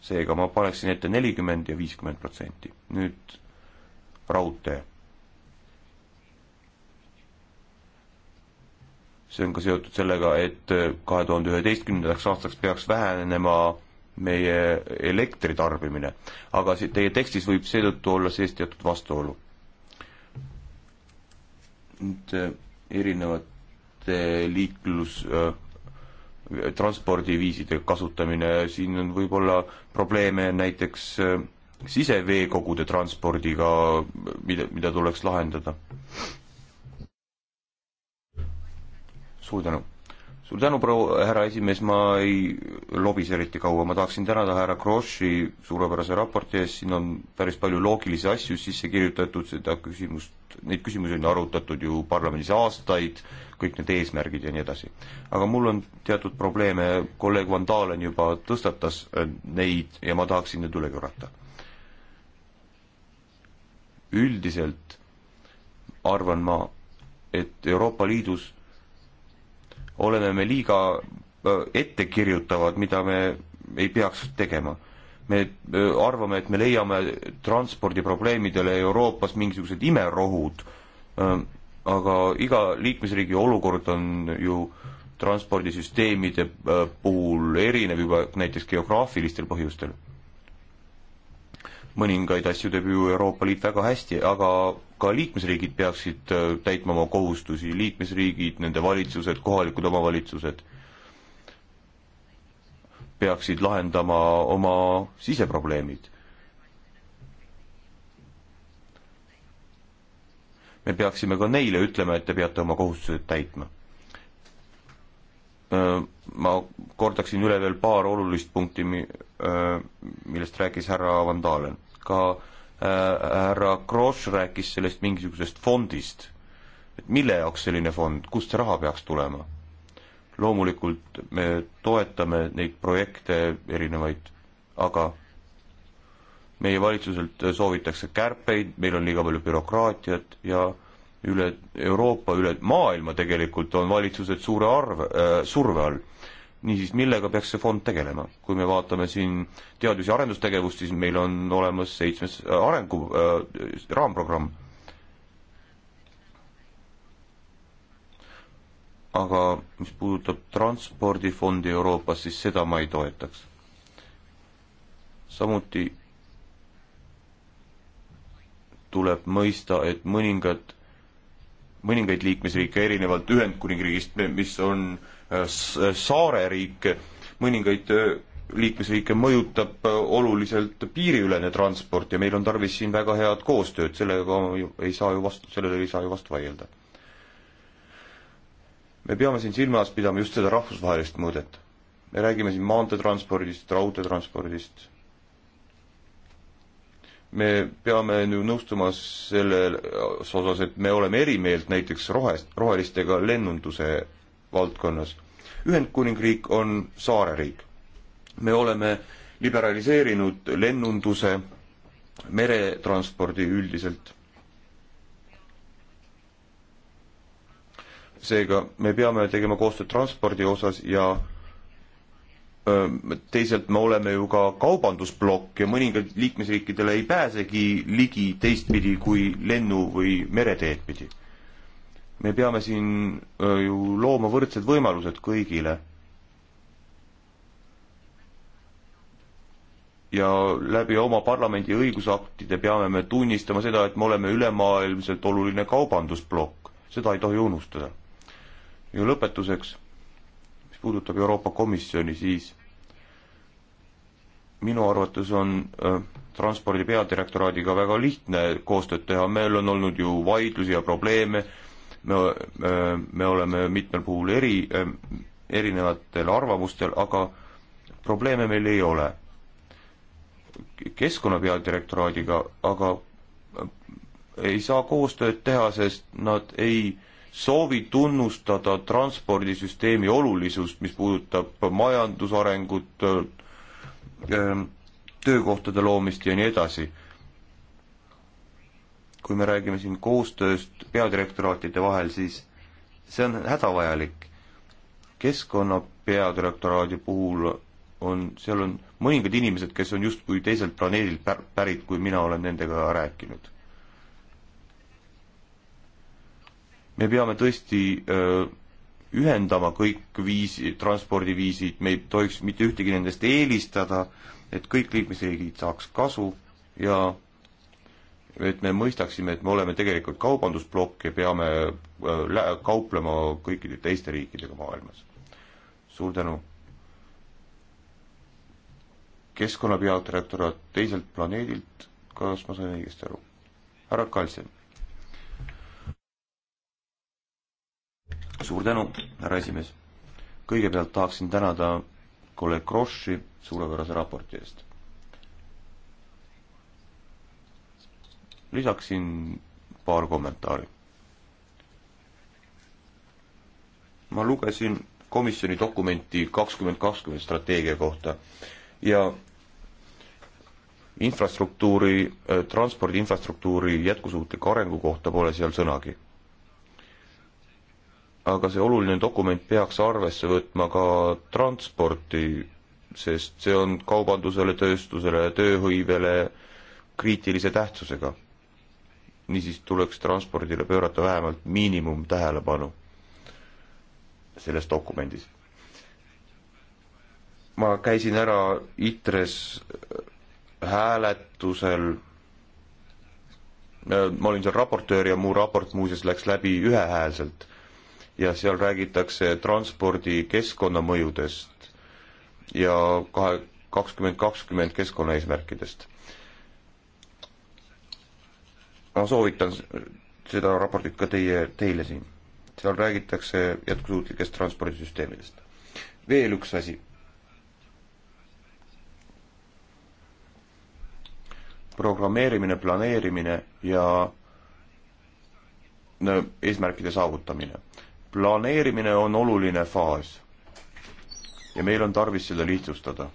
seega ma paneksin ette nelikümmend ja viiskümmend protsenti. nüüd raudtee. see on ka seotud sellega, et kahe tuhande üheteistkümnendaks aastaks peaks vähenema meie elektritarbimine, aga teie tekstis võib seetõttu olla sees teatud vastuolu. nüüd äh, erinevate liiklus äh, transpordiviiside kasutamine, siin on võib-olla probleeme näiteks äh, siseveekogude transpordiga, mida, mida tuleks lahendada. suur tänu suur tänu, proua härra esimees, ma ei lobise eriti kaua, ma tahaksin tänada härra Kroshi suurepärase raporti eest, siin on päris palju loogilisi asju sisse kirjutatud, seda küsimust, neid küsimusi on arutatud ju parlamendis aastaid, kõik need eesmärgid ja nii edasi. aga mul on teatud probleeme, kolleeg Van Dalen juba tõstatas äh, neid ja ma tahaksin need üle korrata. üldiselt arvan ma, et Euroopa Liidus oleme me liiga ettekirjutavad, mida me ei peaks tegema. me arvame, et me leiame transpordiprobleemidele Euroopas mingisugused imerohud, aga iga liikmesriigi olukord on ju transpordisüsteemide puhul erinev juba näiteks geograafilistel põhjustel mõningaid asju teeb ju Euroopa Liit väga hästi, aga ka liikmesriigid peaksid äh, täitma oma kohustusi, liikmesriigid, nende valitsused, kohalikud omavalitsused peaksid lahendama oma siseprobleemid. me peaksime ka neile ütlema, et te peate oma kohustused täitma. Äh, ma kordaksin üle veel paar olulist punkti, Äh, millest rääkis härra Van Dalen. ka äh, härra Kross rääkis sellest mingisugusest fondist. et mille jaoks selline fond, kust see raha peaks tulema? loomulikult me toetame neid projekte erinevaid, aga meie valitsuselt soovitakse kärpeid, meil on liiga palju bürokraatiat ja üle Euroopa, üle maailma tegelikult on valitsused suure arve äh,, surve all niisiis, millega peaks see fond tegelema? kui me vaatame siin teadus- ja arendustegevust, siis meil on olemas seitsmes äh, arengu äh, raamprogramm. aga mis puudutab transpordifondi Euroopas, siis seda ma ei toetaks. samuti tuleb mõista, et mõningad, mõningaid liikmesriike erinevalt Ühendkuningriigist, mis on äh, saareriik, mõningaid äh, liikmesriike mõjutab äh, oluliselt piiriülene transport ja meil on tarvis siin väga head koostööd, sellega ei saa ju vastu, sellele ei saa ju vastu vaielda. me peame siin silmas pidama just seda rahvusvahelist mõõdet. me räägime siin maanteetranspordist, raudteetranspordist, me peame nüüd nõustuma selles osas, et me oleme eri meelt näiteks rohest, rohelistega lennunduse valdkonnas. Ühendkuningriik on saareriik. me oleme liberaliseerinud lennunduse, meretranspordi üldiselt. seega me peame tegema koostööd transpordi osas ja teisalt me oleme ju ka kaubandusplokk ja mõningad liikmesriikidele ei pääsegi ligi teistpidi kui lennu või mereteed pidi me peame siin ju looma võrdsed võimalused kõigile. ja läbi oma parlamendi õigusaktide peame me tunnistama seda, et me oleme ülemaailmselt oluline kaubandusplokk, seda ei tohi unustada. ja lõpetuseks, mis puudutab Euroopa Komisjoni, siis minu arvates on äh, transpordi peadirektoraadiga väga lihtne koostööd teha, meil on olnud ju vaidlusi ja probleeme äh, me, me oleme mitmel puhul eri, erinevatel arvamustel, aga probleeme meil ei ole. keskkonna peadirektoraadiga aga ei saa koostööd teha, sest nad ei soovi tunnustada transpordisüsteemi olulisust, mis puudutab majandusarengut, töökohtade loomist ja nii edasi kui me räägime siin koostööst peadirektoraatide vahel, siis see on hädavajalik. keskkonna peadirektoraadi puhul on, seal on mõningad inimesed, kes on justkui teiselt planeedilt pär-, pärit, kui mina olen nendega rääkinud. me peame tõesti öö, ühendama kõik viisi, transpordiviisid, me ei tohiks mitte ühtegi nendest eelistada, et kõik liikmesriigid saaks kasu ja et me mõistaksime, et me oleme tegelikult kaubandusplokk ja peame äh, kauplema kõikide teiste riikidega maailmas. suur tänu! keskkonna peadirektoraat teiselt planeedilt, kas ma sain õigesti aru? härra Kalsen. suur tänu, härra esimees! kõigepealt tahaksin tänada kolleeg Grossi suurepärase raporti eest lisaksin paar kommentaari. ma lugesin komisjoni dokumenti kakskümmend kakskümmend strateegia kohta ja infrastruktuuri, äh, transpordi infrastruktuuri jätkusuutliku arengu kohta pole seal sõnagi. aga see oluline dokument peaks arvesse võtma ka transporti, sest see on kaubandusele, tööstusele, tööhõivele kriitilise tähtsusega niisiis tuleks transpordile pöörata vähemalt miinimum tähelepanu selles dokumendis. ma käisin ära ITRES hääletusel, äh, ma olin seal raportöör ja mu raport muuseas läks läbi ühehäälselt ja seal räägitakse transpordi keskkonnamõjudest ja kahe, kakskümmend kakskümmend keskkonnaeesmärkidest ma soovitan seda raportit ka teie, teile siin. seal räägitakse jätkusuutlikest transpordisüsteemidest. veel üks asi. programmeerimine, planeerimine ja eesmärkide saavutamine. planeerimine on oluline faas ja meil on tarvis seda lihtsustada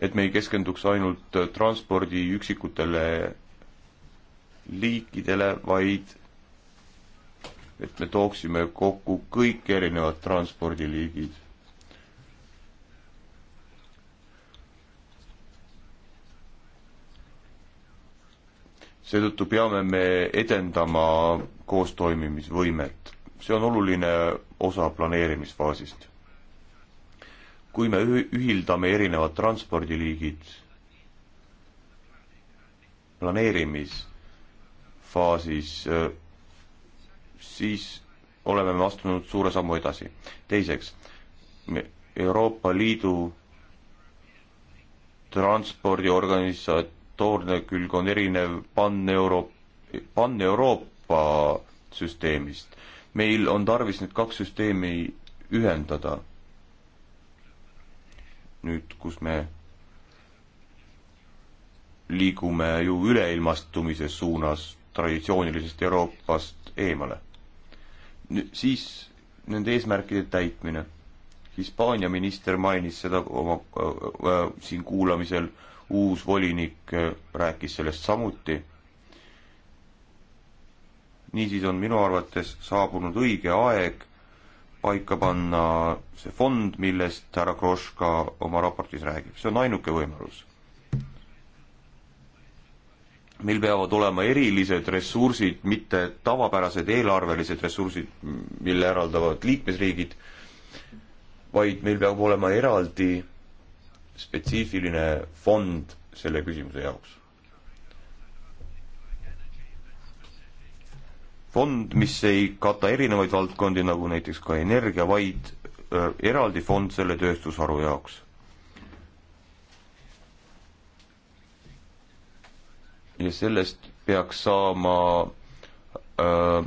et me ei keskenduks ainult transpordi üksikutele liikidele, vaid et me tooksime kokku kõik erinevad transpordiliigid. seetõttu peame me edendama koostoimimisvõimet. see on oluline osa planeerimisfaasist kui me ühildame erinevad transpordiliigid planeerimisfaasis, siis oleme me astunud suure sammu edasi. teiseks, Euroopa Liidu transpordiorganisatoorne külg on erinev pan-Euro-, pan-Euroopa süsteemist. meil on tarvis need kaks süsteemi ühendada nüüd, kus me liigume ju üleilmastumise suunas traditsioonilisest Euroopast eemale. siis nende eesmärkide täitmine. Hispaania minister mainis seda oma äh, äh, siin kuulamisel, uus volinik äh, rääkis sellest samuti. niisiis on minu arvates saabunud õige aeg paika panna see fond, millest härra Kross ka oma raportis räägib, see on ainuke võimalus. meil peavad olema erilised ressursid, mitte tavapärased eelarvelised ressursid, mille eraldavad liikmesriigid, vaid meil peab olema eraldi spetsiifiline fond selle küsimuse jaoks. fond, mis ei kata erinevaid valdkondi, nagu näiteks ka energia, vaid öö, eraldi fond selle tööstusharu jaoks. ja sellest peaks saama öö,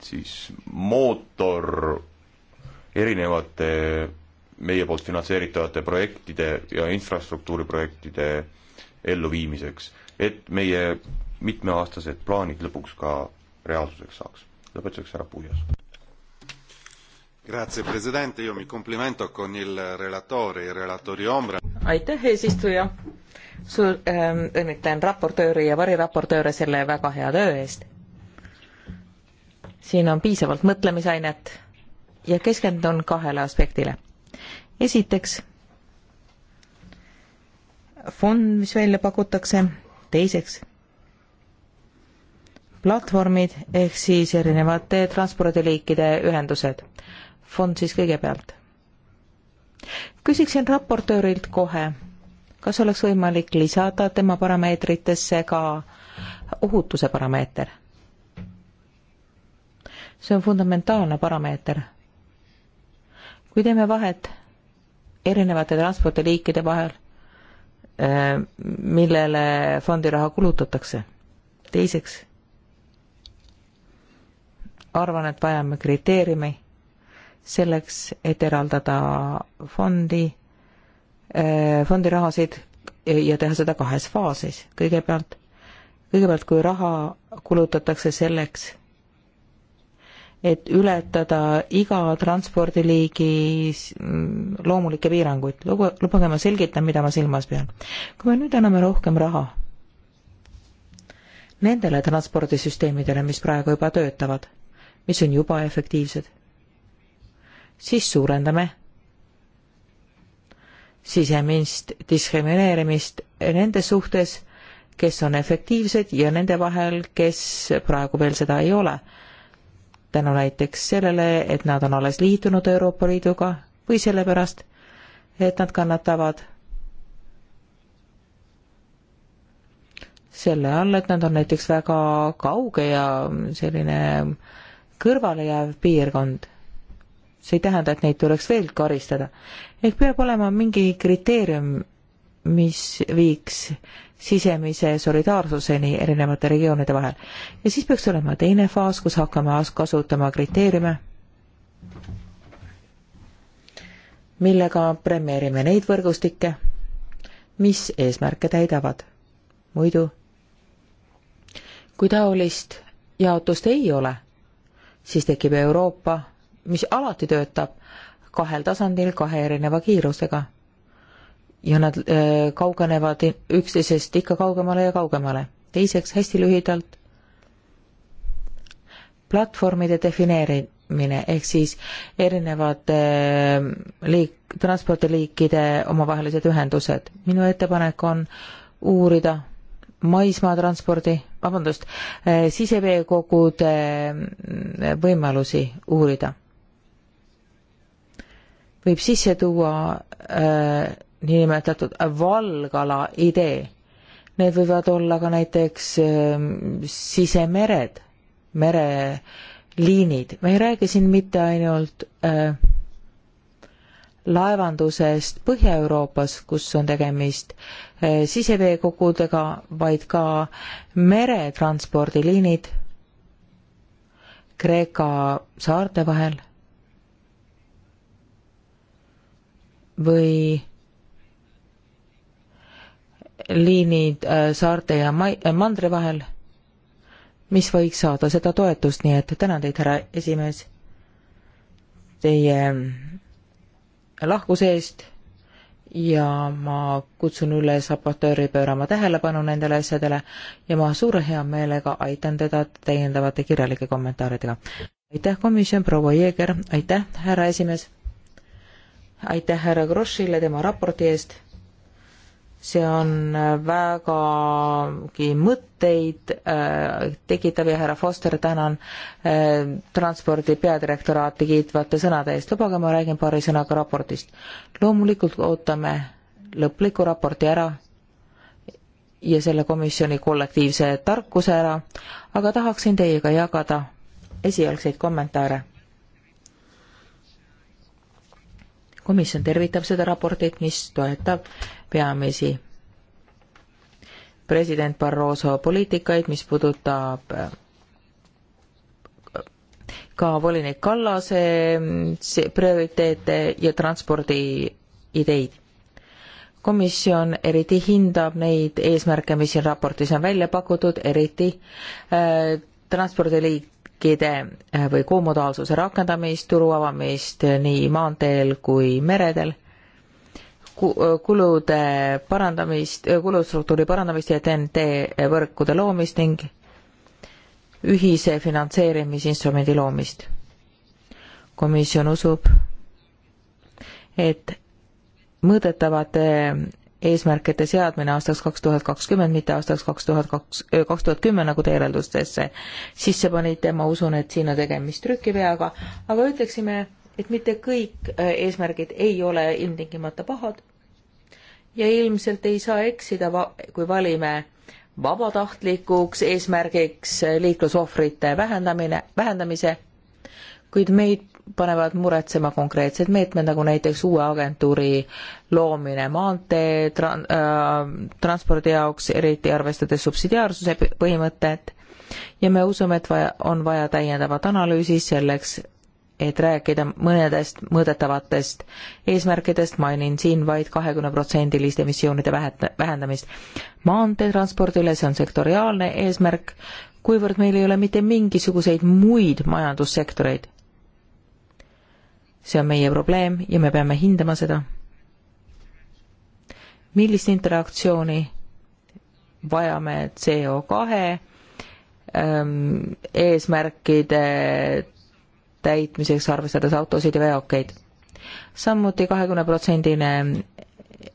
siis mootor erinevate meie poolt finantseeritavate projektide ja infrastruktuuriprojektide elluviimiseks, et meie mitmeaastased plaanid lõpuks ka reaalsuseks saaks. lõpetuseks härra Puias. Grazie presidente, io mi complimento con il relatore, il relatori ombra. aitäh, eesistuja. suur ähm,, õnnitlen raportööri ja variraportööre selle väga hea töö eest. siin on piisavalt mõtlemisainet ja keskendun kahele aspektile. esiteks fond, mis välja pakutakse, teiseks platvormid ehk siis erinevate transpordiliikide ühendused. fond siis kõigepealt. küsiksin raportöörilt kohe, kas oleks võimalik lisada tema parameetritesse ka ohutuse parameeter? see on fundamentaalne parameeter. kui teeme vahet erinevate transpordiliikide vahel, äh, millele fondi raha kulutatakse, teiseks arvan, et vajame kriteeriumi selleks, et eraldada fondi, äh, fondirahasid ja teha seda kahes faasis. kõigepealt, kõigepealt, kui raha kulutatakse selleks, et ületada iga transpordiliigi mm, loomulikke piiranguid. lubage, ma selgitan, mida ma silmas pean. kui me nüüd anname rohkem raha nendele transpordisüsteemidele, mis praegu juba töötavad mis on juba efektiivsed. siis suurendame sisemist diskrimineerimist nende suhtes, kes on efektiivsed ja nende vahel, kes praegu veel seda ei ole. tänu näiteks sellele, et nad on alles liitunud Euroopa Liiduga või sellepärast, et nad kannatavad selle all, et nad on näiteks väga kauge ja selline äh, kõrvale jääv piirkond. see ei tähenda, et neid tuleks veel karistada. ehk peab olema mingi kriteerium, mis viiks sisemise solidaarsuseni erinevate regioonide vahel. ja siis peaks olema teine faas, kus hakkame kasutama kriteeriume, millega premeerime neid võrgustikke, mis eesmärke täidavad. muidu, kui taolist jaotust ei ole siis tekib Euroopa, mis alati töötab kahel tasandil kahe erineva kiirusega. ja nad öö, äh, kaugenevad üksteisest ikka kaugemale ja kaugemale. teiseks, hästi lühidalt, platvormide defineerimine ehk siis erinevate äh, liik-, transpordiliikide omavahelised ühendused. minu ettepanek on uurida maismaatranspordi vabandust, eh, siseveekogude eh, võimalusi uurida. võib sisse tuua äh, niinimetatud valgala idee. Need võivad olla ka näiteks äh, sisemered, mereliinid. me ei räägi siin mitte ainult äh, laevandusest Põhja-Euroopas, kus on tegemist eh, siseveekogudega, vaid ka meretranspordiliinid Kreeka saarte vahel või liinid eh, saarte ja eh, mandri vahel, mis võiks saada seda toetust, nii et tänan teid, härra esimees, teie lahkuse eest ja ma kutsun üles raportööri pöörama tähelepanu nendele asjadele ja ma suure heameelega aitan teda täiendavate kirjalike kommentaaridega. aitäh, komisjon, proua Jeeger, aitäh, härra esimees. aitäh härra Grossile tema raporti eest see on äh, vägagi mõtteid äh, tekitav ja härra Foster, tänan äh, transpordi peadirektoraati kiitvate sõnade eest. lubage, ma räägin paari sõnaga raportist. loomulikult ootame lõpliku raporti ära ja selle komisjoni kollektiivse tarkuse ära, aga tahaksin teiega jagada esialgseid kommentaare. komisjon tervitab seda raportit, mis toetab peamisi president Barroso poliitikaid, mis puudutab äh, ka volinik Kallase prioriteete ja transpordi ideid. komisjon eriti hindab neid eesmärke, mis siin raportis on välja pakutud, eriti äh, transpordiliikide äh, või koomodaalsuse rakendamist, turu avamist nii maanteel kui meredel kulude parandamist, kulustruktuuri parandamist ja TNT võrkude loomist ning ühise finantseerimisinstrumendi loomist. komisjon usub, et mõõdetavate eesmärkide seadmine aastaks kaks tuhat kakskümmend, mitte aastaks kaks tuhat kaks, kaks tuhat kümme, nagu te järeldustesse sisse panite, ma usun, et siin on tegemist trükiveaga, aga ütleksime, et mitte kõik eesmärgid ei ole ilmtingimata pahad ja ilmselt ei saa eksida, kui valime vabatahtlikuks eesmärgiks liiklusohvrite vähendamine, vähendamise, kuid meid panevad muretsema konkreetsed meetmed, nagu näiteks uue agentuuri loomine maantee tra- äh,, transpordi jaoks, eriti arvestades subsidiaarsuse põhimõtet, ja me usume, et vaja, on vaja täiendavat analüüsi selleks, et rääkida mõnedest mõõdetavatest eesmärkidest, mainin siin vaid kahekümneprotsendilist emissioonide vähendamist. maanteetranspordile, see on sektoriaalne eesmärk, kuivõrd meil ei ole mitte mingisuguseid muid majandussektoreid. see on meie probleem ja me peame hindama seda. millist interaktsiooni vajame CO kahe ähm, eesmärkide täitmiseks, arvestades autosid ja veokeid samuti. samuti kahekümneprotsendine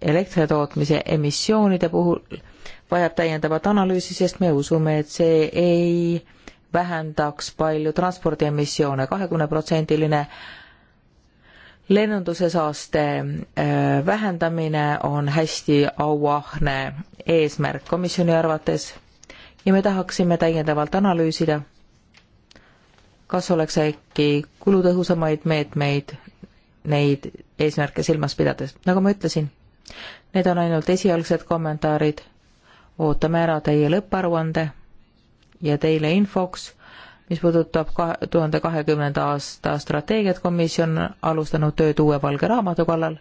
elektritootmise emissioonide puhul vajab täiendavat analüüsi, sest me usume, et see ei vähendaks palju transpordiemissioone, kahekümneprotsendiline lennunduse saaste äh, vähendamine on hästi auahne eesmärk komisjoni arvates ja me tahaksime täiendavalt analüüsida, kas oleks äkki kulutõhusamaid meetmeid neid eesmärke silmas pidades? nagu ma ütlesin, need on ainult esialgsed kommentaarid, ootame ära teie lõpparuande ja teile infoks, mis puudutab kahe tuhande kahekümnenda aasta strateegiat, komisjon alustanud tööd uue valge raamatu kallal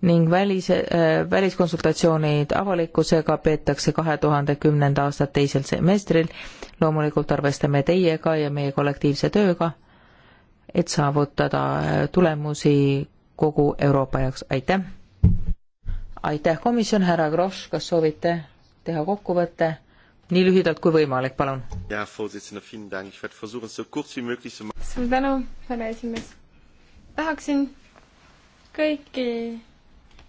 ning välis, äh, väliskonsultatsioonid avalikkusega peetakse kahe tuhande kümnenda aasta teisel semestril. loomulikult arvestame teiega ja meie kollektiivse tööga, et saavutada äh, tulemusi kogu Euroopa jaoks, aitäh! aitäh, komisjon, härra Grosch, kas soovite teha kokkuvõtte? nii lühidalt kui võimalik, palun. suur tänu, härra esimees. tahaksin kõiki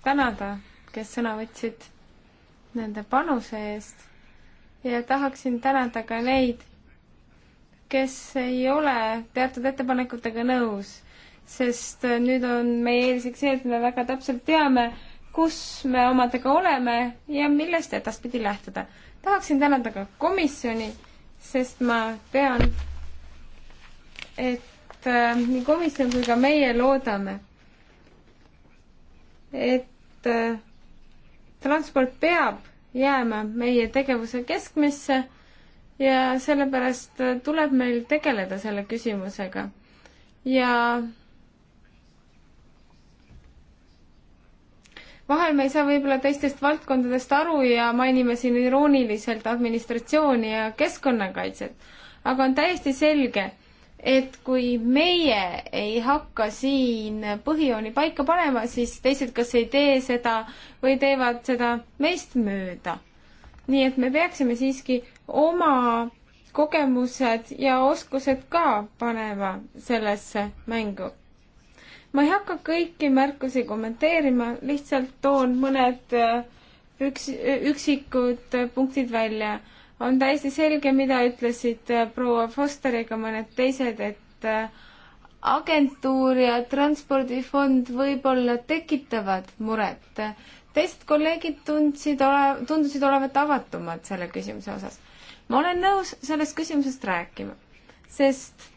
tänada, kes sõna võtsid nende panuse eest ja tahaksin tänada ka neid, kes ei ole teatud ettepanekutega nõus, sest nüüd on meie eeliseks see, et me väga täpselt teame, kus me omadega oleme ja millest edaspidi lähtuda. tahaksin tänada ka komisjoni, sest ma tean, et äh, nii komisjon kui ka meie loodame et äh, transport peab jääma meie tegevuse keskmesse ja sellepärast äh, tuleb meil tegeleda selle küsimusega. ja vahel me ei saa võib-olla teistest valdkondadest aru ja mainime siin irooniliselt administratsiooni ja keskkonnakaitset, aga on täiesti selge, et kui meie ei hakka siin põhijooni paika panema, siis teised kas ei tee seda või teevad seda meist mööda. nii et me peaksime siiski oma kogemused ja oskused ka panema sellesse mängu. ma ei hakka kõiki märkusi kommenteerima, lihtsalt toon mõned äh, üks, üksikud punktid välja on täiesti selge, mida ütlesid äh, proua Foster ja ka mõned teised, et äh, agentuur ja transpordifond võib-olla tekitavad muret. teised kolleegid tundsid ole, tundusid olevat avatumad selle küsimuse osas. ma olen nõus sellest küsimusest rääkima, sest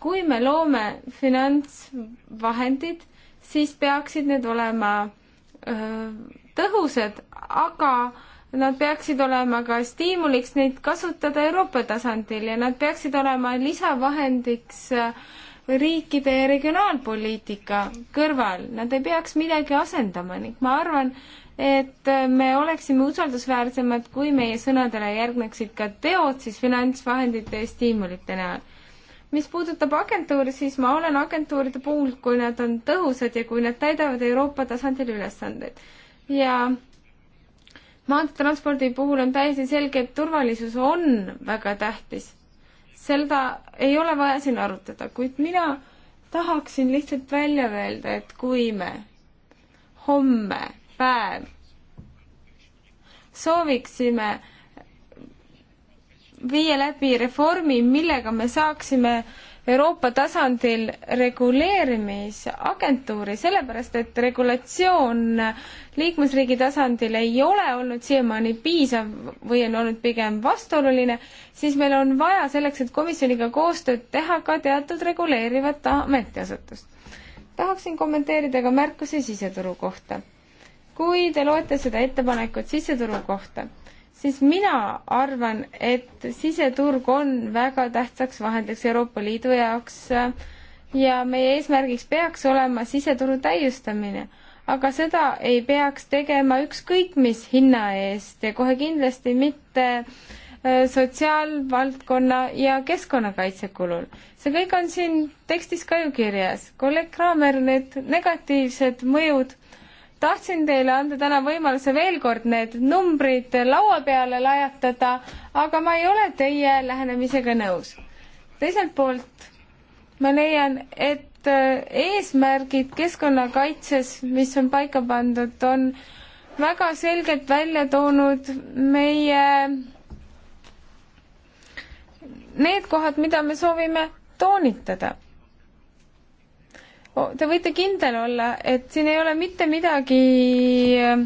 kui me loome finantsvahendid, siis peaksid need olema öö, äh, tõhusad, aga öö, Nad peaksid olema ka stiimuliks neid kasutada Euroopa tasandil ja nad peaksid olema lisavahendiks äh, riikide regionaalpoliitika kõrval, nad ei peaks midagi asendama ning ma arvan, et äh, me oleksime usaldusväärsemad, kui meie sõnadele järgneksid ka teod siis finantsvahendite ja stiimulite näol. mis puudutab agentuuri, siis ma olen agentuuride puhul, kui nad on tõhusad ja kui nad täidavad Euroopa tasandil ülesandeid. ja maanteetranspordi puhul on täiesti selge, et turvalisus on väga tähtis. seda ei ole vaja siin arutada, kuid mina tahaksin lihtsalt välja öelda, et kui me homme päev sooviksime viia läbi reformi, millega me saaksime äh, Euroopa tasandil reguleerimisagentuuri, sellepärast et regulatsioon liikmesriigi tasandil ei ole olnud siiamaani piisav või on olnud pigem vastuoluline, siis meil on vaja selleks, et komisjoniga koostööd teha, ka teatud reguleerivat ametiasutust. tahaksin kommenteerida ka märkusi siseturu kohta. kui te loete seda ettepanekut siseturu kohta, siis mina arvan, et siseturg on väga tähtsaks vahendiks Euroopa Liidu jaoks äh, ja meie eesmärgiks peaks olema siseturu täiustamine. aga seda ei peaks tegema ükskõik mis hinna eest ja kohe kindlasti mitte äh, sotsiaalvaldkonna ja keskkonnakaitse kulul. see kõik on siin tekstis ka ju kirjas. kolleeg Kraamer, need negatiivsed mõjud tahtsin teile anda täna võimaluse veel kord need numbrid laua peale lajatada, aga ma ei ole teie lähenemisega nõus. teiselt poolt ma leian, et äh, eesmärgid keskkonnakaitses, mis on paika pandud, on väga selgelt välja toonud meie need kohad, mida me soovime toonitada Oh, te võite kindel olla, et siin ei ole mitte midagi äh,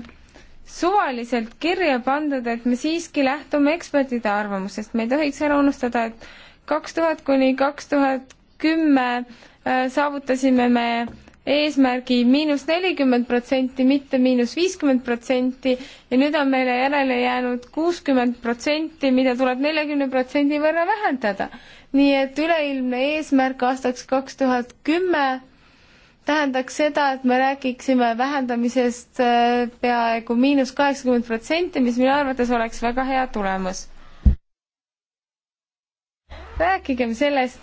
suvaliselt kirja pandud, et me siiski lähtume ekspertide arvamusest, me ei tohiks ära unustada, et kaks tuhat kuni kaks tuhat kümme äh, saavutasime me eesmärgi miinus nelikümmend protsenti, mitte miinus viiskümmend protsenti ja nüüd on meile järele jäänud kuuskümmend protsenti, mida tuleb neljakümne protsendi võrra vähendada. nii et üleilmne eesmärk aastaks kaks tuhat kümme tähendaks seda, et me räägiksime vähendamisest äh, peaaegu miinus kaheksakümmend protsenti, mis minu arvates oleks väga hea tulemus. rääkigem sellest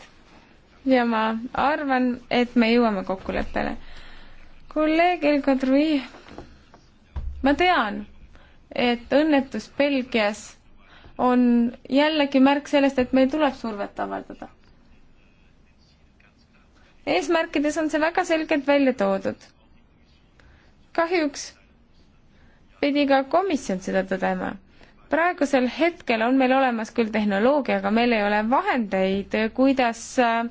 ja ma arvan, et me jõuame kokkuleppele. kolleeg Elka Trui, ma tean, et õnnetus Belgias on jällegi märk sellest, et meil tuleb survet avaldada eesmärkides on see väga selgelt välja toodud. kahjuks pidi ka komisjon seda tõdema. praegusel hetkel on meil olemas küll tehnoloogia, aga meil ei ole vahendeid, kuidas äh,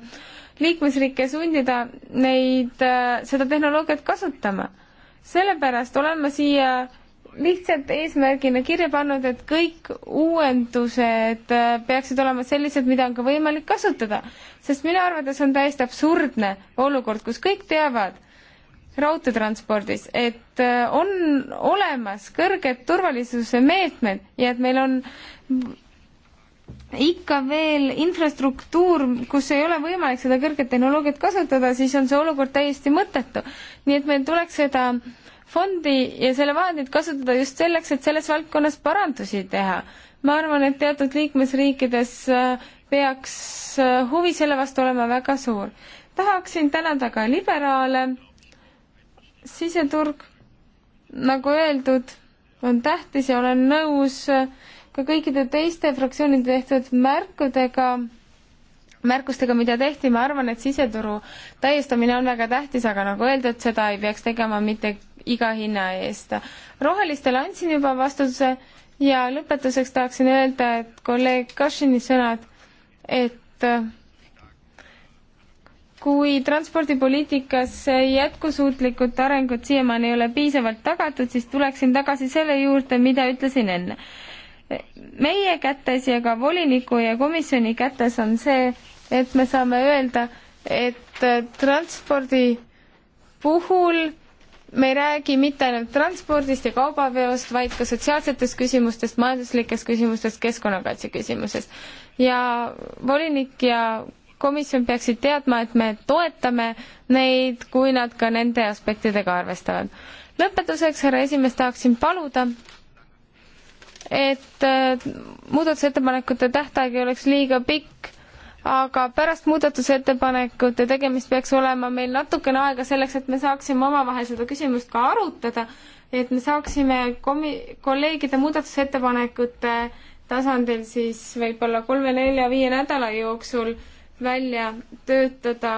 liikmesriike sundida neid, äh, seda tehnoloogiat kasutama. sellepärast olen ma siia lihtsalt eesmärgina kirja pannud, et kõik uuendused äh, peaksid olema sellised, mida on ka võimalik kasutada. sest minu arvates on täiesti absurdne olukord, kus kõik teavad raudteetranspordis, et äh, on olemas kõrged turvalisuse meetmed ja et meil on ikka veel infrastruktuur, kus ei ole võimalik seda kõrget tehnoloogiat kasutada, siis on see olukord täiesti mõttetu. nii et meil tuleks seda äh, fondi ja selle vahendit kasutada just selleks, et selles valdkonnas parandusi teha. ma arvan, et teatud liikmesriikides äh, peaks äh, huvi selle vastu olema väga suur. tahaksin tänada ka liberaale, siseturg, nagu öeldud, on tähtis ja olen nõus äh, ka kõikide teiste fraktsioonide tehtud märkudega, märkustega, mida tehti, ma arvan, et siseturu täiestamine on väga tähtis, aga nagu öeldud, seda ei peaks tegema mitte iga hinna eest. rohelistele andsin juba vastuse ja lõpetuseks tahaksin öelda, et kolleeg Kašini sõnad, et äh, kui transpordipoliitikas jätkusuutlikud arengud siiamaani ei ole piisavalt tagatud, siis tuleksin tagasi selle juurde, mida ütlesin enne. meie kätes ja ka voliniku ja komisjoni kätes on see, et me saame öelda, et äh, transpordi puhul me ei räägi mitte ainult transpordist ja kaubaveost, vaid ka sotsiaalsetest küsimustest, majanduslikest küsimustest, keskkonnakaitse küsimusest. ja volinik ja komisjon peaksid teadma, et me toetame neid, kui nad ka nende aspektidega arvestavad. lõpetuseks, härra esimees, tahaksin paluda, et äh, muudatusettepanekute tähtaeg ei oleks liiga pikk aga pärast muudatusettepanekute tegemist peaks olema meil natukene aega selleks, et me saaksime omavahel seda küsimust ka arutada, et me saaksime komi-, kolleegide muudatusettepanekute tasandil siis võib-olla kolme-nelja-viie nädala jooksul välja töötada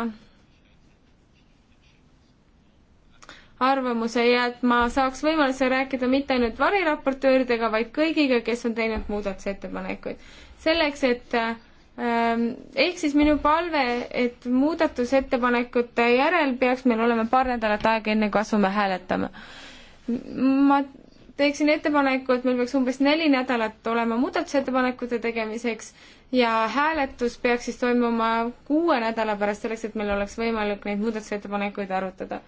arvamuse ja et ma saaks võimaluse rääkida mitte ainult variraportööridega, vaid kõigiga, kes on teinud muudatusettepanekuid. selleks, et Ehm, ehk siis minu palve, et muudatusettepanekute järel peaks meil olema paar nädalat aega, enne kui asume hääletama. ma teeksin ettepaneku, et meil peaks umbes neli nädalat olema muudatusettepanekute tegemiseks ja hääletus peaks siis toimuma kuue nädala pärast, selleks et meil oleks võimalik neid muudatusettepanekuid arutada.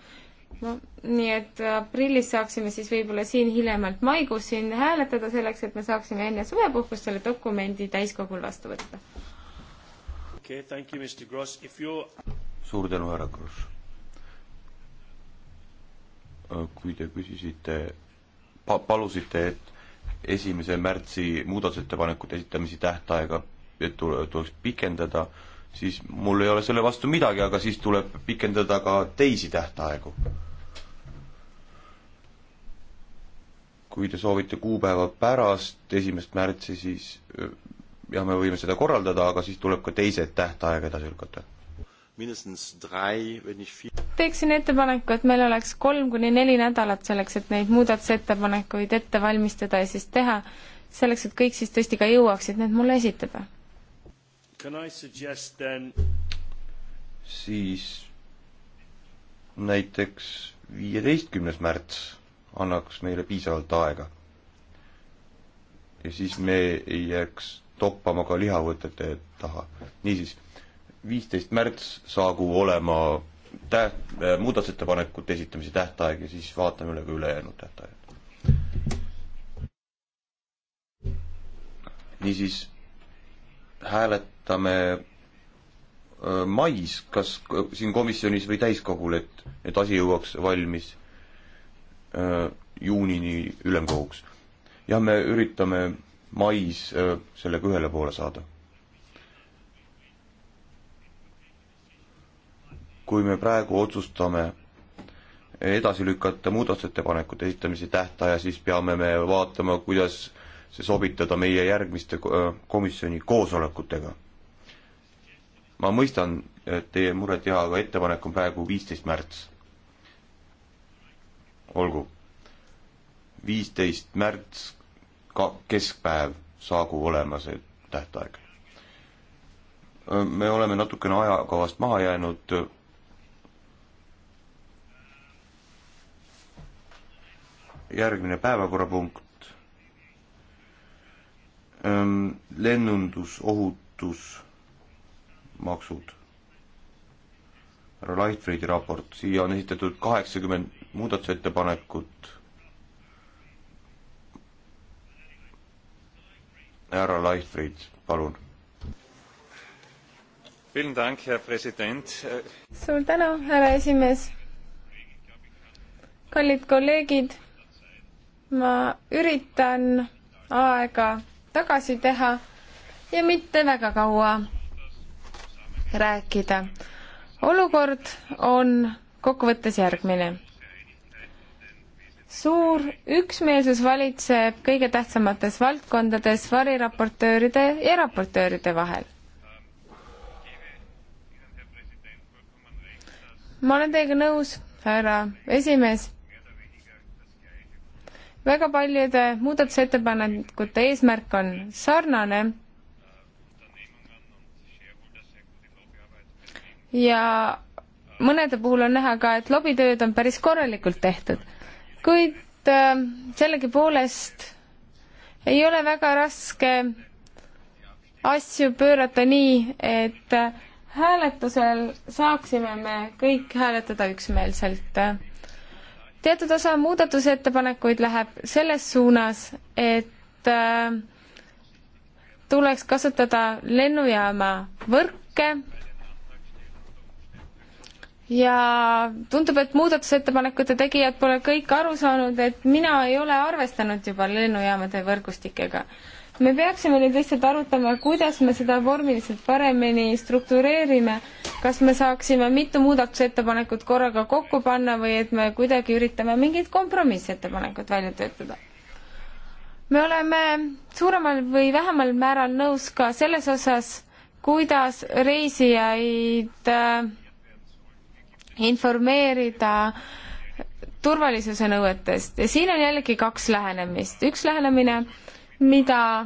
no nii, et aprillis saaksime siis võib-olla siin hiljemalt maikuus siin hääletada, selleks et me saaksime enne suvepuhkust selle dokumendi täiskogul vastu võtta okay, thank you, Mr Gross, if you suur tänu, härra Gross. Äh, kui te küsisite, pa-, palusite, et esimese märtsi muudatusettepanekute esitamise tähtaega, et tule, tuleks pikendada, siis mul ei ole selle vastu midagi, aga siis tuleb pikendada ka teisi tähtaegu. kui te soovite kuupäeva pärast esimest märtsi, siis äh, ja me võime seda korraldada, aga siis tuleb ka teised tähtaega edasi lükata. teeksin ettepaneku, et meil oleks kolm kuni neli nädalat selleks, et neid muudatusettepanekuid ette valmistada ja siis teha, selleks, et kõik siis tõesti ka jõuaksid need mulle esitada. Then... siis näiteks viieteistkümnes märts annaks meile piisavalt aega ja siis me ei jääks toppama ka lihavõtete taha. niisiis, viisteist märts saagu olema täht-, äh, muudatusettepanekute esitamise tähtaeg ja siis vaatame üle ka ülejäänud tähtajad. niisiis, hääletame äh, mais, kas siin komisjonis või täiskogul, et, et asi jõuaks valmis äh, juunini ülemkoguks. jah, me üritame mais sellega ühele poole saada. kui me praegu otsustame edasi lükata muudatusettepanekute esitamise tähtaja, siis peame me vaatama, kuidas see sobitada meie järgmiste komisjoni koosolekutega. ma mõistan teie muret ja, aga ettepanek on praegu viisteist märts. olgu. viisteist märts ka keskpäev saagu olema see tähtaeg. me oleme natukene ajakavast maha jäänud. järgmine päevakorrapunkt. Ehm, lennundusohutus, maksud. härra Leitfriedi raport, siia on esitatud kaheksakümmend muudatusettepanekut härra Leifrid, palun. suur tänu, härra esimees. kallid kolleegid, ma üritan aega tagasi teha ja mitte väga kaua rääkida. olukord on kokkuvõttes järgmine suur üksmeelsus valitseb kõige tähtsamates valdkondades variraportööride ja raportööride vahel. ma olen teiega nõus, härra esimees. väga paljude muudatusettepanekute eesmärk on sarnane ja mõnede puhul on näha ka, et lobitööd on päris korralikult tehtud kuid ähm, sellegipoolest ei ole väga raske asju pöörata nii, et äh, hääletusel saaksime me kõik hääletada üksmeelselt. teatud osa muudatusettepanekuid läheb selles suunas, et äh, tuleks kasutada lennujaama võrke ja tundub, et muudatusettepanekute tegijad pole kõik aru saanud, et mina ei ole arvestanud juba lennujaamade võrgustikega. me peaksime nüüd lihtsalt arutama, kuidas me seda vormiliselt paremini struktureerime, kas me saaksime mitu muudatusettepanekut korraga kokku panna või et me kuidagi üritame mingit kompromissettepanekut välja töötada me oleme suuremal või vähemal määral nõus ka selles osas, kuidas reisijaid äh, informeerida turvalisuse nõuetest ja siin on jällegi kaks lähenemist. üks lähenemine, mida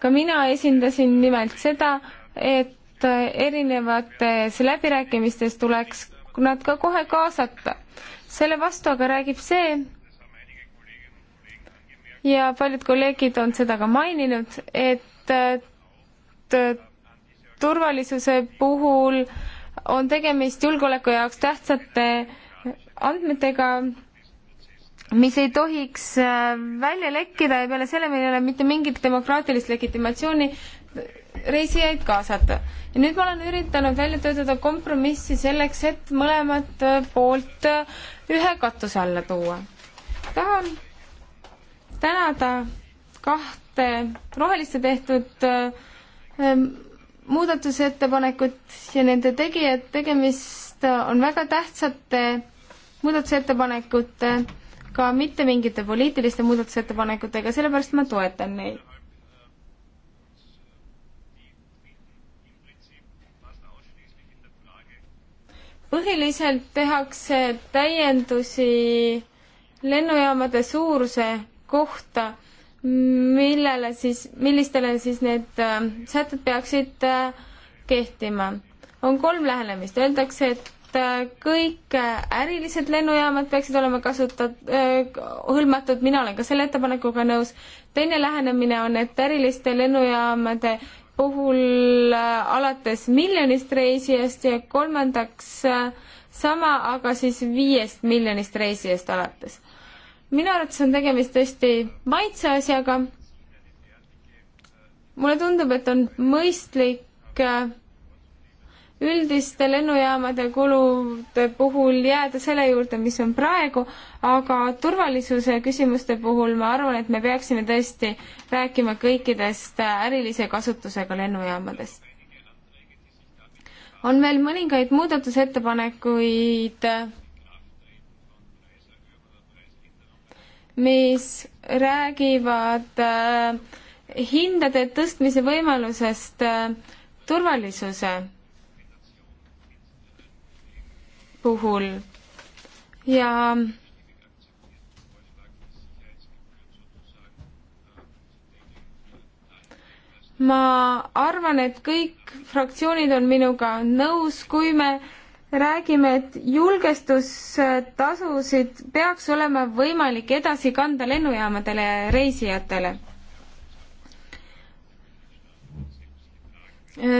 ka mina esindasin, nimelt seda, et erinevates läbirääkimistes tuleks nad ka kohe kaasata. selle vastu aga räägib see, ja paljud kolleegid on seda ka maininud, et turvalisuse puhul äh, on tegemist julgeoleku jaoks tähtsate andmetega, mis ei tohiks äh, välja lekkida ja peale selle meil ei ole mitte mingit demokraatilist legitimatsiooni reisijaid kaasata. ja nüüd ma olen üritanud välja töötada kompromissi selleks, et mõlemat poolt ühe katuse alla tuua. tahan tänada kahte roheliste tehtud äh, muudatusettepanekut ja nende tegijad, tegemist on väga tähtsate muudatusettepanekutega, mitte mingite poliitiliste muudatusettepanekutega, sellepärast ma toetan neid. põhiliselt tehakse täiendusi lennujaamade suuruse kohta millele siis, millistele siis need äh, sätted peaksid äh, kehtima. on kolm lähenemist, öeldakse, et äh, kõik äh, ärilised lennujaamad peaksid olema kasutat- äh,, hõlmatud, mina olen ka selle ettepanekuga nõus. teine lähenemine on, et äriliste lennujaamade puhul äh, alates miljonist reisijast ja kolmandaks äh, sama, aga siis viiest miljonist reisijast alates minu arvates on tegemist tõesti maitseasjaga. mulle tundub, et on mõistlik äh, üldiste lennujaamade kulude puhul jääda selle juurde, mis on praegu, aga turvalisuse küsimuste puhul ma arvan, et me peaksime tõesti rääkima kõikidest äh, ärilise kasutusega lennujaamadest. on veel mõningaid muudatusettepanekuid äh, mis räägivad äh, hindade tõstmise võimalusest äh, turvalisuse puhul ja ma arvan, et kõik fraktsioonid on minuga nõus, kui me räägime, et julgestustasusid peaks olema võimalik edasi kanda lennujaamadele ja reisijatele.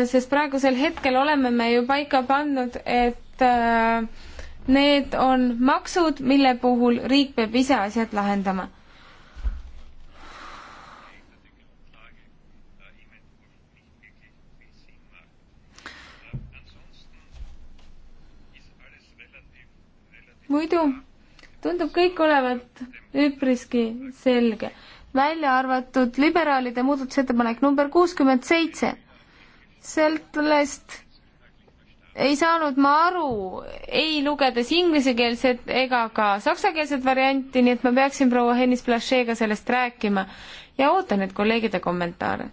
sest praegusel hetkel oleme me ju paika pannud, et äh, need on maksud, mille puhul riik peab ise asjad lahendama muidu tundub kõik olevat üpriski selge, välja arvatud liberaalide muudatusettepanek number kuuskümmend seitse. sellest ei saanud ma aru ei lugedes inglisekeelset ega ka saksakeelset varianti, nii et ma peaksin proua Hennis Blaschega sellest rääkima ja ootan nüüd kolleegide kommentaare.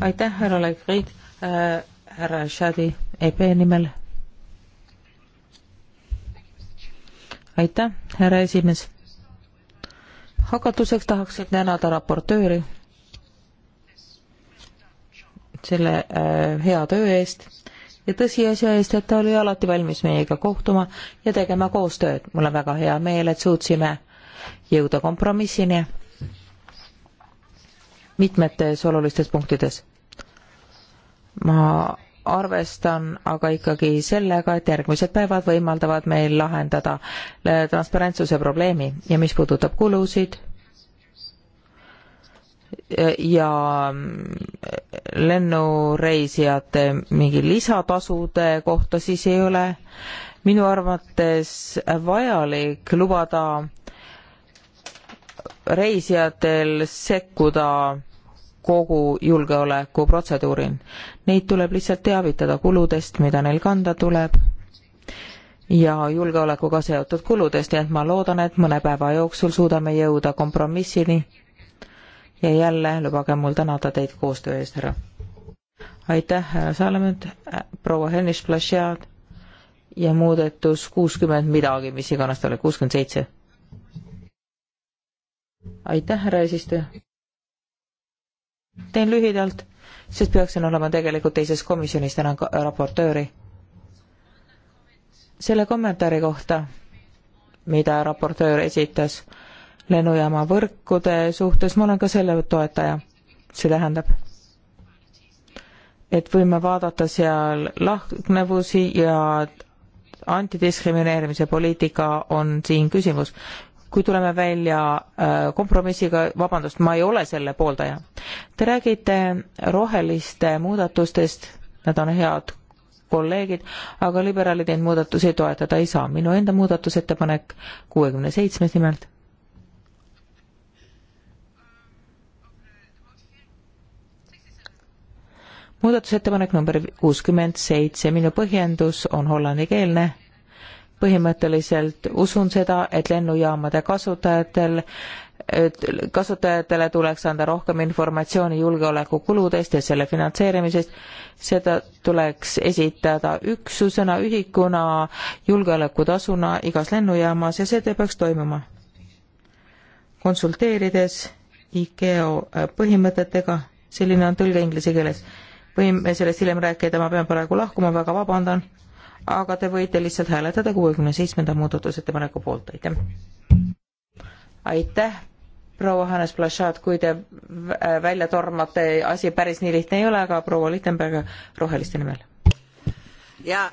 aitäh, härra Leifrid äh,, härra Shadi EP nimel. aitäh, härra esimees. hakatuseks tahaksin tänada raportööri selle äh, hea töö eest ja tõsiasja eest, et ta oli alati valmis meiega kohtuma ja tegema koostööd. mul on väga hea meel, et suutsime jõuda kompromissini mitmetes olulistes punktides. ma arvestan aga ikkagi sellega, et järgmised päevad võimaldavad meil lahendada äh, transparentsuse probleemi ja mis puudutab kulusid äh, ja mm, lennureisijate mingi lisatasude kohta, siis ei ole minu arvates vajalik lubada reisijatel sekkuda kogu julgeolekuprotseduuri. Neid tuleb lihtsalt teavitada kuludest, mida neil kanda tuleb ja julgeolekuga seotud kuludest, nii et ma loodan, et mõne päeva jooksul suudame jõuda kompromissini. ja jälle lubage mul tänada teid koostöö eest, härra. aitäh, härra Salmend, äh, proua Hennis Plašjad ja muudetus kuuskümmend midagi, mis iganes ta oli, kuuskümmend seitse. aitäh, härra eesistuja teen lühidalt, sest peaksin olema tegelikult teises komisjonis, tänan raportööri. selle kommentaari kohta, mida raportöör esitas lennujaama võrkude suhtes, ma olen ka selle toetaja. see tähendab, et võime vaadata seal lahknevusi ja antidiskrimineerimise poliitika on siin küsimus kui tuleme välja äh, kompromissiga, vabandust, ma ei ole selle pooldaja. Te räägite roheliste muudatustest, nad on head kolleegid, aga liberaalid neid muudatusi toetada ei saa. minu enda muudatusettepanek kuuekümne seitsmes nimelt. muudatusettepanek number kuuskümmend seitse, minu põhjendus on hollandikeelne põhimõtteliselt usun seda, et lennujaamade kasutajatel kasutajatele tuleks anda rohkem informatsiooni julgeolekukuludest ja selle finantseerimisest. seda tuleks esitada üksusena, ühikuna, julgeolekutasuna igas lennujaamas ja see peaks toimuma. konsulteerides IKEO põhimõtetega, selline on tõlge inglise keeles, võime sellest hiljem rääkida, ma pean praegu lahkuma, väga vabandan aga te võite lihtsalt hääletada kuuekümne seitsmenda muudatusettepaneku poolt, aitäh. aitäh, proua Hannes Plašat, kui te äh, välja tormate, asi päris nii lihtne ei ole, aga proua Littenberg Roheliste nimel. Äh, jah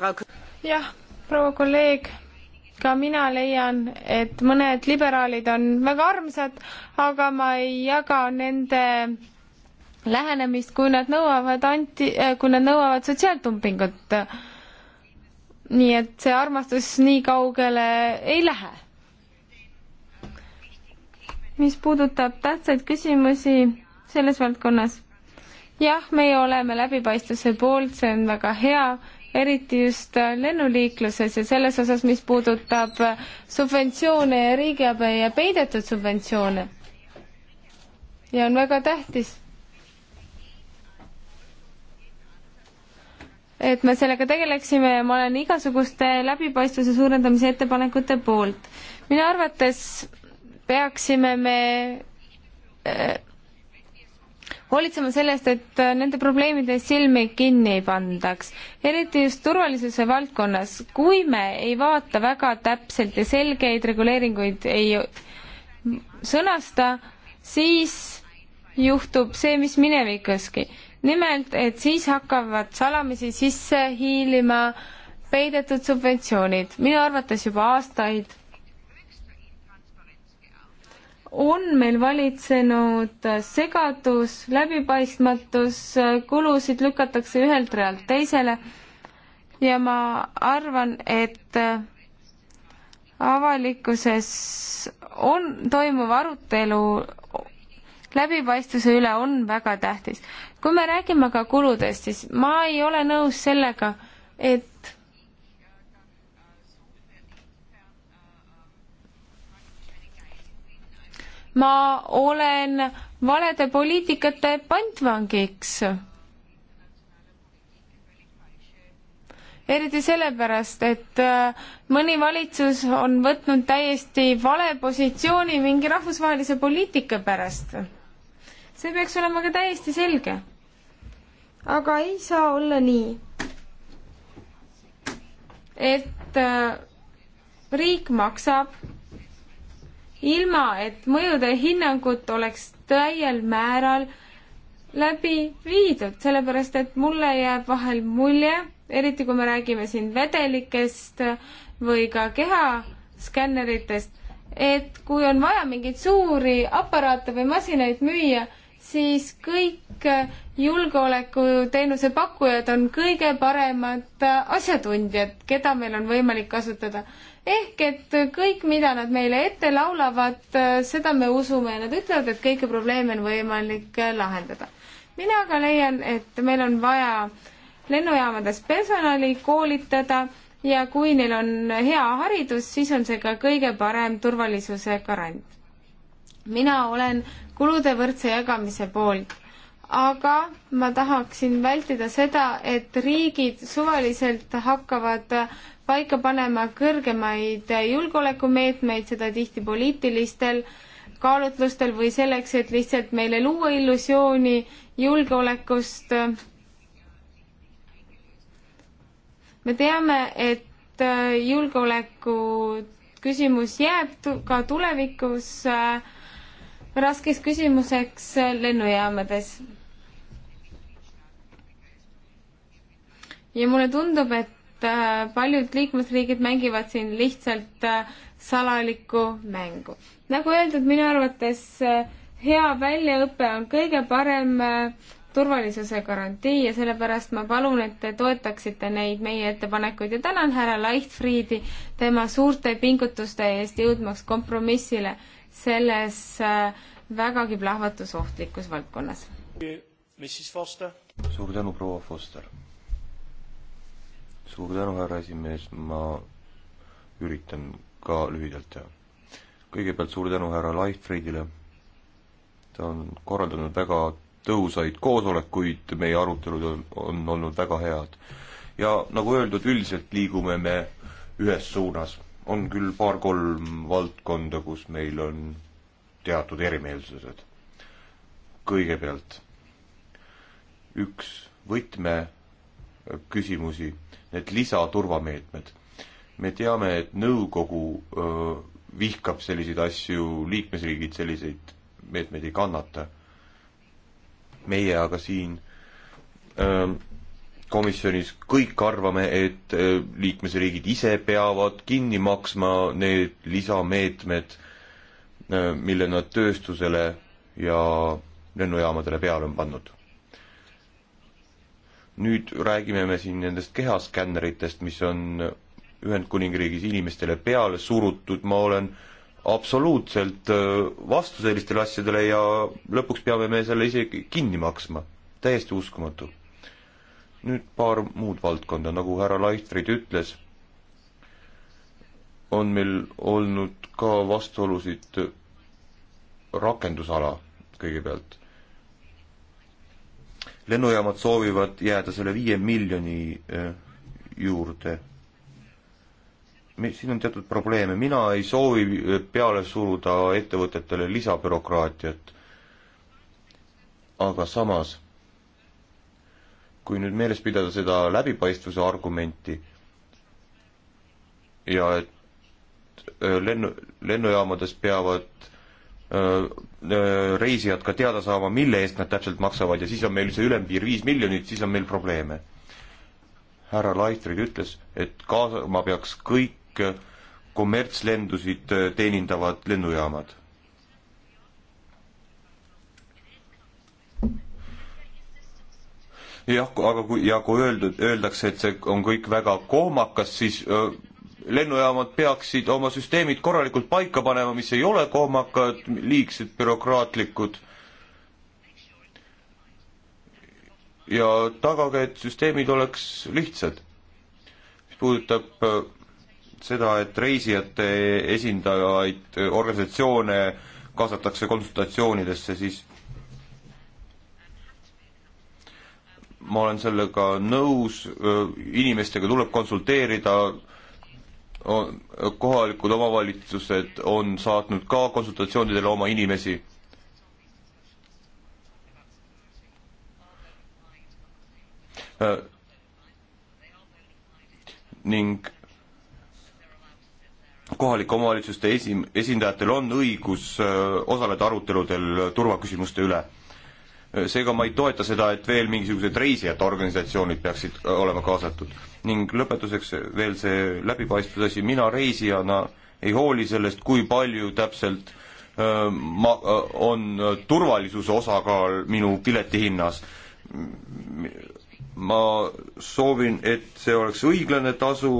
äh,, proua kolleeg, ka mina leian, et mõned liberaalid on väga armsad, aga ma ei jaga nende lähenemist, kui nad nõuavad anti, äh, kui nad nõuavad sotsiaaltumpingut äh, nii et see armastus nii kaugele ei lähe. mis puudutab tähtsaid küsimusi selles valdkonnas, jah, meie oleme läbipaistvuse poolt, see on väga hea, eriti just lennuliikluses ja selles osas, mis puudutab subventsioone ja riigiabi ja peidetud subventsioone. ja on väga tähtis et me sellega tegeleksime ja ma olen igasuguste läbipaistvuse suurendamise ettepanekute poolt. minu arvates peaksime me äh, hoolitsema sellest, et nende probleemide silmi kinni ei pandaks, eriti just turvalisuse valdkonnas. kui me ei vaata väga täpselt ja selgeid reguleeringuid ei sõnasta, siis juhtub see, mis minevikuski nimelt, et siis hakkavad salamisi sisse hiilima peidetud subventsioonid, minu arvates juba aastaid on meil valitsenud segadus, läbipaistmatus, kulusid lükatakse ühelt realt teisele ja ma arvan, et avalikkuses on, toimuv arutelu läbipaistvuse üle on väga tähtis. kui me räägime ka kuludest, siis ma ei ole nõus sellega, et ma olen valede poliitikate pantvangiks. eriti sellepärast, et äh, mõni valitsus on võtnud täiesti vale positsiooni mingi rahvusvahelise poliitika pärast see peaks olema ka täiesti selge. aga ei saa olla nii, et äh, riik maksab ilma, et mõjude hinnangut oleks täiel määral läbi viidud, sellepärast et mulle jääb vahel mulje, eriti kui me räägime siin vedelikest või ka kehaskänneritest, et kui on vaja mingeid suuri aparaate või masinaid müüa, siis kõik julgeolekuteenuse pakkujad on kõige paremad asjatundjad, keda meil on võimalik kasutada. ehk et kõik, mida nad meile ette laulavad, seda me usume ja nad ütlevad, et kõiki probleeme on võimalik lahendada. mina aga leian, et meil on vaja lennujaamades personali koolitada ja kui neil on hea haridus, siis on see ka kõige parem turvalisuse garant mina olen kulude võrdse jagamise poolt, aga ma tahaksin vältida seda, et riigid suvaliselt hakkavad paika panema kõrgemaid julgeolekumeetmeid, seda tihti poliitilistel kaalutlustel või selleks, et lihtsalt meile luua illusiooni julgeolekust. me teame, et julgeoleku küsimus jääb ka tulevikus äh, raskeks küsimuseks lennujaamades. ja mulle tundub, et äh, paljud liikmesriigid mängivad siin lihtsalt äh, salalikku mängu. nagu öeldud, minu arvates äh, hea väljaõpe on kõige parem turvalisuse garantii ja sellepärast ma palun, et te toetaksite neid meie ettepanekuid ja tänan härra Leichtfriedi tema suurte pingutuste eest jõudmaks kompromissile selles äh, vägagi plahvatusohtlikus valdkonnas. suur tänu, proua Foster. suur tänu, härra esimees, ma üritan ka lühidalt teha. kõigepealt suur tänu härra Leifridile, ta on korraldanud väga tõhusaid koosolekuid, meie arutelud on, on olnud väga head. ja nagu öeldud, üldiselt liigume me ühes suunas on küll paar-kolm valdkonda, kus meil on teatud erimeelsused. kõigepealt üks võtme küsimusi, need lisaturvameetmed. me teame, et nõukogu öö, vihkab selliseid asju, liikmesriigid selliseid meetmeid ei kannata. meie aga siin öö, komisjonis kõik arvame, et äh, liikmesriigid ise peavad kinni maksma need lisameetmed, äh, mille nad tööstusele ja lennujaamadele peale on pannud. nüüd räägime me siin nendest kehaskänneritest, mis on Ühendkuningriigis inimestele peale surutud, ma olen absoluutselt äh, vastu sellistele asjadele ja lõpuks peame me selle isegi kinni maksma. täiesti uskumatu nüüd paar muud valdkonda, nagu härra Laistrid ütles, on meil olnud ka vastuolusid rakendusala kõigepealt. lennujaamad soovivad jääda selle viie miljoni eh, juurde. siin on teatud probleeme, mina ei soovi eh, peale suruda ettevõtetele lisabürokraatiat, aga samas kui nüüd meeles pidada seda läbipaistvuse argumenti ja et äh, lennu, lennujaamades peavad öö, äh, äh, reisijad ka teada saama, mille eest nad täpselt maksavad ja siis on meil see ülempiir viis miljonit, siis on meil probleeme. härra Laitrid ütles, et kaasama peaks kõik kommertslendusid teenindavad lennujaamad jah, aga kui, ja kui öeldud, öeldakse, et see on kõik väga kohmakas, siis öö, lennujaamad peaksid oma süsteemid korralikult paika panema, mis ei ole kohmakad, liigselt bürokraatlikud. ja tagage, et süsteemid oleks lihtsad. mis puudutab seda, et reisijate esindajaid, organisatsioone kaasatakse konsultatsioonidesse, siis ma olen sellega nõus, inimestega tuleb konsulteerida, kohalikud omavalitsused on saatnud ka konsultatsioonidele oma inimesi. ning kohalike omavalitsuste esi-, esindajatel on õigus osaleda aruteludel turvaküsimuste üle seega ma ei toeta seda, et veel mingisugused reisijate organisatsioonid peaksid äh, olema kaasatud. ning lõpetuseks veel see läbipaistvuse asi, mina reisijana ei hooli sellest, kui palju täpselt öö, äh, ma, äh, on turvalisuse osakaal minu piletihinnas. ma soovin, et see oleks õiglane tasu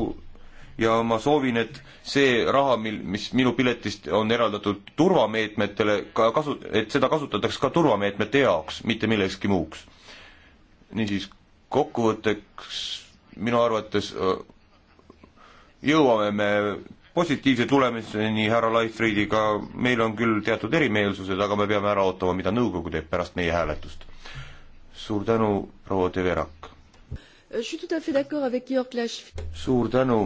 ja ma soovin, et see raha, mil, mis minu piletist on eraldatud turvameetmetele, ka kasu-, et seda kasutatakse ka turvameetmete jaoks, mitte millekski muuks. niisiis, kokkuvõtteks minu arvates äh, jõuame me positiivse tulemuseni härra Leifridiga, meil on küll teatud erimeelsused, aga me peame ära ootama, mida nõukogu teeb pärast meie hääletust. suur tänu, proua De Verak! Euh, suur tänu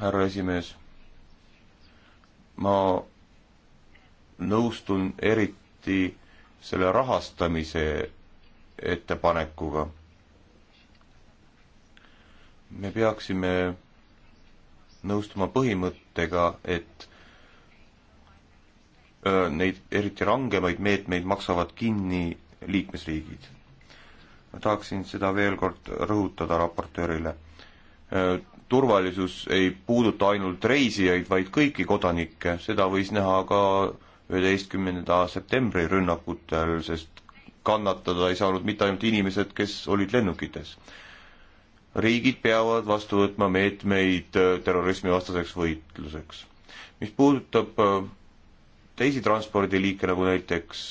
härra esimees. ma nõustun eriti selle rahastamise ettepanekuga. me peaksime nõustuma põhimõttega, et neid eriti rangemaid meetmeid maksavad kinni liikmesriigid. ma tahaksin seda veel kord rõhutada raportöörile turvalisus ei puuduta ainult reisijaid, vaid kõiki kodanikke, seda võis näha ka üheteistkümnenda septembri rünnakutel, sest kannatada ei saanud mitte ainult inimesed, kes olid lennukites. riigid peavad vastu võtma meetmeid terrorismivastaseks võitluseks. mis puudutab äh, teisi transpordiliike, nagu näiteks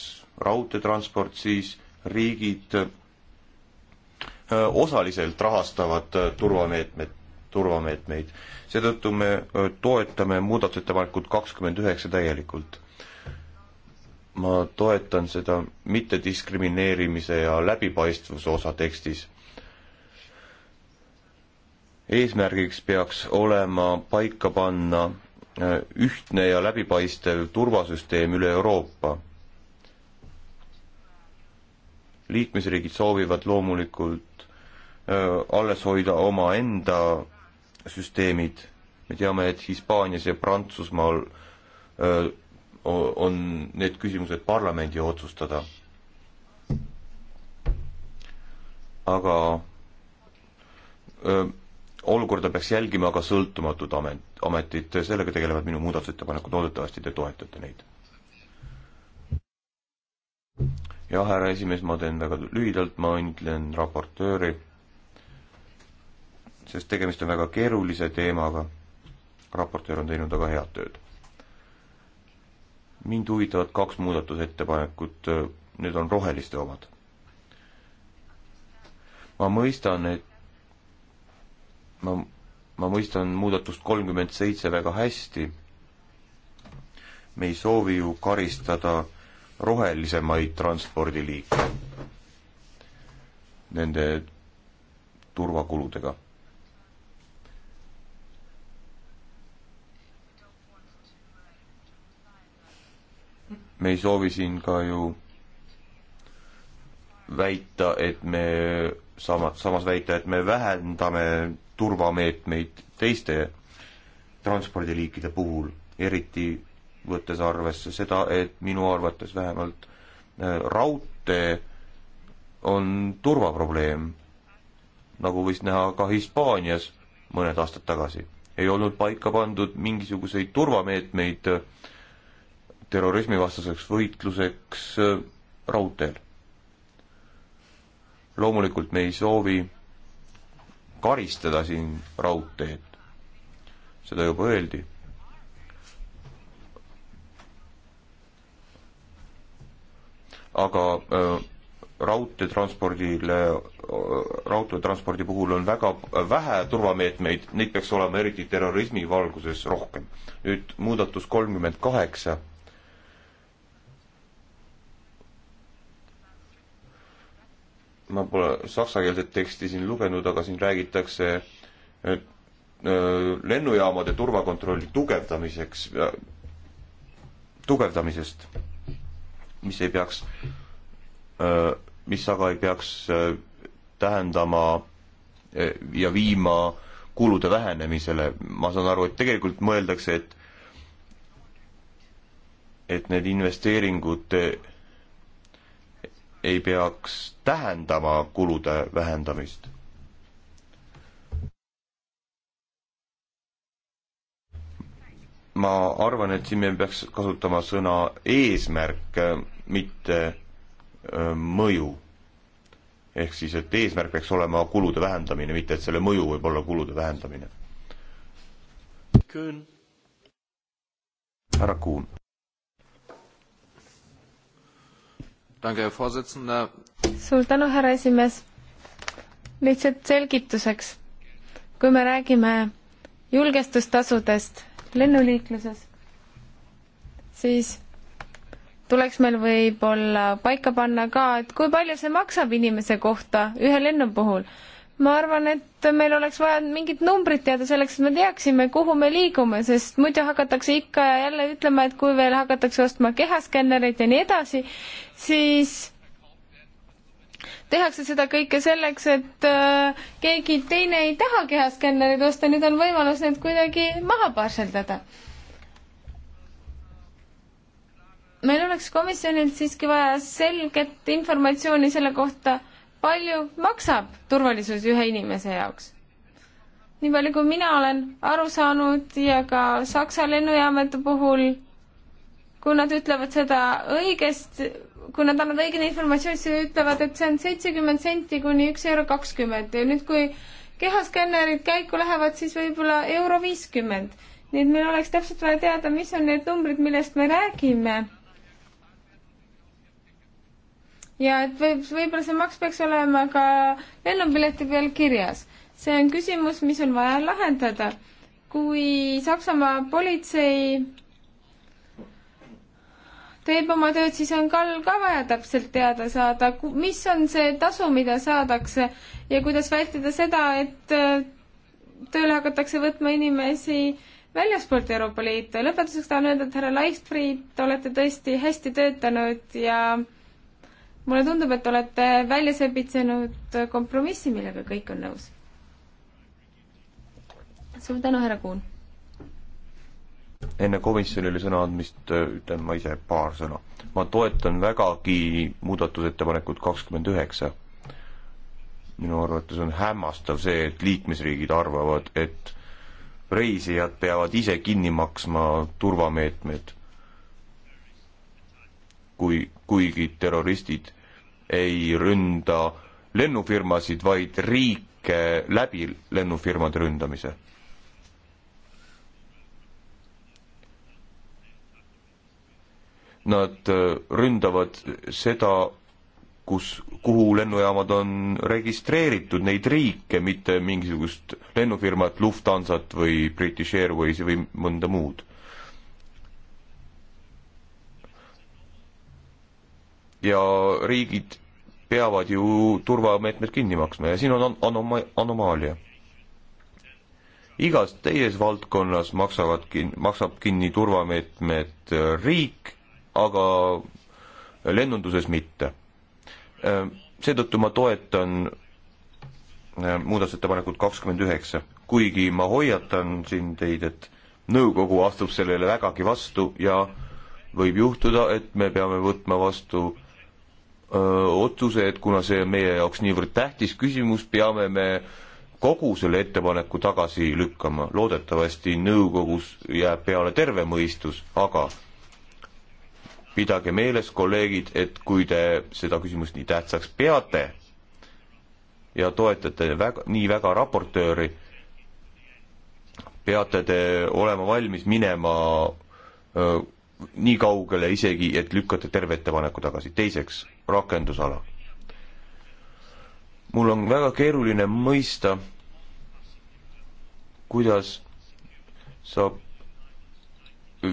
raudteetransport, siis riigid äh, osaliselt rahastavad äh, turvameetmed turvameetmeid. seetõttu me toetame muudatusettepanekut kakskümmend üheksa täielikult. ma toetan seda mittediskrimineerimise ja läbipaistvuse osa tekstis. eesmärgiks peaks olema paika panna ühtne ja läbipaistev turvasüsteem üle Euroopa liikmesriigid soovivad loomulikult öö, alles hoida omaenda süsteemid, me teame, et Hispaanias ja Prantsusmaal öö, on need küsimused parlamendi otsustada. aga öö, olukorda peaks jälgima ka sõltumatud amet, ametid, sellega tegelevad minu muudatusettepanekud, loodetavasti te toetate neid. jah, härra esimees, ma teen väga lühidalt, ma õnnitlen raportööri sest tegemist on väga keerulise teemaga. raportöör on teinud väga head tööd. mind huvitavad kaks muudatusettepanekut, need on roheliste omad. ma mõistan, et ma, ma mõistan muudatust kolmkümmend seitse väga hästi. me ei soovi ju karistada rohelisemaid transpordiliike nende turvakuludega me ei soovi siin ka ju väita, et me sama, samas väita, et me vähendame turvameetmeid teiste transpordiliikide puhul, eriti võttes arvesse seda, et minu arvates vähemalt äh, raudtee on turvaprobleem, nagu võis näha ka Hispaanias mõned aastad tagasi. ei olnud paika pandud mingisuguseid turvameetmeid äh, terrorismivastaseks võitluseks äh, raudteel. loomulikult me ei soovi karistada siin raudteed, seda juba öeldi. aga äh, raudteetranspordile, äh, raudteetranspordi puhul on väga vähe turvameetmeid, neid peaks olema eriti terrorismi valguses rohkem. nüüd muudatus kolmkümmend kaheksa ma pole saksakeelset teksti siin lugenud, aga siin räägitakse lennujaamade turvakontrolli tugevdamiseks, tugevdamisest, mis ei peaks, mis aga ei peaks tähendama e, ja viima kulude vähenemisele, ma saan aru, et tegelikult mõeldakse, et et need investeeringud ei peaks tähendama kulude vähendamist. ma arvan, et siin me peaks kasutama sõna eesmärk, mitte mõju. ehk siis, et eesmärk peaks olema kulude vähendamine, mitte et selle mõju võib olla kulude vähendamine. härra Kuhn. suur tänu, härra esimees. lihtsalt selgituseks, kui me räägime julgestustasudest lennuliikluses, siis tuleks meil võib-olla paika panna ka, et kui palju see maksab inimese kohta ühe lennu puhul ma arvan, et meil oleks vaja mingit numbrit teada selleks, et me teaksime, kuhu me liigume, sest muidu hakatakse ikka ja jälle ütlema, et kui veel hakatakse ostma kehaskännereid ja nii edasi, siis tehakse seda kõike selleks, et äh, keegi teine ei taha kehaskännereid osta, nüüd on võimalus need kuidagi maha parseldada. meil oleks komisjonilt siiski vaja selget informatsiooni selle kohta palju maksab turvalisus ühe inimese jaoks? nii palju, kui mina olen aru saanud ja ka Saksa lennujaamade puhul, kui nad ütlevad seda õigest, kui nad annavad õiget informatsiooni, siis ütlevad, et see on seitsekümmend senti kuni üks euro kakskümmend ja nüüd, kui kehaskännerid käiku lähevad, siis võib-olla euro viiskümmend. nii et meil oleks täpselt vaja teada, mis on need numbrid, millest me räägime ja et võib, võib-olla see maks peaks olema ka lennupileti peal kirjas. see on küsimus, mis on vaja lahendada. kui Saksamaa politsei teeb oma tööd, siis on Kall ka vaja täpselt teada saada, mis on see tasu, mida saadakse ja kuidas vältida seda, et äh, tööle hakatakse võtma inimesi väljaspoolt Euroopa Liitu. lõpetuseks tahan öelda, et härra Leichtfried, olete tõesti hästi töötanud ja mulle tundub, et olete välja sepitsenud kompromissi, millega kõik on nõus. suur tänu, härra Kuhn. enne komisjonile sõna andmist äh, ütlen ma ise paar sõna. ma toetan vägagi muudatusettepanekut kakskümmend üheksa. minu arvates on hämmastav see, et liikmesriigid arvavad, et reisijad peavad ise kinni maksma turvameetmed kui, kuigi terroristid ei ründa lennufirmasid, vaid riike läbi lennufirmade ründamise. Nad äh, ründavad seda, kus, kuhu lennujaamad on registreeritud, neid riike, mitte mingisugust lennufirmat, Lufthansat või British Airwaysi või mõnda muud ja riigid peavad ju turvameetmed kinni maksma ja siin on anoma-, anomaalia. igas teises valdkonnas maksavad kin-, maksab kinni turvameetmed äh, riik, aga lennunduses mitte. Äh, seetõttu ma toetan äh, muudatusettepanekut kakskümmend üheksa, kuigi ma hoiatan siin teid, et nõukogu astub sellele vägagi vastu ja võib juhtuda, et me peame võtma vastu otsuse, et kuna see on meie jaoks niivõrd tähtis küsimus, peame me kogu selle ettepaneku tagasi lükkama. loodetavasti nõukogus jääb peale terve mõistus, aga pidage meeles, kolleegid, et kui te seda küsimust nii tähtsaks peate ja toetate väga, nii väga raportööri, peate te olema valmis minema öö, nii kaugele isegi, et lükkate terve ettepaneku tagasi. teiseks rakendusala. mul on väga keeruline mõista, kuidas saab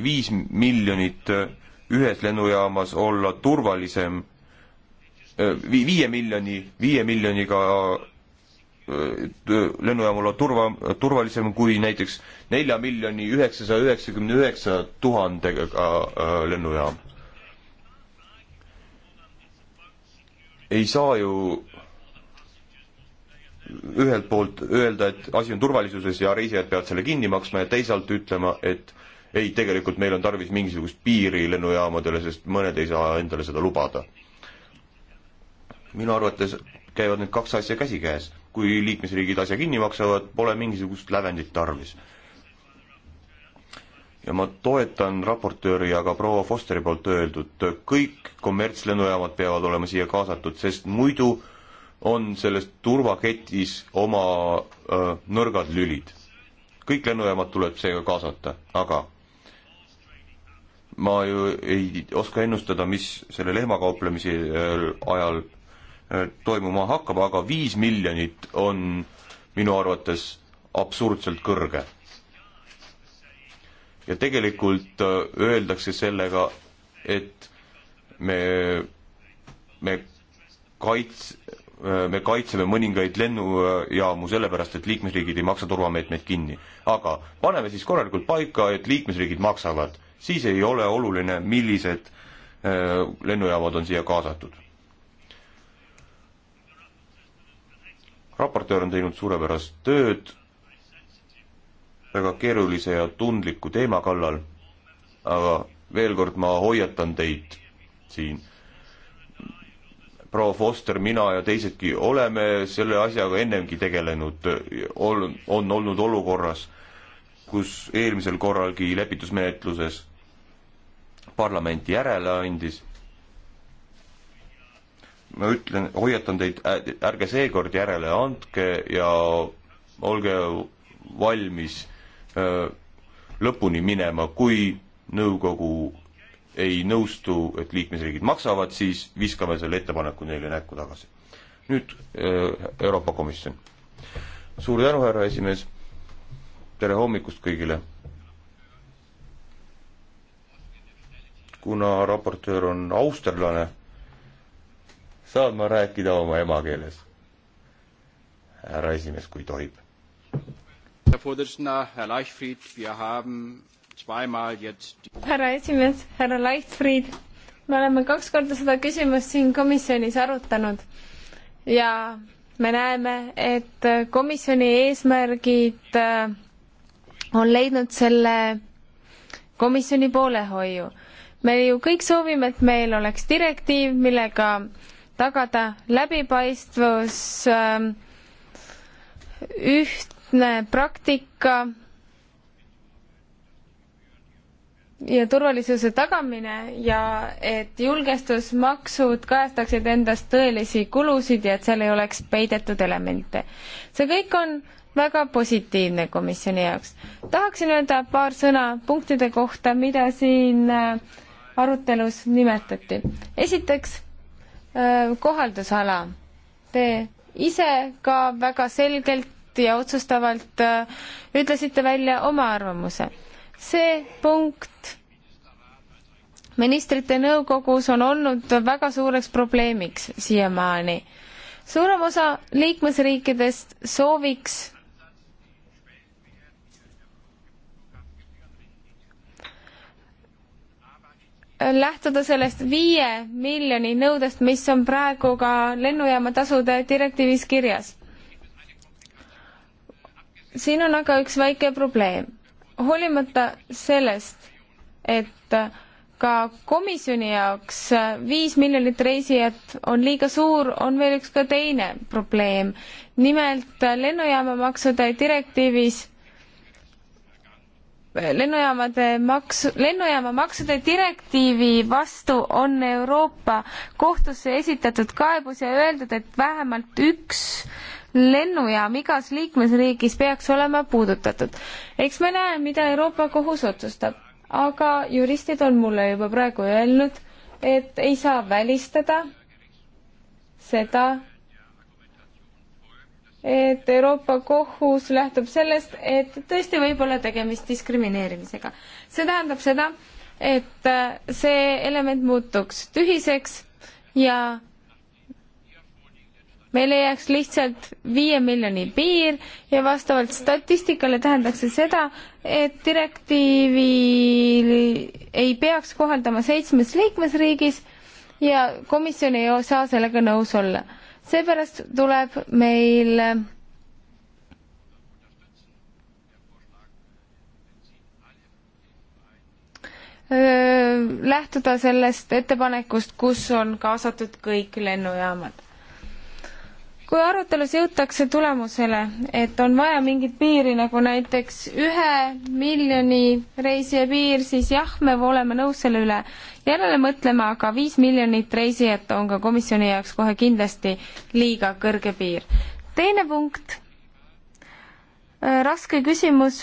viis miljonit ühes lennujaamas olla turvalisem äh, vi-, viie miljoni, viie miljoniga äh, lennujaam olla turva, turvalisem kui näiteks nelja miljoni üheksasaja üheksakümne üheksa tuhandega äh, lennujaam ei saa ju ühelt poolt öelda, et asi on turvalisuses ja reisijad peavad selle kinni maksma ja teisalt ütlema, et ei, tegelikult meil on tarvis mingisugust piiri lennujaamadele, sest mõned ei saa endale seda lubada. minu arvates käivad need kaks asja käsikäes. kui liikmesriigid asja kinni maksavad, pole mingisugust lävendit tarvis ja ma toetan raportööri ja ka proua Fosteri poolt öeldut, kõik kommertslennujaamad peavad olema siia kaasatud, sest muidu on selles turvaketis oma öö, nõrgad lülid. kõik lennujaamad tuleb seega kaasata, aga ma ju ei oska ennustada, mis selle lehmakauplemise ajal toimuma hakkab, aga viis miljonit on minu arvates absurdselt kõrge ja tegelikult äh, öeldakse sellega, et me, me kaits-, äh, me kaitseme mõningaid lennujaamu sellepärast, et liikmesriigid ei maksa turvameetmeid kinni. aga paneme siis korralikult paika, et liikmesriigid maksavad, siis ei ole oluline, millised äh, lennujaamad on siia kaasatud. raportöör on teinud suurepärast tööd väga keerulise ja tundliku teema kallal, aga veel kord ma hoiatan teid siin. proua Foster, mina ja teisedki oleme selle asjaga ennemgi tegelenud, on, on olnud olukorras, kus eelmisel korralgi lepitusmenetluses parlament järele andis ma ütlen, hoiatan teid, ärge seekord järele andke ja olge valmis lõpuni minema, kui nõukogu ei nõustu, et liikmesriigid maksavad, siis viskame selle ettepaneku neile näkku tagasi. nüüd Euroopa Komisjon. suur tänu, härra esimees. tere hommikust kõigile. kuna raportöör on austerlane, saan ma rääkida oma emakeeles. härra esimees, kui tohib Herr Vorsitzender, Herr Leichtfried, wir haben zweimal jetzt härra esimees, härra Leichtfried, me oleme kaks korda seda küsimust siin komisjonis arutanud ja me näeme, et komisjoni eesmärgid äh, on leidnud selle komisjoni poolehoiu. me ju kõik soovime, et meil oleks direktiiv, millega tagada läbipaistvus, äh, üht ühtne praktika ja turvalisuse tagamine ja et julgestusmaksud kajastaksid endas tõelisi kulusid ja et seal ei oleks peidetud elemente. see kõik on väga positiivne komisjoni jaoks. tahaksin öelda paar sõna punktide kohta, mida siin äh, arutelus nimetati. esiteks äh, kohaldusala. Te ise ka väga selgelt ja otsustavalt äh, ütlesite välja oma arvamuse. see punkt ministrite nõukogus on olnud väga suureks probleemiks siiamaani. suurem osa liikmesriikidest sooviks lähtuda sellest viie miljoni nõudest, mis on praegu ka lennujaama tasude direktiivis kirjas siin on aga üks väike probleem. hoolimata sellest, et ka komisjoni jaoks viis miljonit reisijat on liiga suur, on veel üks ka teine probleem. nimelt lennujaamamaksude direktiivis lennujaamade maks, lennujaama maksude direktiivi vastu on Euroopa kohtusse esitatud kaebus ja öeldud, et vähemalt üks lennujaam igas liikmesriigis peaks olema puudutatud. eks me näe, mida Euroopa Kohus otsustab, aga juristid on mulle juba praegu öelnud, et ei saa välistada seda, et Euroopa Kohus lähtub sellest, et tõesti võib olla tegemist diskrimineerimisega. see tähendab seda, et see element muutuks tühiseks ja meil ei jääks lihtsalt viie miljoni piir ja vastavalt statistikale tähendaks see seda, et direktiivi ei peaks kohaldama seitsmes liikmesriigis ja komisjon ei saa sellega nõus olla. seepärast tuleb meil lähtuda sellest ettepanekust, kus on kaasatud kõik lennujaamad kui arutelus jõutakse tulemusele, et on vaja mingit piiri, nagu näiteks ühe miljoni reisija piir, siis jah, me oleme nõus selle üle järele mõtlema, aga viis miljonit reisijat on ka komisjoni jaoks kohe kindlasti liiga kõrge piir. teine punkt, äh, raske küsimus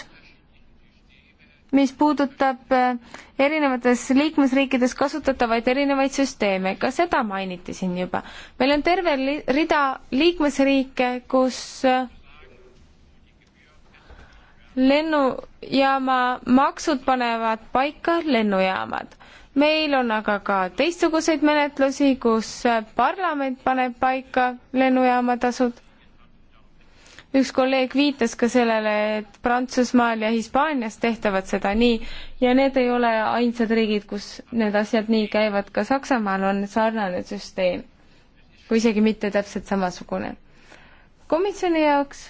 mis puudutab äh, erinevates liikmesriikides kasutatavaid erinevaid süsteeme, ka seda mainiti siin juba. meil on terve li rida liikmesriike, kus äh, lennujaama maksud panevad paika lennujaamad. meil on aga ka teistsuguseid menetlusi, kus äh, parlament paneb paika lennujaama tasud üks kolleeg viitas ka sellele, et Prantsusmaal ja Hispaanias tehtavad seda nii ja need ei ole ainsad riigid, kus need asjad nii käivad, ka Saksamaal on sarnane süsteem, kui isegi mitte täpselt samasugune. komisjoni jaoks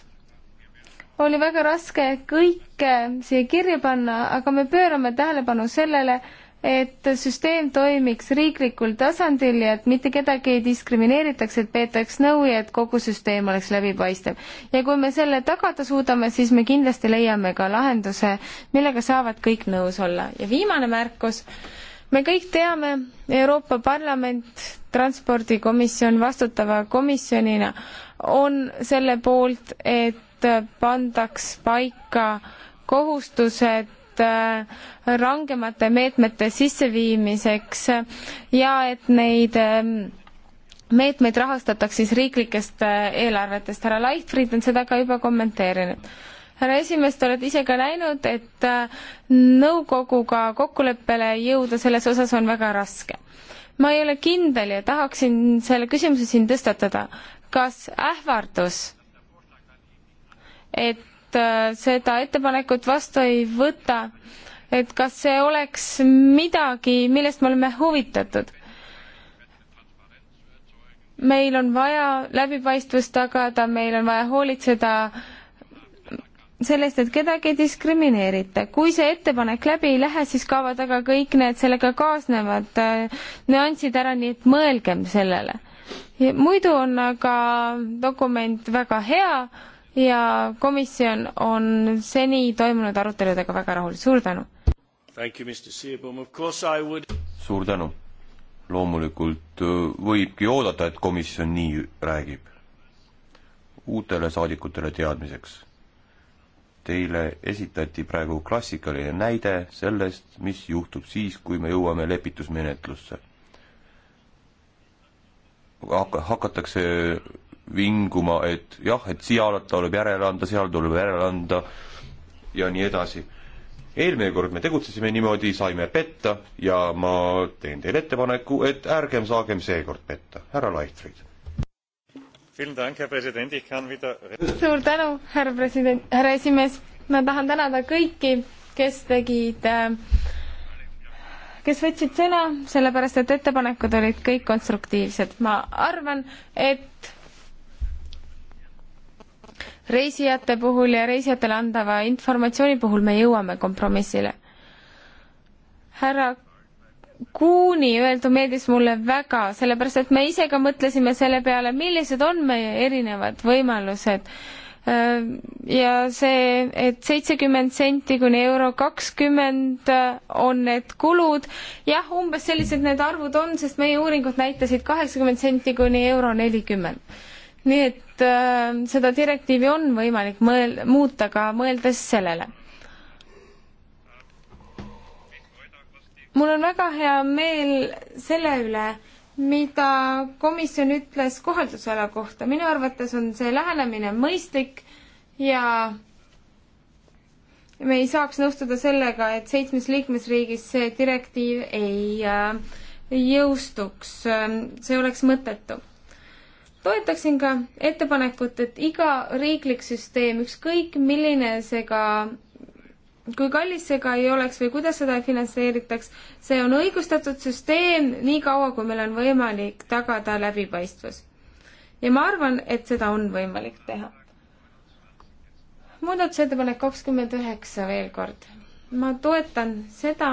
oli väga raske kõike siia kirja panna, aga me pöörame tähelepanu sellele, et süsteem toimiks riiklikul tasandil ja et mitte kedagi ei diskrimineeritaks, et peetaks nõu ja et kogu süsteem oleks läbipaistev. ja kui me selle tagada suudame, siis me kindlasti leiame ka lahenduse, millega saavad kõik nõus olla. ja viimane märkus, me kõik teame, Euroopa Parlament transpordikomisjon vastutava komisjonina on selle poolt, et pandaks paika kohustused Äh, rangemate meetmete sisseviimiseks ja et neid ähm, meetmeid rahastataks siis riiklikest äh, eelarvetest. härra Leichtfried on seda ka juba kommenteerinud härra esimees, te olete ise ka näinud, et äh, nõukoguga kokkuleppele jõuda selles osas on väga raske. ma ei ole kindel ja tahaksin selle küsimuse siin tõstatada. kas ähvardus, et Äh, seda ettepanekut vastu ei võta, et kas see oleks midagi, millest me oleme huvitatud? meil on vaja läbipaistvust tagada, meil on vaja hoolitseda sellest, et kedagi ei diskrimineerita. kui see ettepanek läbi ei lähe, siis kaovad aga kõik need sellega kaasnevad äh, nüansid ära, nii et mõelgem sellele. muidu on aga dokument väga hea ja komisjon on seni toimunud aruteludega väga rahul, suur tänu! Would... suur tänu! loomulikult äh, võibki oodata, et komisjon nii räägib. uutele saadikutele teadmiseks. Teile esitati praegu klassikaline näide sellest, mis juhtub siis, kui me jõuame lepitusmenetlusse hak-, hakatakse vinguma, et jah, et siia tuleb järele anda, seal tuleb järele anda ja nii edasi. eelmine kord me tegutsesime niimoodi, saime petta ja ma teen teile ettepaneku, et ärgem saagem seekord petta. härra Leichtfried. suur tänu, härra president, härra esimees. ma tahan tänada kõiki, kes tegid äh, kes võtsid sõna, sellepärast et ettepanekud olid kõik konstruktiivsed. ma arvan, et reisijate puhul ja reisijatele andava informatsiooni puhul me jõuame kompromissile. härra Kuuni öeldu meeldis mulle väga, sellepärast et me ise ka mõtlesime selle peale, millised on meie erinevad võimalused äh, ja see, et seitsekümmend senti kuni euro kakskümmend äh, on need kulud, jah, umbes sellised need arvud on, sest meie uuringud näitasid kaheksakümmend senti kuni euro nelikümmend nii et äh, seda direktiivi on võimalik mõel-, muuta ka mõeldes sellele. mul on väga hea meel selle üle, mida komisjon ütles kohaldusala kohta, minu arvates on see lähenemine mõistlik ja me ei saaks nõustuda sellega, et seitsmes liikmesriigis see direktiiv ei äh, jõustuks, see oleks mõttetu toetaksin ka ettepanekut, et iga riiklik süsteem, ükskõik milline see ka, kui kallis see ka ei oleks või kuidas seda finantseeritaks, see on õigustatud süsteem niikaua, kui meil on võimalik tagada läbipaistvus. ja ma arvan, et seda on võimalik teha. muudatusettepanek kakskümmend üheksa veel kord. ma toetan seda,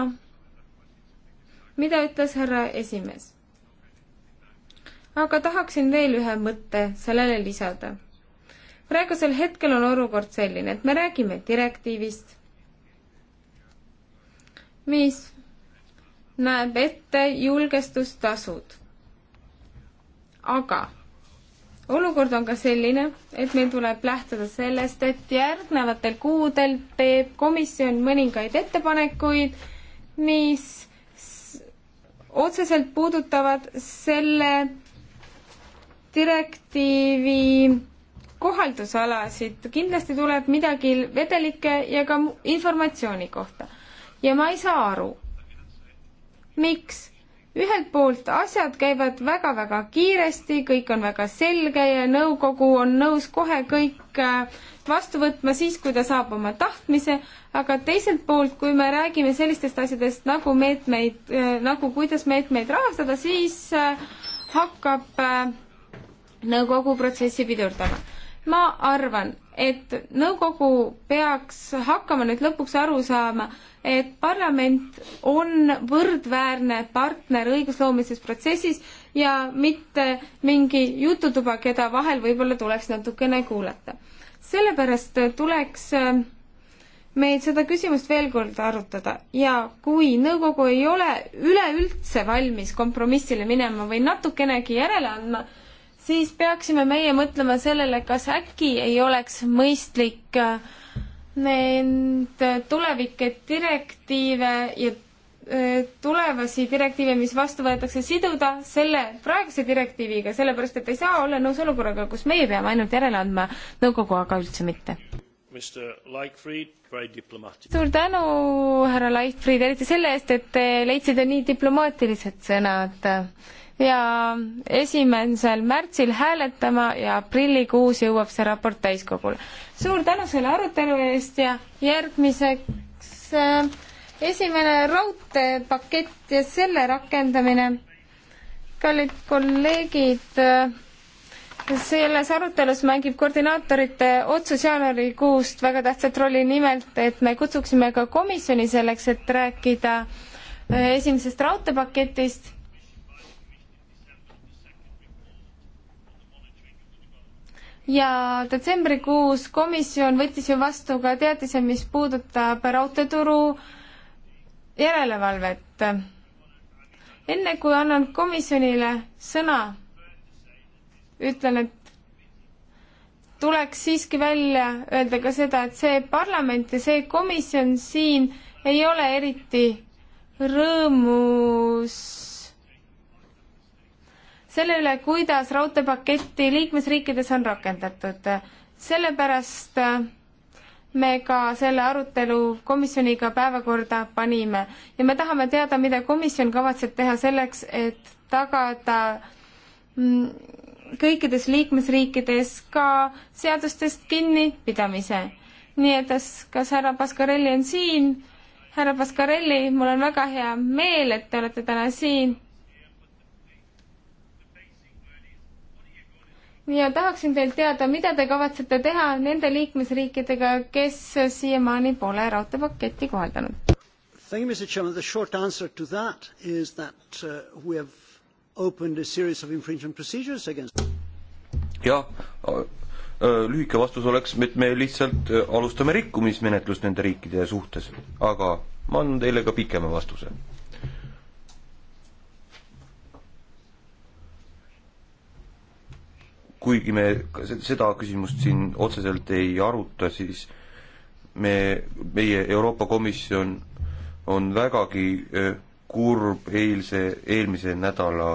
mida ütles härra esimees aga tahaksin veel ühe mõtte sellele lisada. praegusel hetkel on olukord selline, et me räägime direktiivist, mis näeb ette julgestustasud. aga olukord on ka selline, et meil tuleb lähtuda sellest, et järgnevatel kuudel teeb komisjon mõningaid ettepanekuid, mis otseselt puudutavad selle direktiivi kohaldusalasid, kindlasti tuleb midagi vedelike ja ka informatsiooni kohta. ja ma ei saa aru, miks ühelt poolt asjad käivad väga-väga kiiresti, kõik on väga selge ja nõukogu on nõus kohe kõik äh, vastu võtma siis, kui ta saab oma tahtmise, aga teiselt poolt, kui me räägime sellistest asjadest nagu meetmeid, äh, nagu kuidas meetmeid rahastada, siis äh, hakkab nõukogu protsessi pidurdama. ma arvan, et nõukogu peaks hakkama nüüd lõpuks aru saama, et parlament on võrdväärne partner õigusloomises protsessis ja mitte mingi jututuba, keda vahel võib-olla tuleks natukene kuulata. sellepärast tuleks äh, meil seda küsimust veel kord arutada ja kui nõukogu ei ole üleüldse valmis kompromissile minema või natukenegi järele andma, siis peaksime meie mõtlema sellele, kas äkki ei oleks mõistlik äh, need tulevikke direktiive ja äh, tulevasi direktiive, mis vastu võetakse, siduda selle praeguse direktiiviga, sellepärast et ei saa olla nõus olukorraga, kus meie peame ainult järele andma, nõukogu aga üldse mitte. suur tänu, härra Leitfried, eriti selle eest, et te leidsite nii diplomaatilised sõnad ja esimesel märtsil hääletama ja aprillikuus jõuab see raport täiskogule. suur tänu selle arutelu eest ja järgmiseks äh, esimene raudteepakett ja selle rakendamine. kallid kolleegid äh,, selles arutelus mängib koordinaatorite otsus jaanuarikuust väga tähtsat rolli, nimelt et me kutsuksime ka komisjoni selleks, et rääkida äh, esimesest raudteepaketist ja detsembrikuus komisjon võttis ju vastu ka teatise, mis puudutab raudteeturu järelevalvet. enne kui annan komisjonile sõna, ütlen, et tuleks siiski välja öelda ka seda, et see parlament ja see komisjon siin ei ole eriti rõõmus selle üle, kuidas raudteepaketti liikmesriikides on rakendatud. sellepärast äh, me ka selle arutelu komisjoniga päevakorda panime ja me tahame teada, mida komisjon kavatseb teha selleks, et tagada mm, kõikides liikmesriikides ka seadustest kinnipidamise. nii et kas härra Pascarelli on siin? härra Pascarelli, mul on väga hea meel, et te olete täna siin ja tahaksin teilt teada, mida te kavatsete teha nende liikmesriikidega, kes siiamaani pole raudteepaketti kohaldanud? Thank you, Mr Chairman. The short answer to that is that uh, we have opened a series of infringement procedures against jah, uh, uh, lühike vastus oleks, et me lihtsalt uh, alustame rikkumismenetlust nende riikide suhtes, aga ma annan teile ka pikema vastuse kuigi me seda küsimust siin otseselt ei aruta, siis me, meie Euroopa Komisjon on vägagi kurb eilse, eelmise nädala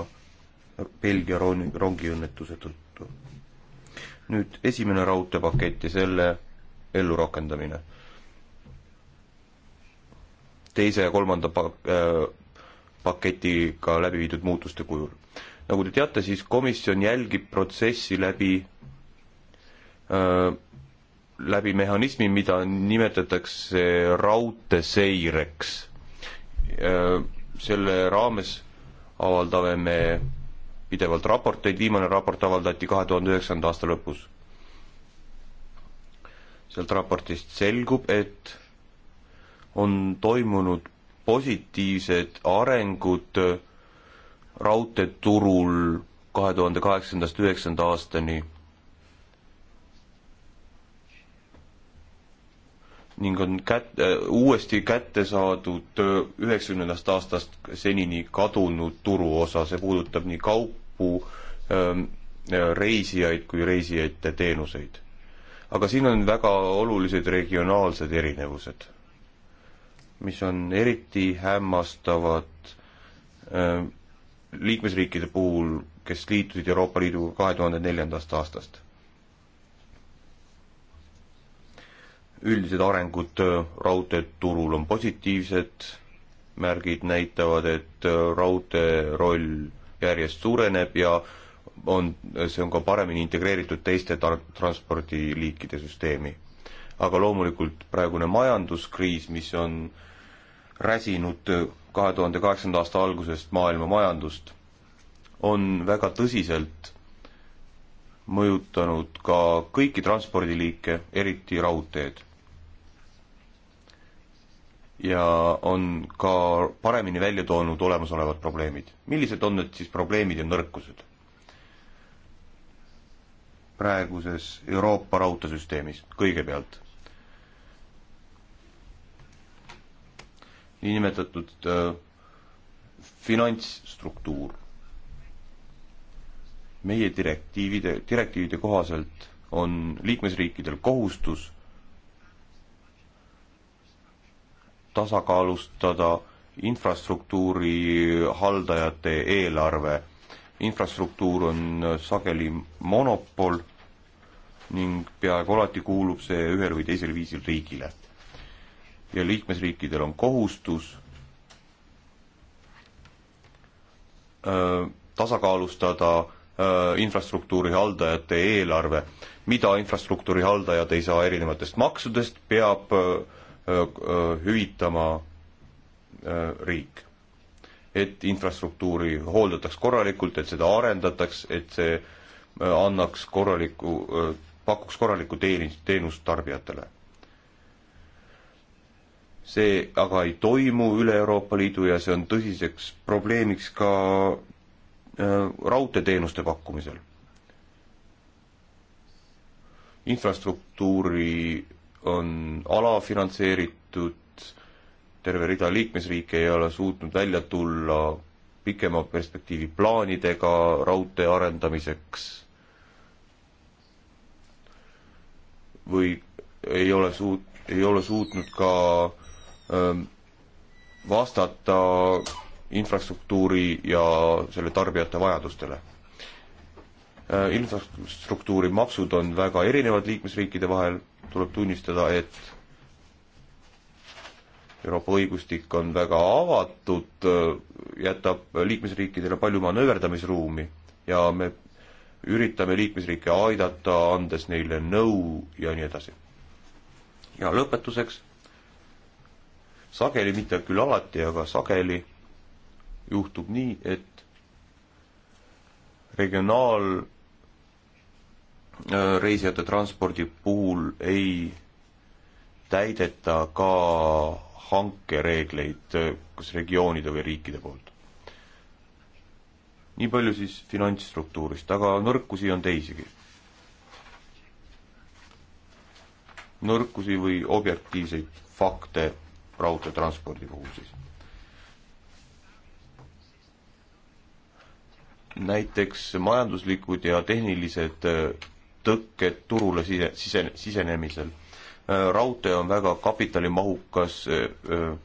Belgia rong, rongiõnnetuse tõttu. nüüd esimene raudteepakett ja selle ellurakendamine. teise ja kolmanda pak-, paketiga läbi viidud muutuste kujul nagu te teate, siis komisjon jälgib protsessi läbi äh,, läbi mehhanismi, mida nimetatakse raudteeseireks äh,. selle raames avaldame me pidevalt raporteid, viimane raport avaldati kahe tuhande üheksanda aasta lõpus. sealt raportist selgub, et on toimunud positiivsed arengud äh, raudteeturul kahe tuhande kaheksandast üheksanda aastani ning on kät-, äh, uuesti kätte saadud äh, üheksakümnendast aastast senini kadunud turuosa, see puudutab nii kaupu, ähm, äh, reisijaid kui reisijate teenuseid. aga siin on väga olulised regionaalsed erinevused, mis on eriti hämmastavad ähm, liikmesriikide puhul, kes liitusid Euroopa Liiduga kahe tuhande neljandast aastast. üldised arengud raudteeturul on positiivsed, märgid näitavad, et raudtee roll järjest suureneb ja on, see on ka paremini integreeritud teiste tar-, transpordiliikide süsteemi. aga loomulikult praegune majanduskriis, mis on räsinud kahe tuhande kaheksanda aasta algusest maailma majandust, on väga tõsiselt mõjutanud ka kõiki transpordiliike, eriti raudteed. ja on ka paremini välja toonud olemasolevad probleemid. millised on need siis probleemid ja nõrkused? praeguses Euroopa raudteesüsteemis kõigepealt niinimetatud äh, finantsstruktuur. meie direktiivide, direktiivide kohaselt on liikmesriikidel kohustus tasakaalustada infrastruktuuri haldajate eelarve. infrastruktuur on sageli monopol ning peaaegu alati kuulub see ühel või teisel viisil riigile ja liikmesriikidel on kohustus öö, äh, tasakaalustada öö, äh, infrastruktuuri haldajate eelarve, mida infrastruktuuri haldajad ei saa erinevatest maksudest, peab öö, äh, hüvitama riik. et infrastruktuuri hooldataks korralikult, et seda arendataks, et see annaks korraliku, pakuks korralikku teenist, teenust tarbijatele see aga ei toimu üle Euroopa Liidu ja see on tõsiseks probleemiks ka äh, raudteeteenuste pakkumisel. infrastruktuuri on alafinantseeritud, terve rida liikmesriike ei ole suutnud välja tulla pikema perspektiivi plaanidega raudtee arendamiseks või ei ole suut-, ei ole suutnud ka Ähm, vastata infrastruktuuri ja selle tarbijate vajadustele. Äh, infrastruktuuri maksud on väga erinevad liikmesriikide vahel, tuleb tunnistada, et Euroopa õigustik on väga avatud, äh, jätab liikmesriikidele palju manööverdamisruumi ja me üritame liikmesriike aidata, andes neile nõu ja nii edasi. ja lõpetuseks sageli, mitte küll alati, aga sageli juhtub nii, et regionaalreisijate äh, transpordi puhul ei täideta ka hankereegleid äh, kas regioonide või riikide poolt. nii palju siis finantsstruktuurist, aga nõrkusi on teisigi. nõrkusi või objektiivseid fakte raudteetranspordi puhul siis. näiteks majanduslikud ja tehnilised äh, tõkked turule sise, sise, sisenemisel. Äh, raudtee on väga kapitalimahukas äh,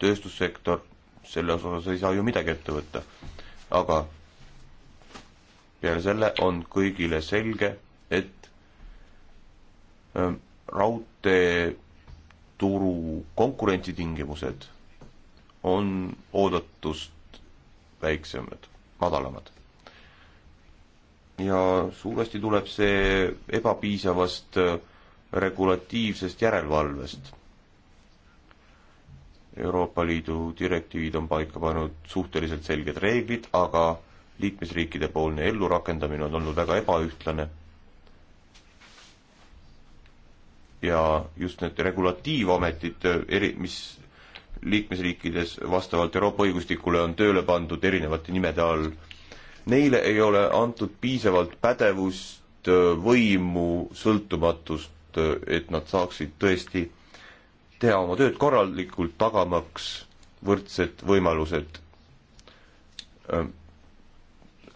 tööstussektor, selles osas ei saa ju midagi ette võtta. aga peale selle on kõigile selge, et raudtee turu konkurentsitingimused on oodatust väiksemad, madalamad. ja suuresti tuleb see ebapiisavast äh, regulatiivsest järelevalvest. Euroopa Liidu direktiivid on paika pannud suhteliselt selged reeglid, aga liikmesriikide poolne ellurakendamine on olnud väga ebaühtlane ja just need regulatiivametid, eri, mis liikmesriikides vastavalt Euroopa õigustikule on tööle pandud erinevate nimede all, neile ei ole antud piisavalt pädevust, võimu, sõltumatust, et nad saaksid tõesti teha oma tööd korralikult, tagamaks võrdsed võimalused ähm,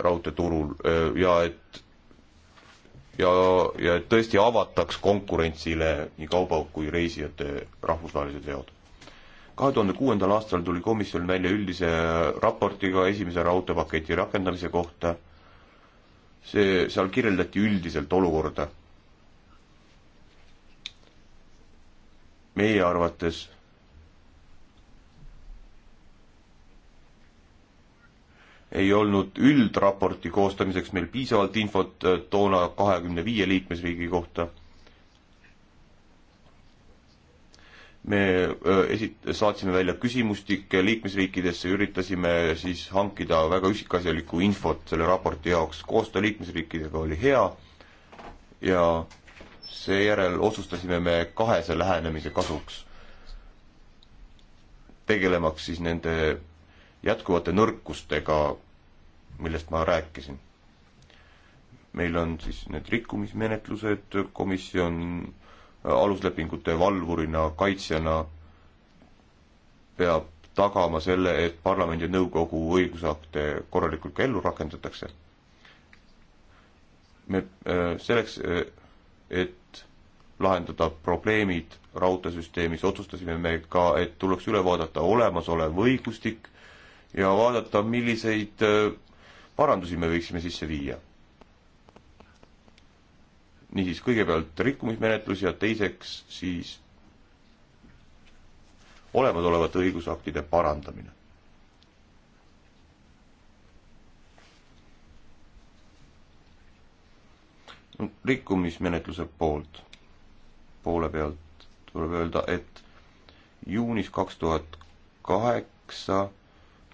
raudteeturul äh, ja et ja, ja et tõesti avataks konkurentsile nii kauba kui reisijate rahvusvahelised veod. kahe tuhande kuuendal aastal tuli komisjon välja üldise raportiga esimese raudteepaketi rakendamise kohta, see, seal kirjeldati üldiselt olukorda. meie arvates ei olnud üldraporti koostamiseks meil piisavalt infot äh, toona kahekümne viie liikmesriigi kohta. me äh, esit-, saatsime välja küsimustikke liikmesriikidesse, üritasime siis hankida väga üksikasjalikku infot selle raporti jaoks, koostöö liikmesriikidega oli hea ja seejärel otsustasime me kahese lähenemise kasuks, tegelemaks siis nende jätkuvate nõrkustega millest ma rääkisin. meil on siis need rikkumismenetlused, komisjon äh, aluslepingute valvurina, kaitsjana peab tagama selle, et parlamendi ja nõukogu õigusakte korralikult ka ellu rakendatakse. me äh, selleks, äh, et lahendada probleemid raudteesüsteemis, otsustasime me ka, et tuleks üle vaadata olemasolev õigustik ja vaadata, milliseid parandusi me võiksime sisse viia? niisiis, kõigepealt rikkumismenetlus ja teiseks siis olemasolevate õigusaktide parandamine. rikkumismenetluse poolt, poole pealt tuleb öelda, et juunis kaks tuhat kaheksa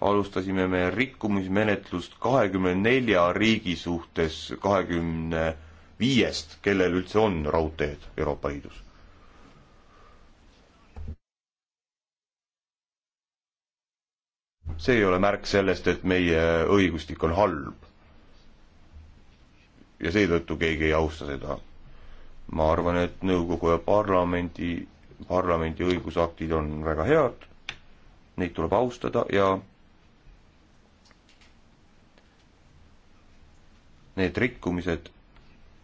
alustasime me rikkumismenetlust kahekümne nelja riigi suhtes kahekümne viiest, kellel üldse on raudteed Euroopa Liidus. see ei ole märk sellest, et meie õigustik on halb. ja seetõttu keegi ei austa seda. ma arvan, et nõukogu ja parlamendi, parlamendi õigusaktid on väga head, neid tuleb austada ja need rikkumised,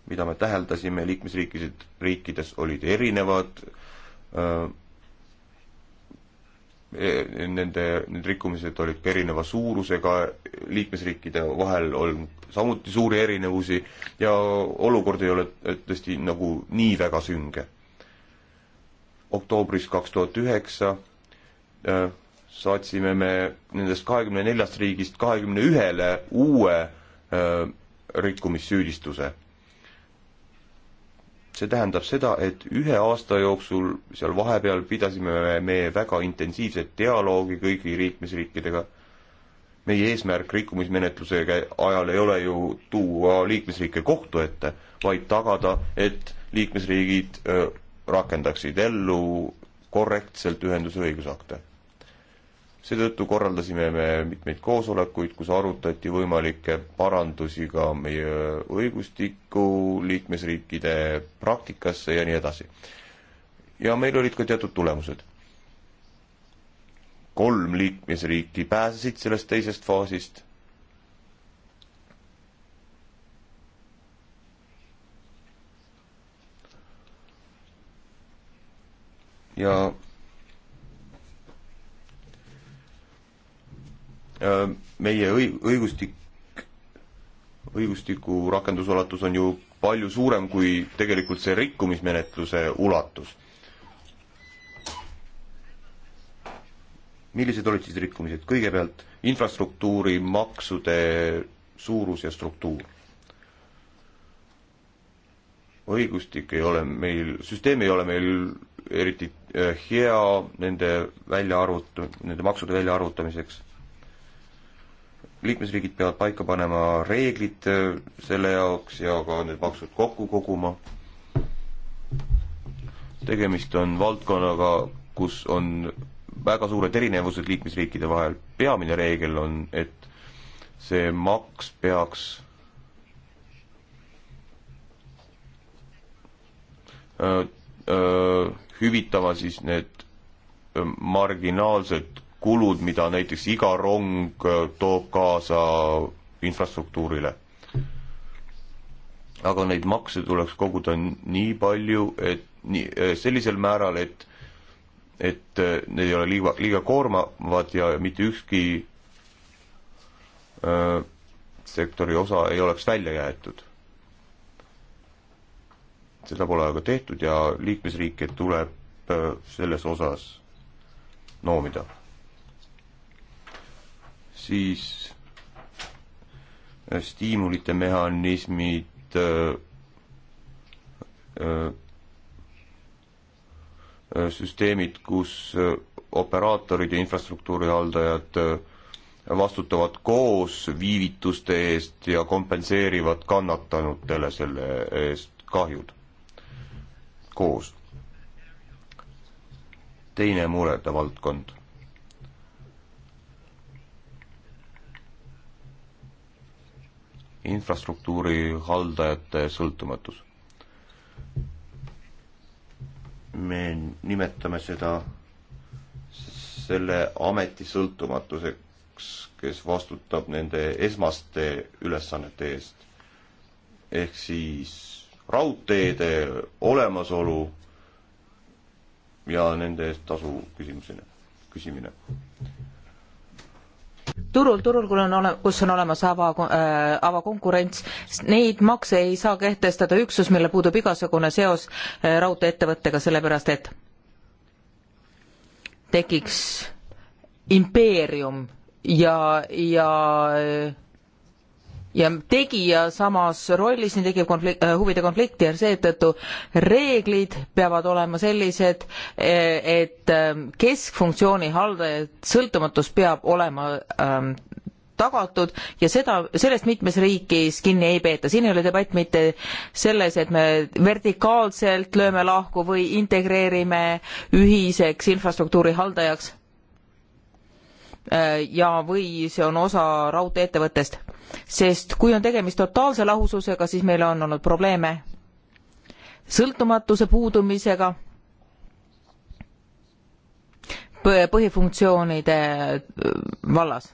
mida me täheldasime liikmesriikides, riikides olid erinevad äh,, nende, need rikkumised olid ka erineva suurusega, liikmesriikide vahel on samuti suuri erinevusi ja olukord ei ole tõesti nagu nii väga sünge. oktoobris kaks tuhat üheksa äh, saatsime me nendest kahekümne neljast riigist kahekümne ühele uue äh, rikkumissüüdistuse. see tähendab seda, et ühe aasta jooksul seal vahepeal pidasime me väga intensiivset dialoogi kõigi liikmesriikidega. meie eesmärk rikkumismenetluse ajal ei ole ju tuua liikmesriike kohtu ette, vaid tagada, et liikmesriigid äh, rakendaksid ellu korrektselt ühenduse õigusakte seetõttu korraldasime me mitmeid koosolekuid, kus arutati võimalikke parandusi ka meie õigustikku, liikmesriikide praktikasse ja nii edasi. ja meil olid ka teatud tulemused. kolm liikmesriiki pääsesid sellest teisest faasist ja Äh, meie õi-, õigustik, õigustiku rakendusulatus on ju palju suurem kui tegelikult see rikkumismenetluse ulatus. millised olid siis rikkumised? kõigepealt infrastruktuuri maksude suurus ja struktuur. õigustik ei ole meil, süsteem ei ole meil eriti äh, hea nende välja arvut-, nende maksude väljaarvutamiseks liikmesriigid peavad paika panema reeglid äh, selle jaoks ja ka need maksud kokku koguma. tegemist on valdkonnaga, kus on väga suured erinevused liikmesriikide vahel. peamine reegel on, et see maks peaks öö, äh, öö, äh, hüvitama siis need marginaalsed kulud, mida näiteks iga rong äh, toob kaasa infrastruktuurile. aga neid makse tuleks koguda nii palju, et nii, äh, sellisel määral, et et äh, need ei ole liiga, liiga koormavad ja mitte ükski öö, sektori osa ei oleks välja jäetud. seda pole aga tehtud ja liikmesriike tuleb öö, selles osas noomida siis äh, stiimulite mehhanismid äh, äh, süsteemid, kus operaatorid ja infrastruktuuri haldajad vastutavad koos viivituste eest ja kompenseerivad kannatanutele selle eest kahjud koos. teine murede valdkond infrastruktuuri haldajate sõltumatus. me nimetame seda selle ameti sõltumatuseks, kes vastutab nende esmaste ülesannete eest. ehk siis raudteede olemasolu ja nende eest tasu küsimusena, küsimine, küsimine turul, turul, kui on ole-, kus on olemas ava äh,, avakonkurents, neid makse ei saa kehtestada üksus, millel puudub igasugune seos äh, raudtee-ettevõttega, sellepärast et tekiks impeerium ja, ja äh, ja tegija samas rollis, nii tekib konflikt, äh, huvide konflikt ja seetõttu reeglid peavad olema sellised, e, et ähm, keskfunktsiooni haldaja sõltumatus peab olema ähm, tagatud ja seda, sellest mitmes riigis kinni ei peeta. siin ei ole debatt mitte selles, et me vertikaalselt lööme lahku või integreerime ühiseks infrastruktuuri haldajaks äh, ja või see on osa raudteeettevõttest sest kui on tegemist totaalse lahususega, siis meil on olnud probleeme sõltumatuse puudumisega, põhifunktsioonide vallas.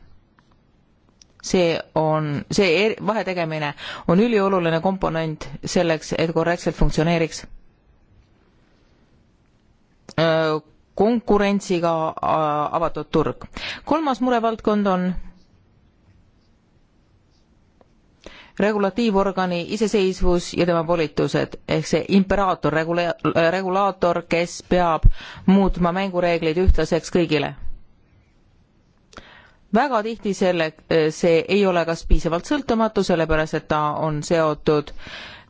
see on, see e, vahe tegemine on ülioluline komponent selleks, et korrektselt funktsioneeriks konkurentsiga avatud turg. kolmas murevaldkond on regulatiivorgani iseseisvus ja tema volitused ehk see imperaator regula- äh, regulaator kes peab muutma mängureegleid ühtlaseks kõigile väga tihti selle äh, see ei ole kas piisavalt sõltumatu sellepärast et ta on seotud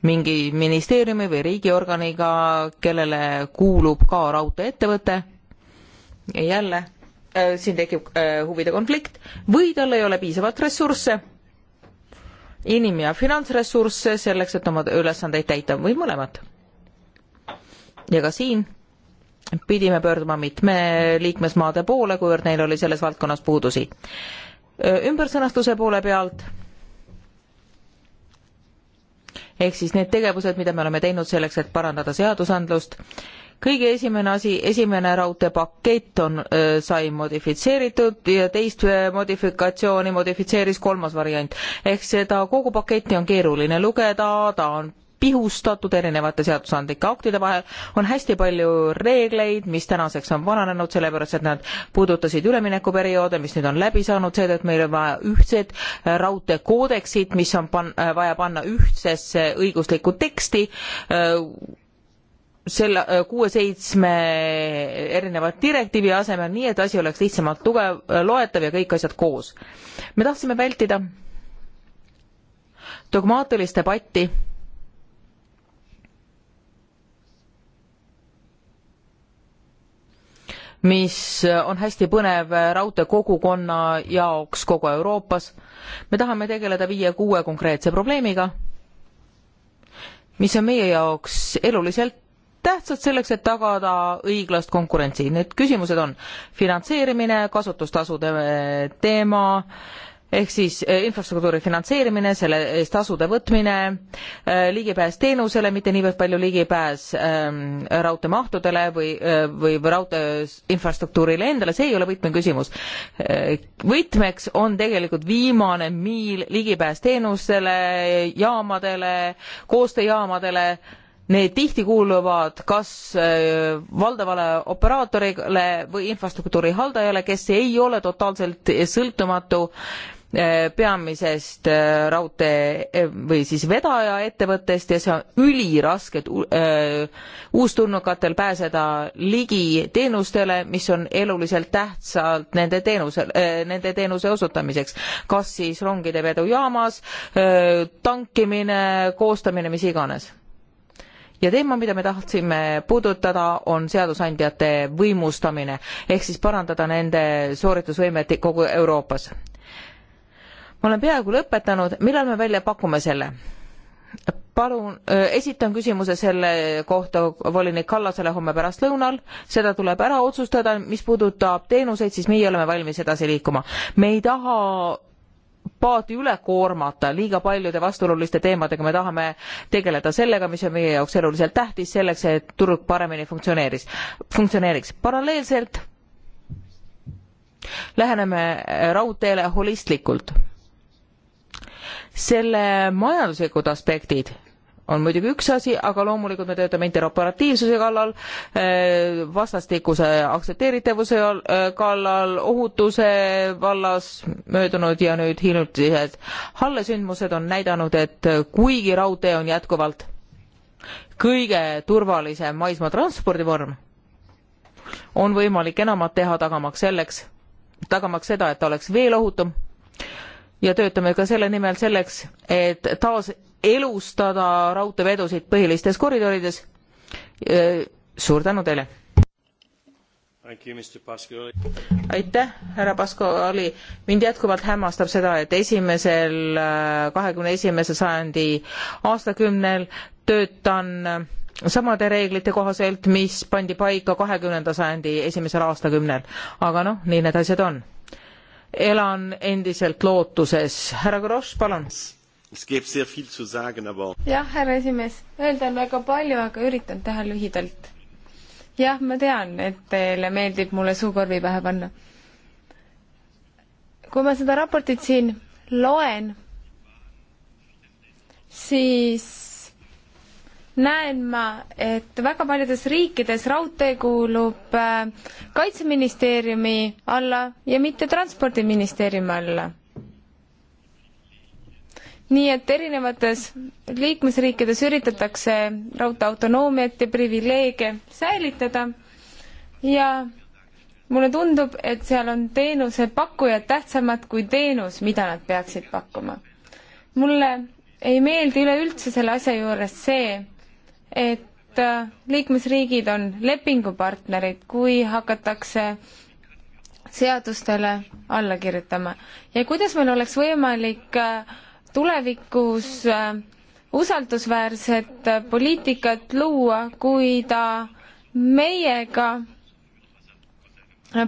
mingi ministeeriumi või riigiorganiga kellele kuulub ka raudteeettevõte ja jälle äh, siin tekib huvide konflikt või tal ei ole piisavalt ressursse inim- ja finantsressursse selleks, et oma ülesandeid täita või mõlemat. ja ka siin pidime pöörduma mitme liikmesmaade poole, kuivõrd neil oli selles valdkonnas puudusi. ümbersõnastuse poole pealt ehk siis need tegevused, mida me oleme teinud selleks, et parandada seadusandlust, kõige esimene asi, esimene raudteepakett on, sai modifitseeritud ja teist modifikatsiooni modifitseeris kolmas variant. ehk seda kogu paketti on keeruline lugeda, ta on pihustatud erinevate seadusandlike aktide vahel, on hästi palju reegleid, mis tänaseks on vananenud, sellepärast et nad puudutasid üleminekuperioode, mis nüüd on läbi saanud, seetõttu meil on vaja ühtset äh, raudteekoodeksit, mis on pan-, vaja panna ühtsesse õiguslikku teksti äh, selle äh, kuue-seitsme erinevat direktiivi asemel, nii et asi oleks lihtsamalt tugev, äh, loetav ja kõik asjad koos. me tahtsime vältida dogmaatilist debatti mis on hästi põnev raudteekogukonna jaoks kogu Euroopas. me tahame tegeleda viie-kuue konkreetse probleemiga, mis on meie jaoks eluliselt tähtsad selleks, et tagada õiglast konkurentsi. Need küsimused on finantseerimine, kasutustasude teema, ehk siis eh, infrastruktuuri finantseerimine, selle eest tasude võtmine, eh, ligipääs teenusele, mitte niivõrd palju ligipääs ähm, raudteemahtudele või, eh, või, või raudtee infrastruktuurile endale, see ei ole võtmeküsimus. võtmeks on tegelikult viimane miil ligipääs teenustele, jaamadele, koostööjaamadele need tihti kuuluvad kas äh, valdavale operaatorile või infrastruktuuri haldajale kes ei ole totaalselt sõltumatu äh, peamisest äh, raudtee või siis vedaja ettevõttest ja see on üliraske uustulnukatel pääseda ligi teenustele mis on eluliselt tähtsad nende teenuse nende teenuse osutamiseks kas siis rongide vedujaamas tankimine koostamine mis iganes ja teema, mida me tahtsime puudutada, on seadusandjate võimustamine ehk siis parandada nende sooritusvõimet kogu Euroopas. ma olen peaaegu lõpetanud, millal me välja pakume selle? palun esitan küsimuse selle kohta volinik Kallasele homme pärastlõunal, seda tuleb ära otsustada, mis puudutab teenuseid, siis meie oleme valmis edasi liikuma. me ei taha paati üle koormata liiga paljude vastuoluliste teemadega, me tahame tegeleda sellega, mis on meie jaoks eluliselt tähtis, selleks et turg paremini funktsioneeris, funktsioneeriks. paralleelselt läheneme raudteele holistlikult. selle majanduslikud aspektid on muidugi üks asi, aga loomulikult me töötame interoperatiivsuse kallal, eh, vastastikuse aktsepteeritavuse eh, kallal, ohutuse vallas möödunud ja nüüd hiljutised hallesündmused on näidanud, et kuigi raudtee on jätkuvalt kõige turvalisem maismaatranspordi vorm, on võimalik enamat teha, tagamaks selleks, tagamaks seda, et ta oleks veel ohutum ja töötame ka selle nimel selleks, et taas elustada raudteevedusid põhilistes koridorides. suur tänu teile! aitäh härra pascali mind jätkuvalt hämmastab seda et esimesel äh, kahekümne esimese sajandi aastakümnel töötan äh, samade reeglite kohaselt mis pandi paika kahekümnenda sajandi esimesel aastakümnel aga noh nii need asjad on elan endiselt lootuses. härra Grosch, palun. jah, härra esimees, öelda on väga palju, aga üritan teha lühidalt. jah, ma tean, et teile meeldib mulle suukorvi pähe panna. kui ma seda raportit siin loen, siis näen ma, et väga paljudes riikides raudtee kuulub äh, Kaitseministeeriumi alla ja mitte Transpordiministeeriumi alla. nii et erinevates liikmesriikides üritatakse raudtee autonoomiat ja privileege säilitada ja mulle tundub, et seal on teenusepakkujad tähtsamad kui teenus, mida nad peaksid pakkuma. mulle ei meeldi üleüldse selle asja juures see, et äh, liikmesriigid on lepingupartnerid, kui hakatakse seadustele alla kirjutama ja kuidas meil oleks võimalik äh, tulevikus äh, usaldusväärset poliitikat luua, kui ta meiega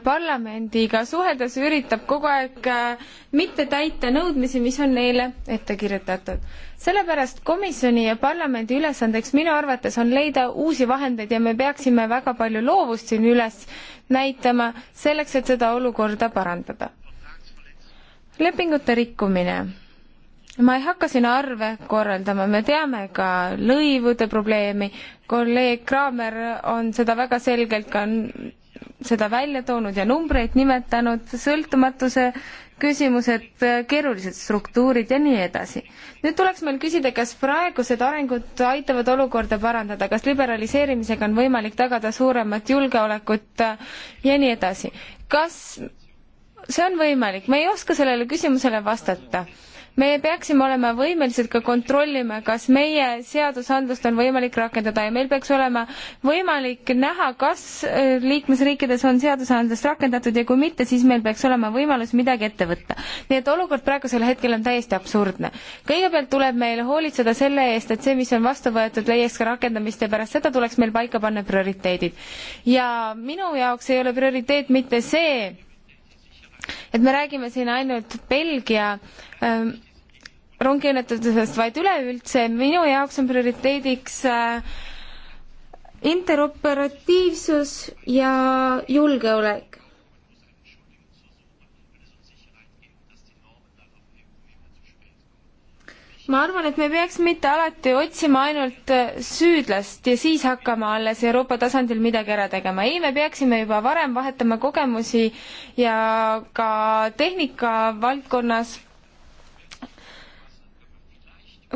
parlamendiga suheldes üritab kogu aeg äh, mitte täita nõudmisi, mis on neile ette kirjutatud. sellepärast komisjoni ja parlamendi ülesandeks minu arvates on leida uusi vahendeid ja me peaksime väga palju loovust siin üles näitama selleks, et seda olukorda parandada. lepingute rikkumine. ma ei hakka siin arve korraldama, me teame ka lõivude probleemi, kolleeg Kraamer on seda väga selgelt ka seda välja toonud ja numbreid nimetanud, sõltumatuse küsimused, keerulised struktuurid ja nii edasi. nüüd tuleks meil küsida, kas praegused arengud aitavad olukorda parandada, kas liberaliseerimisega on võimalik tagada suuremat julgeolekut ja nii edasi. kas see on võimalik, ma ei oska sellele küsimusele vastata me peaksime olema võimelised ka kontrollima, kas meie seadusandlust on võimalik rakendada ja meil peaks olema võimalik näha, kas äh, liikmesriikides on seadusandlust rakendatud ja kui mitte, siis meil peaks olema võimalus midagi ette võtta. nii et olukord praegusel hetkel on täiesti absurdne. kõigepealt tuleb meil hoolitseda selle eest, et see, mis on vastu võetud, leiaks ka rakendamist ja pärast seda tuleks meil paika panna prioriteedid. ja minu jaoks ei ole prioriteet mitte see, et me räägime siin ainult Belgia ähm, rongiõnnetusest, vaid üleüldse minu jaoks on prioriteediks äh, interoperatiivsus ja julgeolek. ma arvan, et me peaks mitte alati otsima ainult äh, süüdlast ja siis hakkama alles Euroopa tasandil midagi ära tegema. ei, me peaksime juba varem vahetama kogemusi ja ka tehnika valdkonnas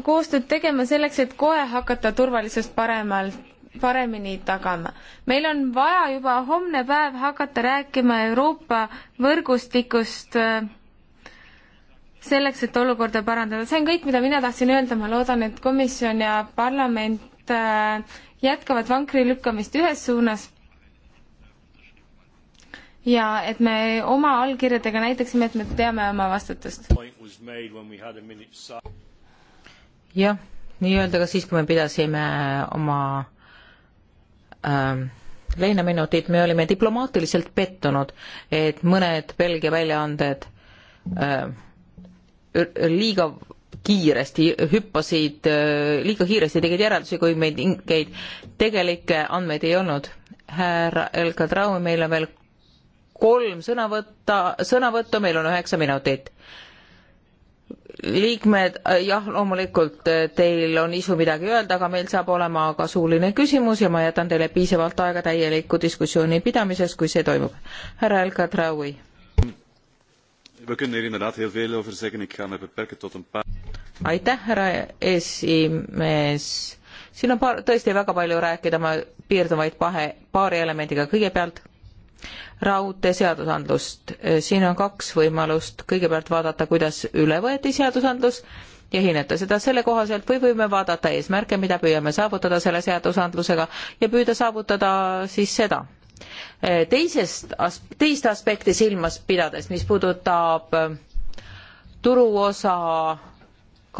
koostööd tegema selleks, et kohe hakata turvalisust paremalt paremini tagama. meil on vaja juba homne päev hakata rääkima Euroopa võrgustikust äh, selleks, et olukorda parandada. see on kõik, mida mina tahtsin öelda, ma loodan, et komisjon ja parlament äh, jätkavad vankri lükkamist ühes suunas ja et me oma allkirjadega näitaksime, et me teame oma vastutust jah, nii-öelda ka siis, kui me pidasime oma ähm, leinaminutit, me olime diplomaatiliselt pettunud, et mõned Belgia väljaanded äh, liiga kiiresti hüppasid, äh, liiga kiiresti tegid järeldusi, kui meid mingeid tegelikke andmeid ei olnud. härra Elka Traumi, meil on veel kolm sõna võtta, sõnavõttu, meil on üheksa minutit liikmed, jah, loomulikult eh, teil on isu midagi öelda, aga meil saab olema ka suuline küsimus ja ma jätan teile piisavalt aega täieliku diskussiooni pidamiseks, kui see toimub. härra El Kadraoui. aitäh, härra esimees. siin on paar, tõesti väga palju rääkida, ma piirdun vaid pahe, paari elemendiga. kõigepealt raudteeseadusandlust. Äh, siin on kaks võimalust, kõigepealt vaadata, kuidas üle võeti seadusandlus ja hinnata seda selle kohaselt või võime vaadata eesmärke, mida püüame saavutada selle seadusandlusega ja püüda saavutada siis seda. Äh, teisest, teist aspekti silmas pidades, mis puudutab äh, turuosa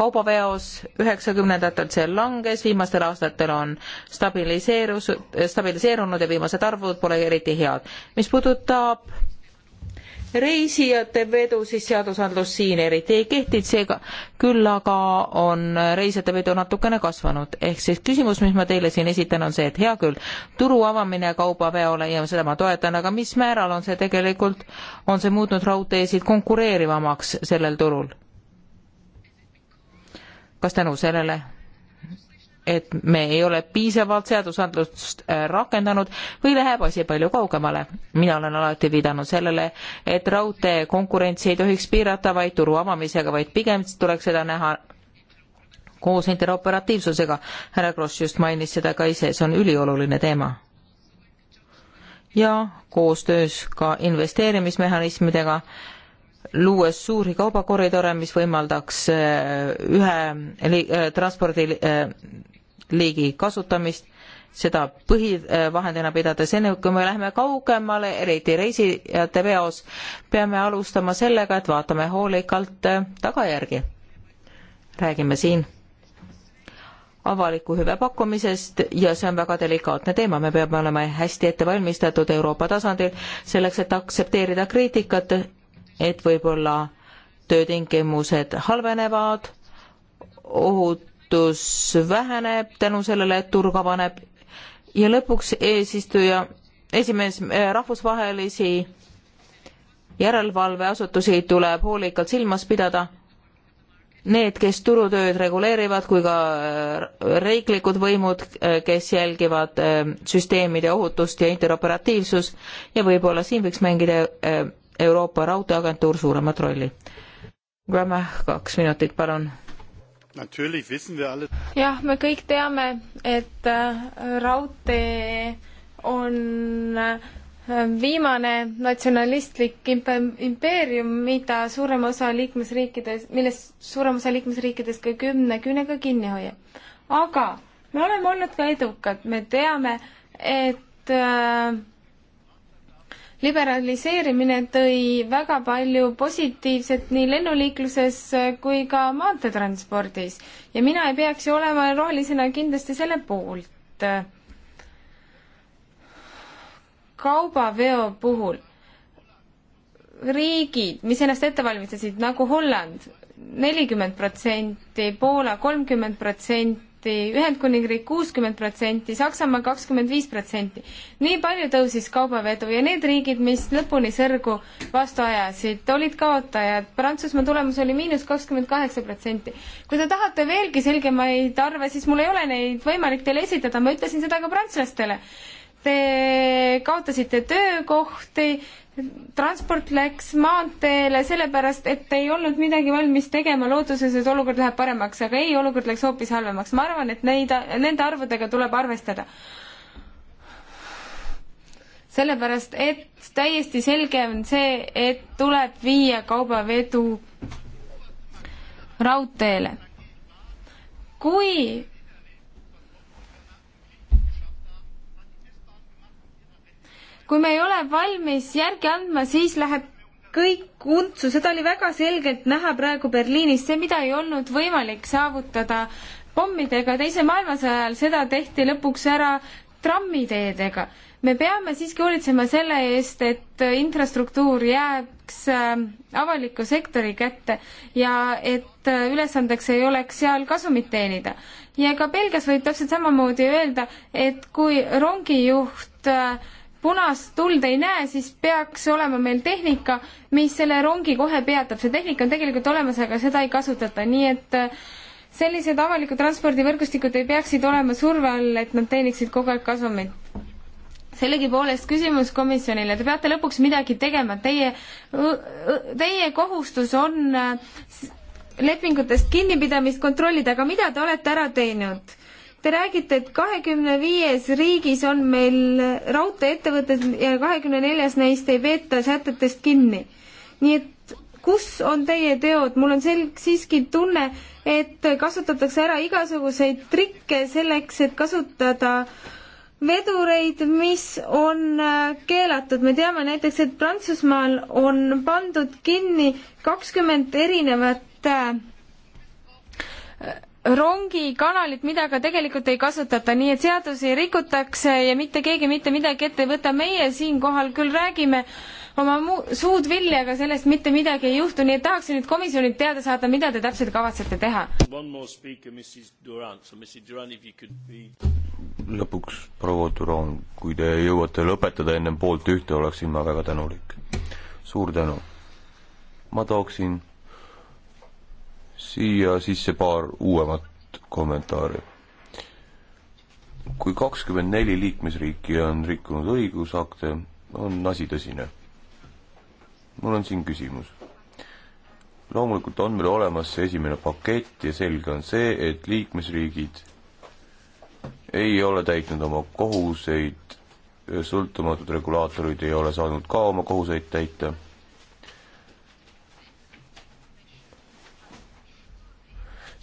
kaubaveos, üheksakümnendatel see langes, viimastel aastatel on stabiliseerus, stabiliseerunud ja viimased arvud pole eriti head. mis puudutab reisijate vedu, siis seadusandlus siin eriti ei kehti, seega küll aga on reisijate vedu natukene kasvanud. ehk siis küsimus, mis ma teile siin esitan, on see, et hea küll, turu avamine kaubaveole ja seda ma toetan, aga mis määral on see tegelikult, on see muutnud raudteesid konkureerivamaks sellel turul? kas tänu sellele, et me ei ole piisavalt seadusandlust äh, rakendanud või läheb asi palju kaugemale. mina olen alati viidanud sellele, et raudtee konkurentsi ei tohiks piirata vaid turu avamisega, vaid pigem tuleks seda näha koos interoperatiivsusega. härra Kross just mainis seda ka ise, see on ülioluline teema. ja koostöös ka investeerimismehhanismidega luues suuri kaubakoridore, mis võimaldaks äh, ühe äh, transpordiliigi äh, kasutamist, seda põhivahendina pidades, enne kui me läheme kaugemale, eriti reisijate veos, peame alustama sellega, et vaatame hoolikalt tagajärgi. räägime siin avaliku hüve pakkumisest ja see on väga delikaatne teema, me peame olema hästi ette valmistatud Euroopa tasandil selleks, et aktsepteerida kriitikat et võib-olla töötingimused halvenevad, ohutus väheneb tänu sellele, et turg avaneb ja lõpuks eesistuja, esimees äh, rahvusvahelisi järelevalveasutusi tuleb hoolikalt silmas pidada. Need, kes turutööd reguleerivad, kui ka äh, riiklikud võimud, äh, kes jälgivad süsteemide ohutust ja interoperatiivsus ja võib-olla siin võiks mängida Euroopa Raudteeagentuur suuremat rolli. Grammar, kaks minutit, palun jah, me kõik teame, et äh, raudtee on äh, viimane natsionalistlik impeerium, mida suurem osa liikmesriikides, millest suurem osa liikmesriikides ka kümne küünega kinni hoiab. aga me oleme olnud ka edukad, me teame, et äh, liberaliseerimine tõi väga palju positiivset nii lennuliikluses kui ka maanteetranspordis ja mina ei peaks ju olema rohelisena kindlasti selle poolt. kaubaveo puhul riigid, mis ennast ette valmistasid, nagu Holland, nelikümmend protsenti, Poola kolmkümmend protsenti, protsenti, Ühendkuningriik kuuskümmend protsenti, Saksamaa kakskümmend viis protsenti. nii palju tõusis kaubavedu ja need riigid, mis lõpuni sõrgu vastu ajasid, olid kaotajad. Prantsusmaa tulemus oli miinus kakskümmend kaheksa protsenti. kui te tahate veelgi selgemaid arve, siis mul ei ole neid võimalik teile esitada, ma ütlesin seda ka prantslastele Te kaotasite töökohti, transport läks maanteele sellepärast, et ei olnud midagi valmis tegema looduses, et olukord läheb paremaks, aga ei, olukord läks hoopis halvemaks. ma arvan, et neid, nende arvudega tuleb arvestada. sellepärast, et täiesti selge on see, et tuleb viia kaubavedu raudteele. kui kui me ei ole valmis järgi andma, siis läheb kõik untsu, seda oli väga selgelt näha praegu Berliinis, see, mida ei olnud võimalik saavutada pommidega Teise maailmasõja ajal, seda tehti lõpuks ära trammiteedega. me peame siiski hoolitsema selle eest, et infrastruktuur jääks äh, avaliku sektori kätte ja et äh, ülesandeks ei oleks seal kasumit teenida. ja ka Belgias võib täpselt samamoodi öelda, et kui rongijuht äh, punast tuld ei näe, siis peaks olema meil tehnika, mis selle rongi kohe peatab. see tehnika on tegelikult olemas, aga seda ei kasutata, nii et äh, sellised avalikud transpordivõrgustikud ei peaksid olema surve all, et nad teeniksid kogu aeg kasumit sellegipoolest küsimus komisjonile, te peate lõpuks midagi tegema, teie, teie kohustus on äh, lepingutest kinnipidamist kontrollida, aga mida te olete ära teinud? Te räägite, et kahekümne viies riigis on meil raudteeettevõtted ja kahekümne neljas neist ei peeta sätetest kinni. nii et kus on teie teod, mul on sel-, siiski tunne, et kasutatakse ära igasuguseid trikke selleks, et kasutada vedureid, mis on äh, keelatud, me teame näiteks, et Prantsusmaal on pandud kinni kakskümmend erinevat äh, rongikanalit, mida ka tegelikult ei kasutata, nii et seadusi rikutakse ja mitte keegi mitte midagi ette ei võta. meie siinkohal küll räägime oma muu-, suud villi, aga sellest mitte midagi ei juhtu, nii et tahaksin nüüd komisjonilt teada saada, mida te täpselt kavatsete teha. lõpuks, proua Duran, kui te jõuate lõpetada ennem poolt ühte, oleksin ma väga tänulik. suur tänu. ma tooksin siia sisse paar uuemat kommentaari. kui kakskümmend neli liikmesriiki on rikkunud õigusakte, on asi tõsine. mul on siin küsimus. loomulikult on meil olemas see esimene pakett ja selge on see, et liikmesriigid ei ole täitnud oma kohuseid, sõltumatud regulaatorid ei ole saanud ka oma kohuseid täita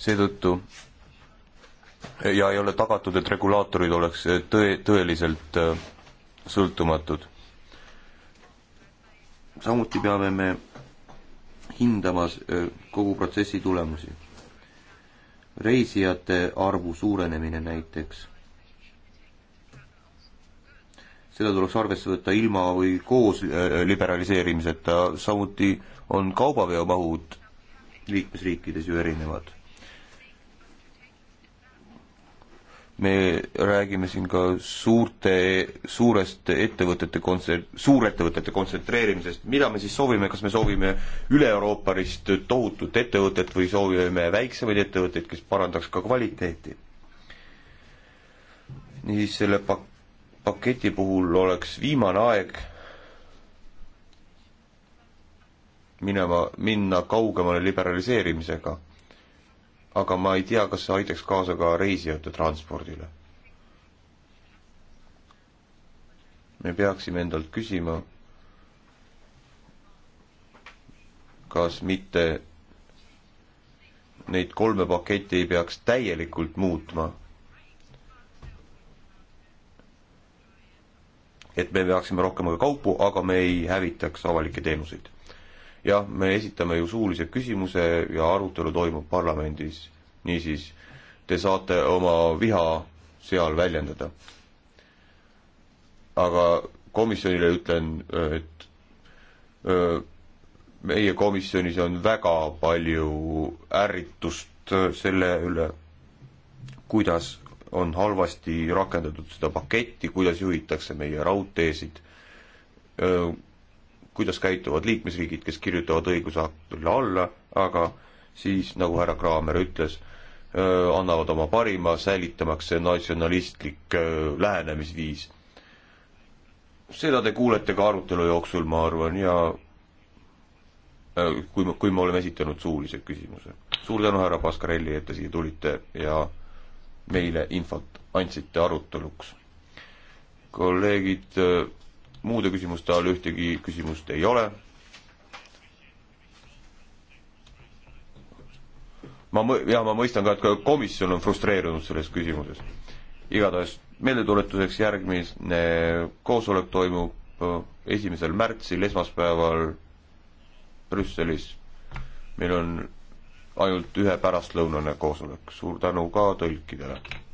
seetõttu eh, ja ei ole tagatud, et regulaatorid oleks eh, tõe, tõeliselt eh, sõltumatud. samuti peame me hindama kogu protsessi tulemusi. reisijate arvu suurenemine näiteks. seda tuleks arvesse võtta ilma või koos liberaliseerimiseta, samuti on kaubaveomahud liikmesriikides ju erinevad me räägime siin ka suurte, suurest ettevõtete kontsert-, suurettevõtete kontsentreerimisest, mida me siis soovime, kas me soovime üle-euroopalist tohutut ettevõtet või soovime väiksemaid ettevõtteid, kes parandaks ka kvaliteeti? niisiis, selle pak-, paketi puhul oleks viimane aeg minema, minna kaugemale liberaliseerimisega aga ma ei tea, kas see aitaks kaasa ka reisijate transpordile. me peaksime endalt küsima, kas mitte neid kolme paketti ei peaks täielikult muutma. et me peaksime rohkem kaupu, aga me ei hävitaks avalikke teenuseid jah, me esitame ju suulise küsimuse ja arutelu toimub parlamendis. niisiis, te saate oma viha seal väljendada. aga komisjonile ütlen, et öö, äh, meie komisjonis on väga palju ärritust selle üle, kuidas on halvasti rakendatud seda paketti, kuidas juhitakse meie raudteesid. Äh, kuidas käituvad liikmesriigid, kes kirjutavad õigusaktile alla, aga siis, nagu härra Kraamer ütles, annavad oma parima, säilitamaks see natsionalistlik lähenemisviis. seda te kuulete ka arutelu jooksul, ma arvan, ja kui, kui me oleme esitanud suulise küsimuse. suur tänu, härra Pascarelli, et te siia tulite ja meile infot andsite aruteluks. kolleegid, muude küsimuste all ühtegi küsimust ei ole. ma mõ-, ja ma mõistan ka, et ka komisjon on frustreerunud selles küsimuses. igatahes meeldetuletuseks järgmine koosolek toimub äh, esimesel märtsil, esmaspäeval Brüsselis. meil on ainult ühe pärastlõunane koosolek, suur tänu ka tõlkidele